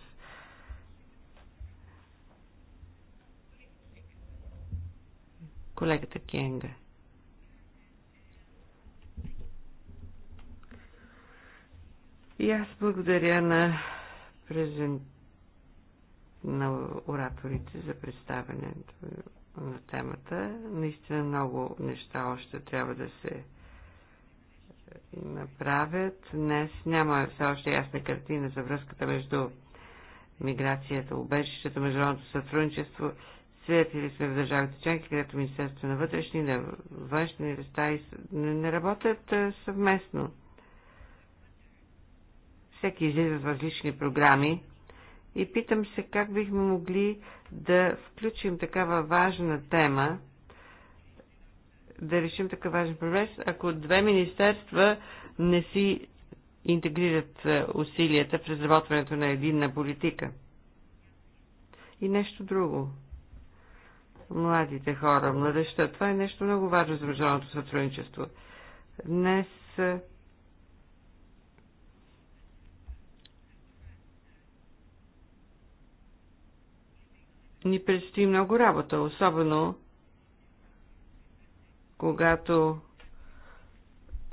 колегата Кенга? И аз благодаря на, презен... на ораторите за представянето на темата. Наистина много неща още трябва да се направят. Днес няма все още ясна картина за връзката между миграцията, убежището, международното сътрудничество. Свидетели сме в държавите членки, където Министерство на вътрешни, на външни места не работят съвместно. Всеки излиза в различни програми и питам се как бихме могли да включим такава важна тема, да решим такъв важен проблем, ако две министерства не си интегрират е, усилията в разработването на единна политика. И нещо друго. Младите хора, младеща, това е нещо много важно за международното сътрудничество. Днес е, ни предстои много работа, особено когато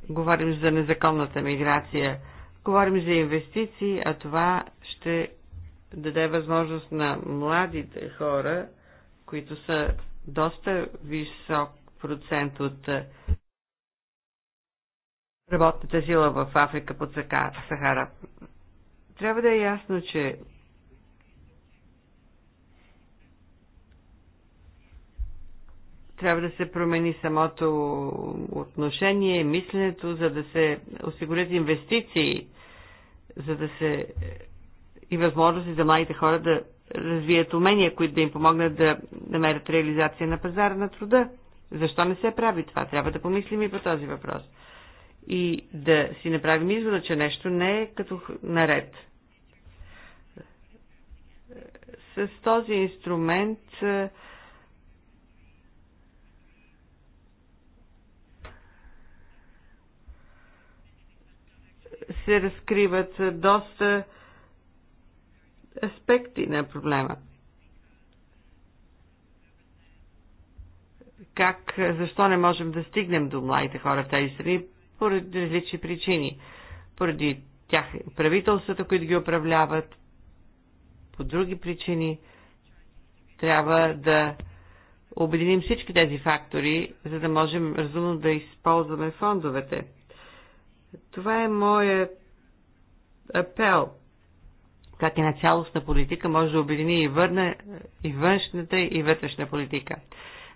говорим за незаконната миграция, говорим за инвестиции, а това ще даде възможност на младите хора, които са доста висок процент от работната сила в Африка под Сахара. Трябва да е ясно, че Трябва да се промени самото отношение, мисленето, за да се осигурят инвестиции, за да се и възможности за младите хора да развият умения, които да им помогнат да намерят реализация на пазара на труда. Защо не се прави това? Трябва да помислим и по този въпрос. И да си направим извода, че нещо не е като наред. С този инструмент се разкриват доста аспекти на проблема. Как, защо не можем да стигнем до младите хора в тези страни? Поради различни причини. Поради тях, правителствата, които ги управляват, по други причини, трябва да обединим всички тези фактори, за да можем разумно да използваме фондовете. Това е моят апел. Как една цялостна политика може да обедини и, върне и външната, и вътрешна политика.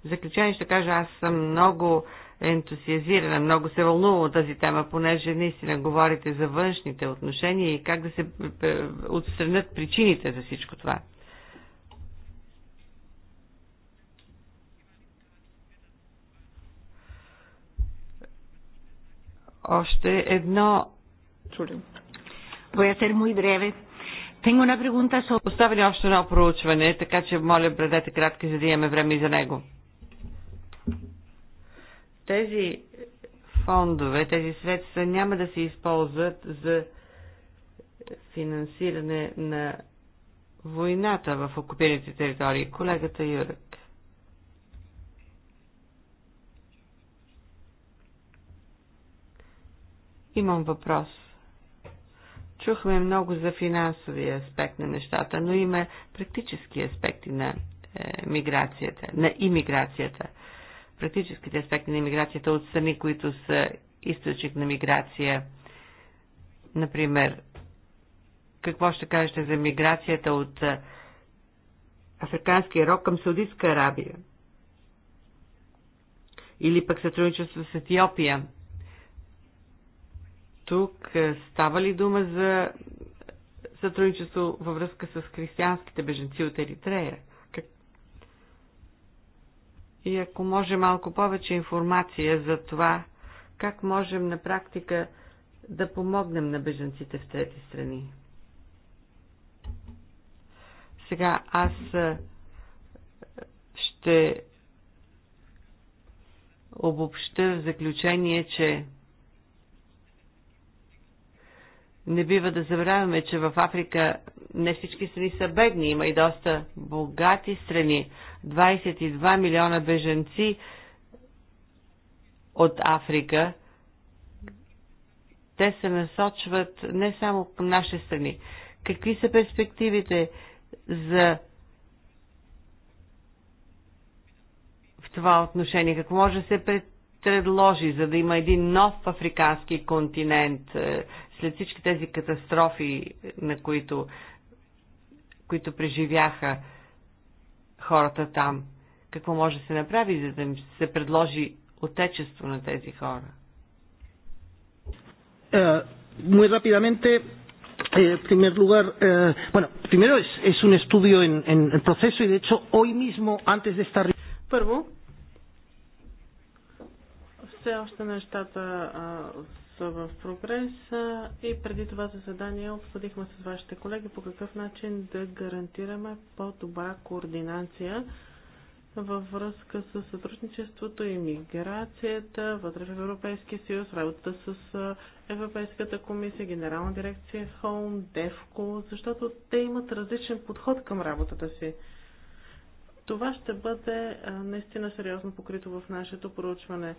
В заключение ще кажа, аз съм много ентусиазирана, много се вълнувам от тази тема, понеже наистина говорите за външните отношения и как да се е, е, отстранят причините за всичко това. още едно. Voy a ser muy breve. Tengo una pregunta sobre... Поставили още едно проучване, така че моля бредете кратки, за да имаме време и за него. Тези фондове, тези средства няма да се използват за финансиране на войната в окупираните територии. Колегата Юрек. Имам въпрос. Чухме много за финансовия аспект на нещата, но има практически аспекти на е, миграцията, на имиграцията. Практическите аспекти на имиграцията от страни, които са източник на миграция. Например, какво ще кажете за миграцията от е, Африканския рок към Саудитска Арабия? Или пък сътрудничество с Етиопия? тук е, става ли дума за сътрудничество във връзка с християнските беженци от Еритрея? Как... И ако може малко повече информация за това, как можем на практика да помогнем на беженците в трети страни? Сега аз е, ще обобща в заключение, че не бива да забравяме, че в Африка не всички страни са бедни, има и доста богати страни. 22 милиона беженци от Африка, те се насочват не само към наши страни. Какви са перспективите за в това отношение? Какво може да се предложи, за да има един нов африкански континент, след всички тези катастрофи, на които, които преживяха хората там, какво може да се направи, за да им се предложи отечество на тези хора? Uh, muy rápidamente, eh, En eh, primer lugar, eh, bueno, primero es, es un estudio en, en el proceso y de hecho hoy mismo, antes de estar. Първо, все още нещата а, участва в прогрес. и преди това заседание обсъдихме с вашите колеги по какъв начин да гарантираме по-добра координация във връзка с сътрудничеството и миграцията вътре в Европейския съюз, работата с Европейската комисия, Генерална дирекция Home, DEFCO, защото те имат различен подход към работата си. Това ще бъде наистина сериозно покрито в нашето проучване.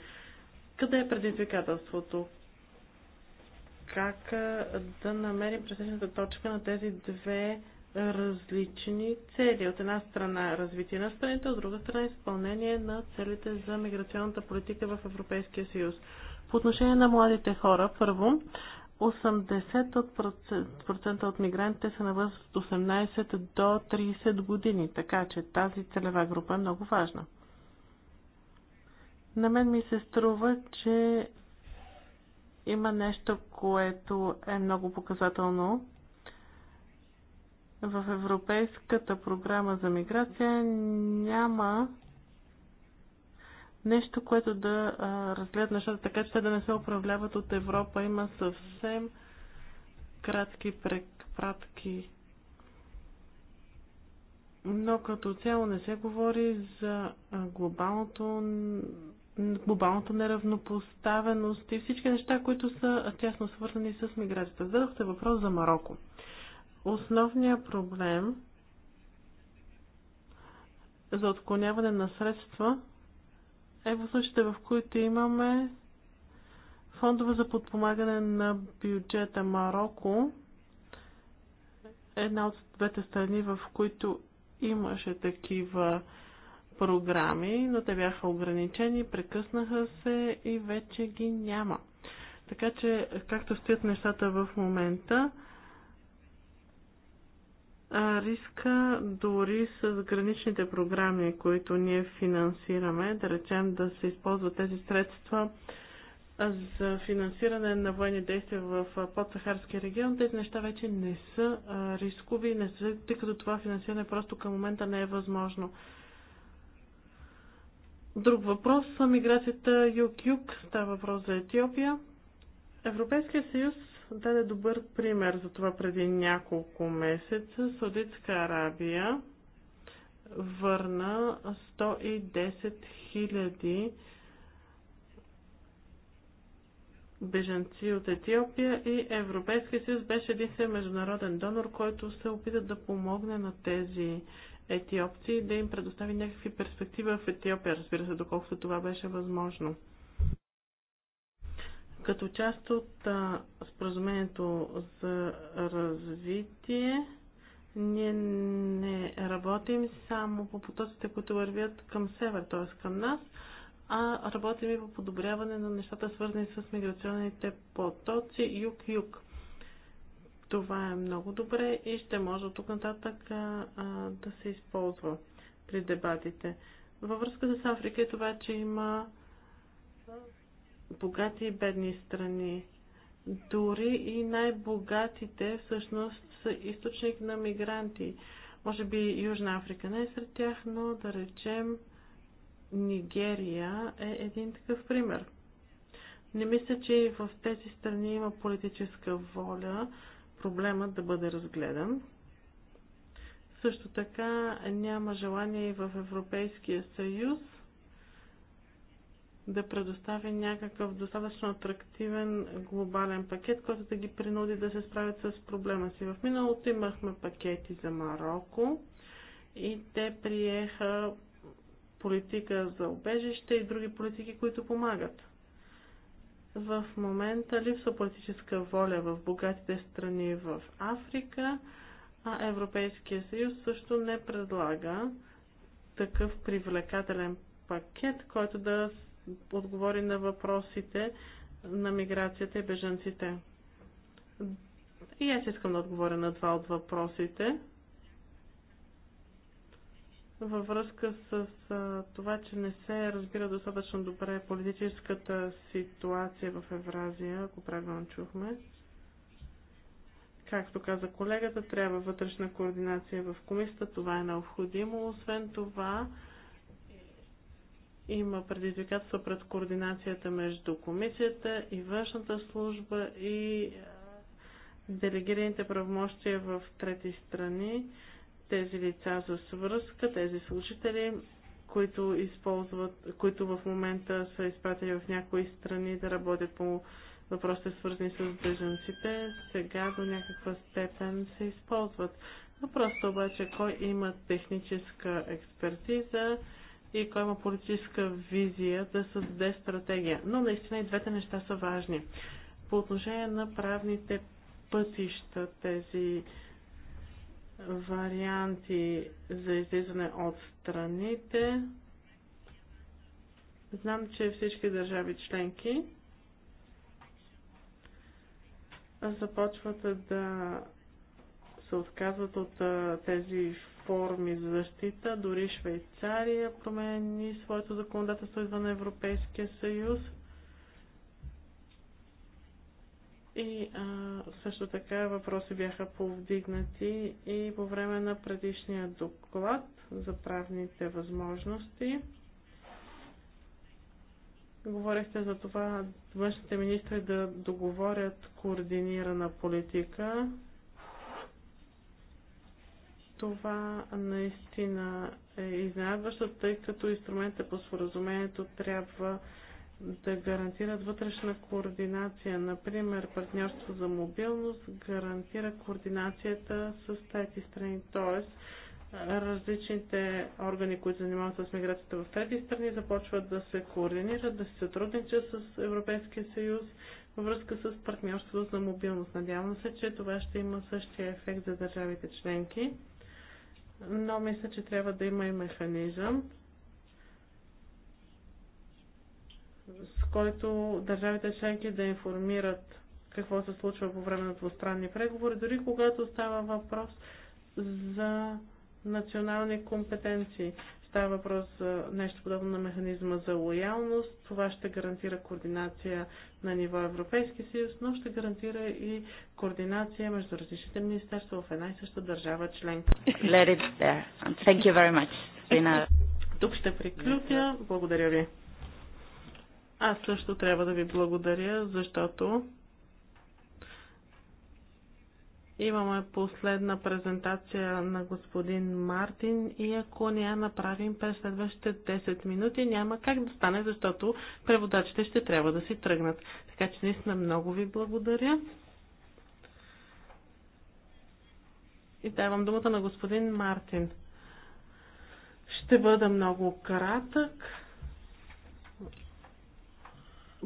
Къде е предизвикателството? как да намерим пресечната точка на тези две различни цели. От една страна развитие на страните, от друга страна изпълнение на целите за миграционната политика в Европейския съюз. По отношение на младите хора, първо, 80% от мигрантите са на възраст от 18 до 30 години, така че тази целева група е много важна. На мен ми се струва, че има нещо, което е много показателно. В Европейската програма за миграция няма нещо, което да разгледа разгледат нещата така, че те да не се управляват от Европа. Има съвсем кратки препратки. Но като цяло не се говори за глобалното глобалната неравнопоставеност и всички неща, които са тясно свързани с миграцията. Зададохте въпрос за Марокко. Основният проблем за отклоняване на средства е в случаите, в които имаме фондове за подпомагане на бюджета Марокко. Една от двете страни, в които имаше такива програми, но те бяха ограничени, прекъснаха се и вече ги няма. Така че, както стоят нещата в момента, риска дори с граничните програми, които ние финансираме, да речем да се използват тези средства за финансиране на военни действия в подсахарския регион, тези неща вече не са рискови, не са, тъй като това финансиране просто към момента не е възможно. Друг въпрос са миграцията юг-юг. Става въпрос за Етиопия. Европейския съюз даде добър пример за това преди няколко месеца. Саудитска Арабия върна 110 000 беженци от Етиопия и Европейския съюз беше единствен международен донор, който се опита да помогне на тези етиопци да им предостави някакви перспективи в Етиопия, разбира се, доколкото това беше възможно. Като част от а, споразумението за развитие, ние не работим само по потоците, които вървят към север, т.е. към нас, а работим и по подобряване на нещата, свързани с миграционните потоци юг-юг. Това е много добре и ще може от тук нататък а, а, да се използва при дебатите. Във връзка с Африка е това, че има богати и бедни страни. Дори и най-богатите всъщност са източник на мигранти. Може би Южна Африка не е сред тях, но да речем Нигерия е един такъв пример. Не мисля, че в тези страни има политическа воля проблемът да бъде разгледан. Също така няма желание и в Европейския съюз да предостави някакъв достатъчно атрактивен глобален пакет, който да ги принуди да се справят с проблема си. В миналото имахме пакети за Марокко и те приеха политика за обежище и други политики, които помагат. В момента липсва политическа воля в богатите страни в Африка, а Европейския съюз също не предлага такъв привлекателен пакет, който да отговори на въпросите на миграцията и беженците. И аз искам да отговоря на два от въпросите във връзка с а, това, че не се разбира достатъчно добре политическата ситуация в Евразия, ако правилно чухме. Както каза колегата, трябва вътрешна координация в комисията, това е необходимо. Освен това, има предизвикателства пред координацията между комисията и външната служба и делегираните правомощия в трети страни тези лица за връзка, тези служители, които, използват, които в момента са изпратени в някои страни да работят по въпросите свързани с беженците, сега до някаква степен се използват. Въпросът обаче е кой има техническа експертиза и кой има политическа визия да създаде стратегия. Но наистина и двете неща са важни. По отношение на правните пътища, тези варианти за излизане от страните. Знам, че всички държави членки започват да се отказват от тези форми за защита. Дори Швейцария промени своето законодателство извън Европейския съюз – И а, също така въпроси бяха повдигнати и по време на предишния доклад за правните възможности. Говорихте за това външните министри да договорят координирана политика. Това наистина е изненадващо, тъй като инструментът по споразумението трябва да гарантират вътрешна координация. Например, партньорство за мобилност гарантира координацията с трети страни, т.е. различните органи, които занимават с миграцията в трети страни, започват да се координират, да се сътрудничат с Европейския съюз във връзка с партньорство за мобилност. Надявам се, че това ще има същия ефект за държавите членки, но мисля, че трябва да има и механизъм, с който държавите членки да информират какво се случва по време на двустранни преговори, дори когато става въпрос за национални компетенции. Става въпрос за нещо подобно на механизма за лоялност. Това ще гарантира координация на ниво Европейски съюз, но ще гарантира и координация между различните министерства в една и съща държава членка. Let it there. Thank you very much. Тук ще приключа. Благодаря ви. Аз също трябва да ви благодаря, защото имаме последна презентация на господин Мартин и ако не я направим през следващите 10 минути, няма как да стане, защото преводачите ще трябва да си тръгнат. Така че наистина много ви благодаря. И давам думата на господин Мартин. Ще бъда много кратък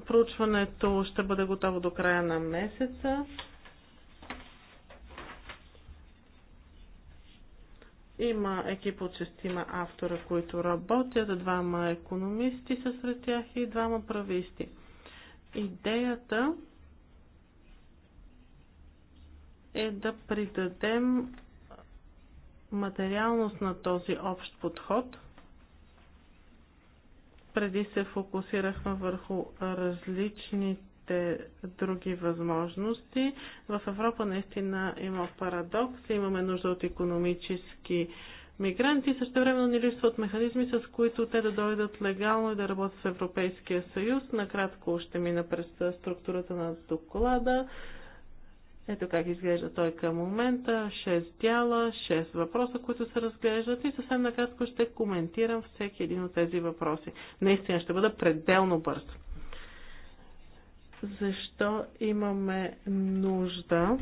Проучването ще бъде готово до края на месеца. Има екип от шестима автора, които работят, двама економисти са сред тях и двама прависти. Идеята е да придадем материалност на този общ подход – преди се фокусирахме върху различните други възможности. В Европа наистина има парадокс. Имаме нужда от економически мигранти, също времено ни липсват механизми, с които те да дойдат легално и да работят в Европейския съюз. Накратко ще мина през структурата на доклада. Ето как изглежда той към момента. 6 дяла, 6 въпроса, които се разглеждат и съвсем накратко ще коментирам всеки един от тези въпроси. Наистина ще бъда пределно бърз. Защо имаме нужда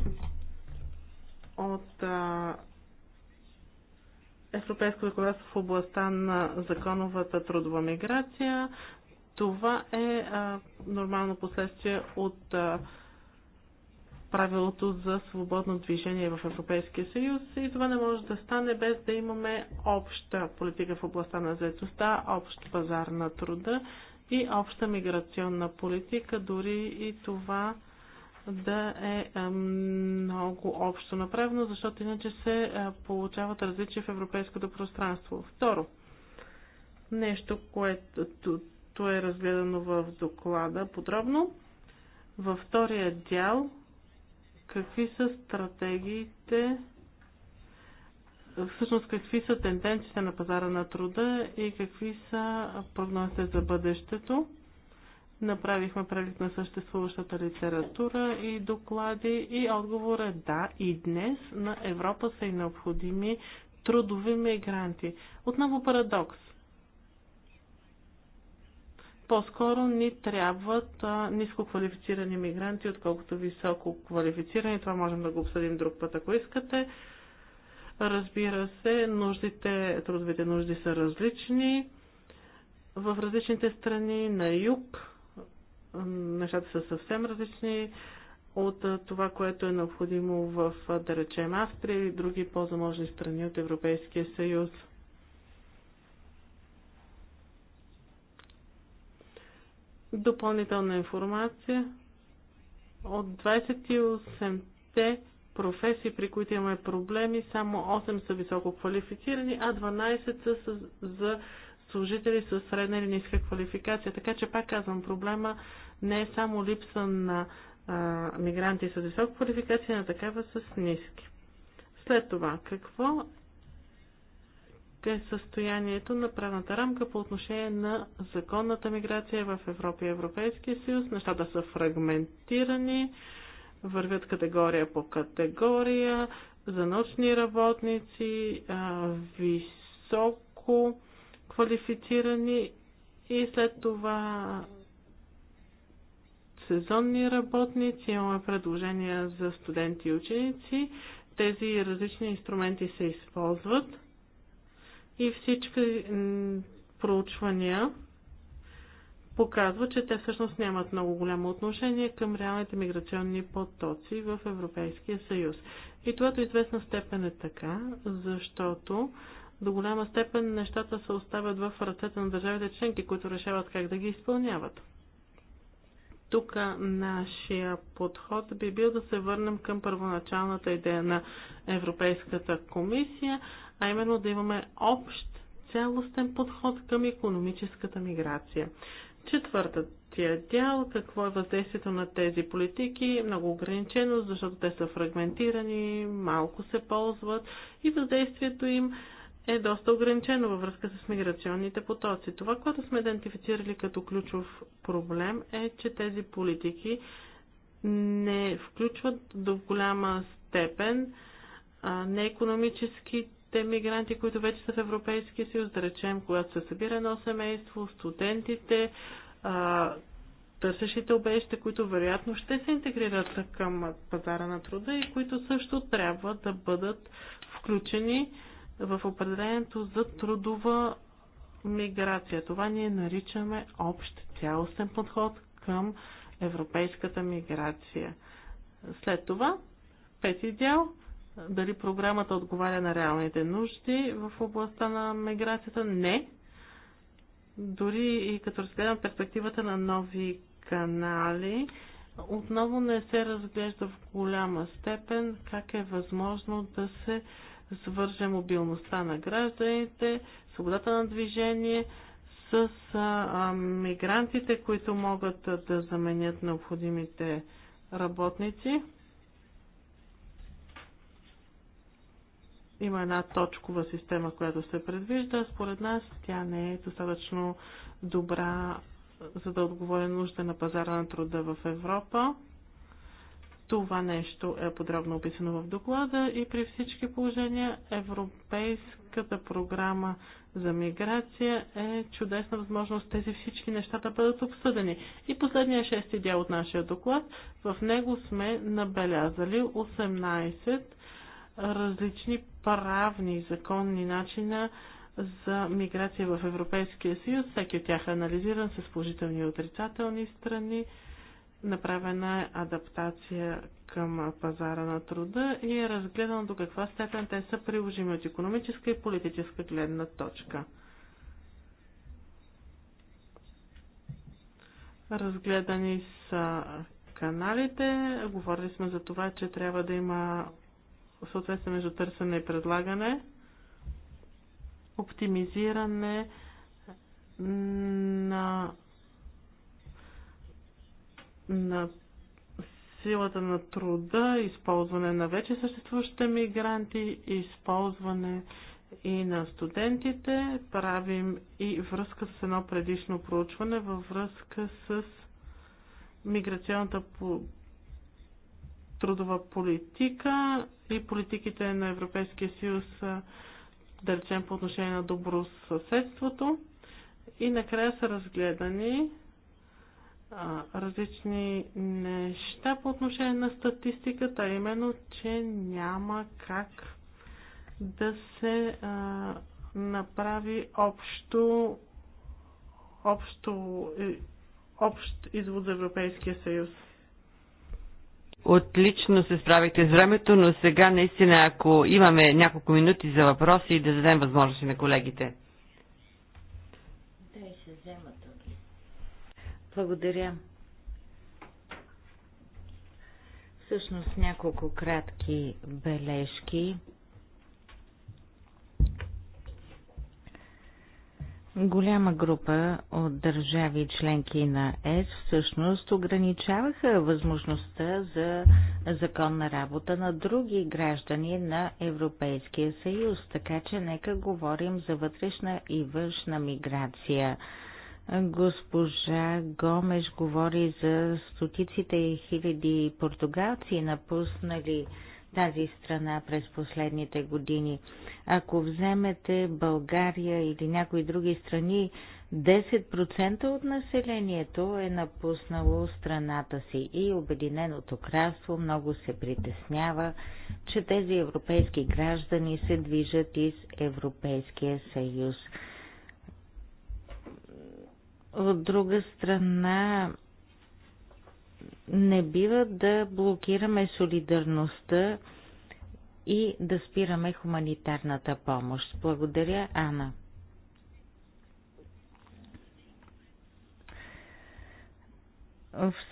от а, европейско законодателство в областта на законовата трудова миграция? Това е а, нормално последствие от а, правилото за свободно движение в Европейския съюз и това не може да стане без да имаме обща политика в областта на заедостта, общ пазар на труда и обща миграционна политика, дори и това да е, е много общо направено, защото иначе се е, получават различия в европейското пространство. Второ, нещо, което е разгледано в доклада подробно, във втория дял Какви са стратегиите, всъщност какви са тенденциите на пазара на труда и какви са прогнозите за бъдещето? Направихме прелик на съществуващата литература и доклади и отговор е да, и днес на Европа са и необходими трудови мигранти. Отново парадокс по-скоро ни трябват ниско квалифицирани мигранти, отколкото високо квалифицирани. Това можем да го обсъдим друг път, ако искате. Разбира се, нуждите, трудовите нужди са различни. В различните страни на юг нещата са съвсем различни от това, което е необходимо в, да речем, Австрия и други по-заможни страни от Европейския съюз. допълнителна информация от 28-те професии, при които имаме проблеми, само 8 са високо квалифицирани, а 12 са за служители с средна или ниска квалификация. Така че пак казвам, проблема не е само липса на а, мигранти с висока квалификация, а такава с ниски. След това, какво е състоянието на правната рамка по отношение на законната миграция в Европа и Европейския съюз. Нещата са фрагментирани, вървят категория по категория, за научни работници, високо квалифицирани и след това сезонни работници, имаме предложения за студенти и ученици. Тези различни инструменти се използват и всички проучвания показват, че те всъщност нямат много голямо отношение към реалните миграционни потоци в Европейския съюз. И това до известна степен е така, защото до голяма степен нещата се оставят в ръцете на държавите членки, които решават как да ги изпълняват. Тук нашия подход би бил да се върнем към първоначалната идея на Европейската комисия, а именно да имаме общ цялостен подход към економическата миграция. Четвъртия дял, какво е въздействието на тези политики, много ограничено, защото те са фрагментирани, малко се ползват и въздействието им е доста ограничено във връзка с миграционните потоци. Това, което сме идентифицирали като ключов проблем е, че тези политики не включват до голяма степен неекономически младите мигранти, които вече са в Европейския съюз, да речем, когато се събира едно семейство, студентите, търсещите обеща, които вероятно ще се интегрират към пазара на труда и които също трябва да бъдат включени в определението за трудова миграция. Това ние наричаме общ цялостен подход към европейската миграция. След това, пети дял – дали програмата отговаря на реалните нужди в областта на миграцията? Не. Дори и като разгледам перспективата на нови канали, отново не се разглежда в голяма степен как е възможно да се свърже мобилността на гражданите, свободата на движение с а, мигрантите, които могат да заменят необходимите работници. има една точкова система, която се предвижда. Според нас тя не е достатъчно добра, за да отговори нужда на пазара на труда в Европа. Това нещо е подробно описано в доклада и при всички положения Европейската програма за миграция е чудесна възможност тези всички неща да бъдат обсъдени. И последния шести дял от нашия доклад, в него сме набелязали 18 различни правни, и законни начина за миграция в Европейския съюз. Всеки от тях е анализиран с положителни и отрицателни страни. Направена е адаптация към пазара на труда и е разгледано до каква степен те са приложими от економическа и политическа гледна точка. Разгледани са каналите. Говорили сме за това, че трябва да има съответствие между търсене и предлагане, оптимизиране на, на силата на труда, използване на вече съществуващите мигранти, използване и на студентите. Правим и връзка с едно предишно проучване във връзка с миграционната трудова политика и политиките на Европейския съюз, да речем по отношение на добросъседството. И накрая са разгледани различни неща по отношение на статистиката, а именно, че няма как да се а, направи общо, общо, общ извод за Европейския съюз. Отлично се справихте с времето, но сега наистина, ако имаме няколко минути за въпроси и да зададем възможности на колегите. Да, и се вземат други. Благодаря. Всъщност няколко кратки бележки. Голяма група от държави членки на ЕС всъщност ограничаваха възможността за законна работа на други граждани на Европейския съюз, така че нека говорим за вътрешна и външна миграция. Госпожа Гомеш говори за стотиците и хиляди португалци, напуснали тази страна през последните години. Ако вземете България или някои други страни, 10% от населението е напуснало страната си и Обединеното кралство много се притеснява, че тези европейски граждани се движат из Европейския съюз. От друга страна, не бива да блокираме солидарността и да спираме хуманитарната помощ. Благодаря, Ана.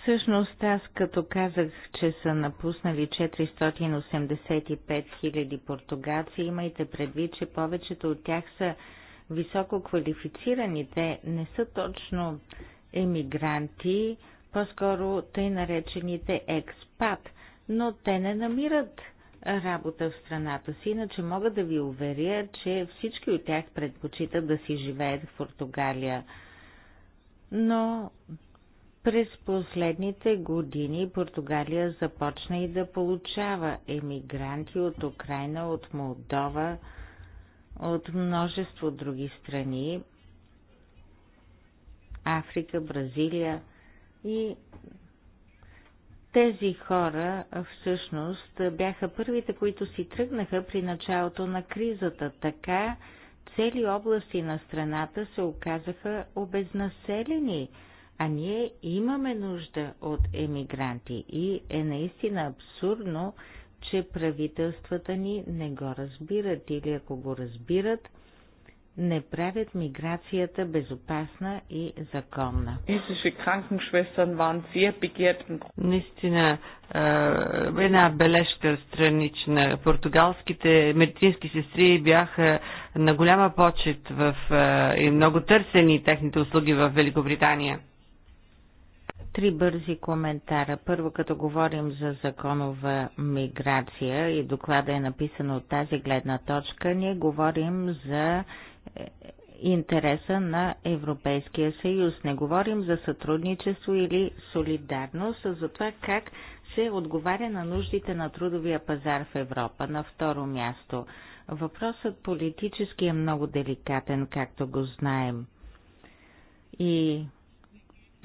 Всъщност аз като казах, че са напуснали 485 000 португалци, имайте предвид, че повечето от тях са високо квалифицирани. Те не са точно емигранти, по-скоро тъй наречените експат, но те не намират работа в страната си, иначе мога да ви уверя, че всички от тях предпочитат да си живеят в Португалия. Но през последните години Португалия започна и да получава емигранти от Украина, от Молдова, от множество други страни, Африка, Бразилия – и тези хора всъщност бяха първите, които си тръгнаха при началото на кризата. Така цели области на страната се оказаха обезнаселени, а ние имаме нужда от емигранти и е наистина абсурдно, че правителствата ни не го разбират или ако го разбират – не правят миграцията безопасна и законна. Наистина, една бележка странична. Португалските медицински сестри бяха на голяма почет в, и много търсени техните услуги в Великобритания. Три бързи коментара. Първо, като говорим за законова миграция и доклада е написано от тази гледна точка, ние говорим за интереса на Европейския съюз. Не говорим за сътрудничество или солидарност, а за това как се отговаря на нуждите на трудовия пазар в Европа. На второ място, въпросът политически е много деликатен, както го знаем. И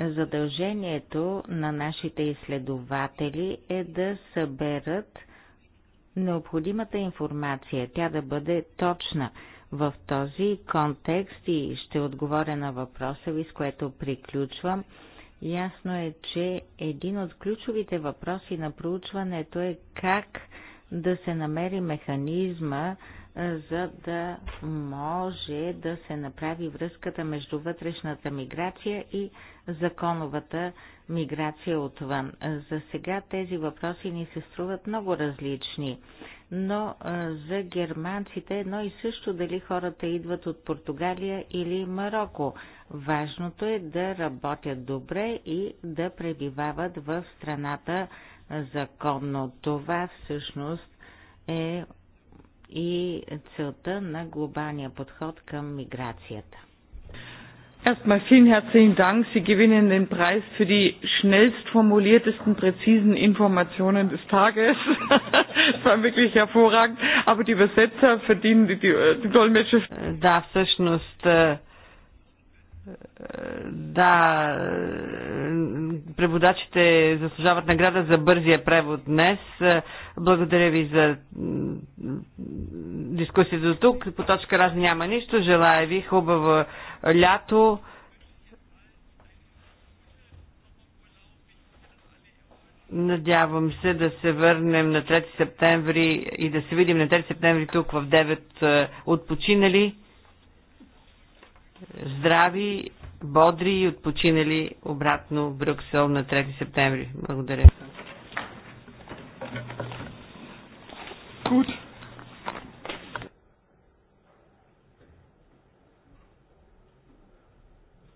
задължението на нашите изследователи е да съберат необходимата информация, тя да бъде точна – в този контекст и ще отговоря на въпроса ви, с което приключвам. Ясно е, че един от ключовите въпроси на проучването е как да се намери механизма за да може да се направи връзката между вътрешната миграция и законовата миграция отвън. За сега тези въпроси ни се струват много различни, но за германците е едно и също дали хората идват от Португалия или Марокко. Важното е да работят добре и да пребивават в страната законно. Това всъщност е и целта на глобалния подход към миграцията. Erstmal vielen herzlichen Dank. Sie gewinnen den Preis für die schnellst formuliertesten, präzisen Informationen des Tages. das war wirklich hervorragend. Aber die Übersetzer verdienen die, die, die Dolmetscher. Да, всъщност да, преводачите заслужават награда за бързия превод днес. Благодаря ви за дискусията до тук. По точка раз няма нищо. Желая ви хубаво лято. Надявам се да се върнем на 3 септември и да се видим на 3 септември тук в 9 е, отпочинали здрави, бодри и отпочинали обратно в Брюксел на 3 септември. Благодаря. Good.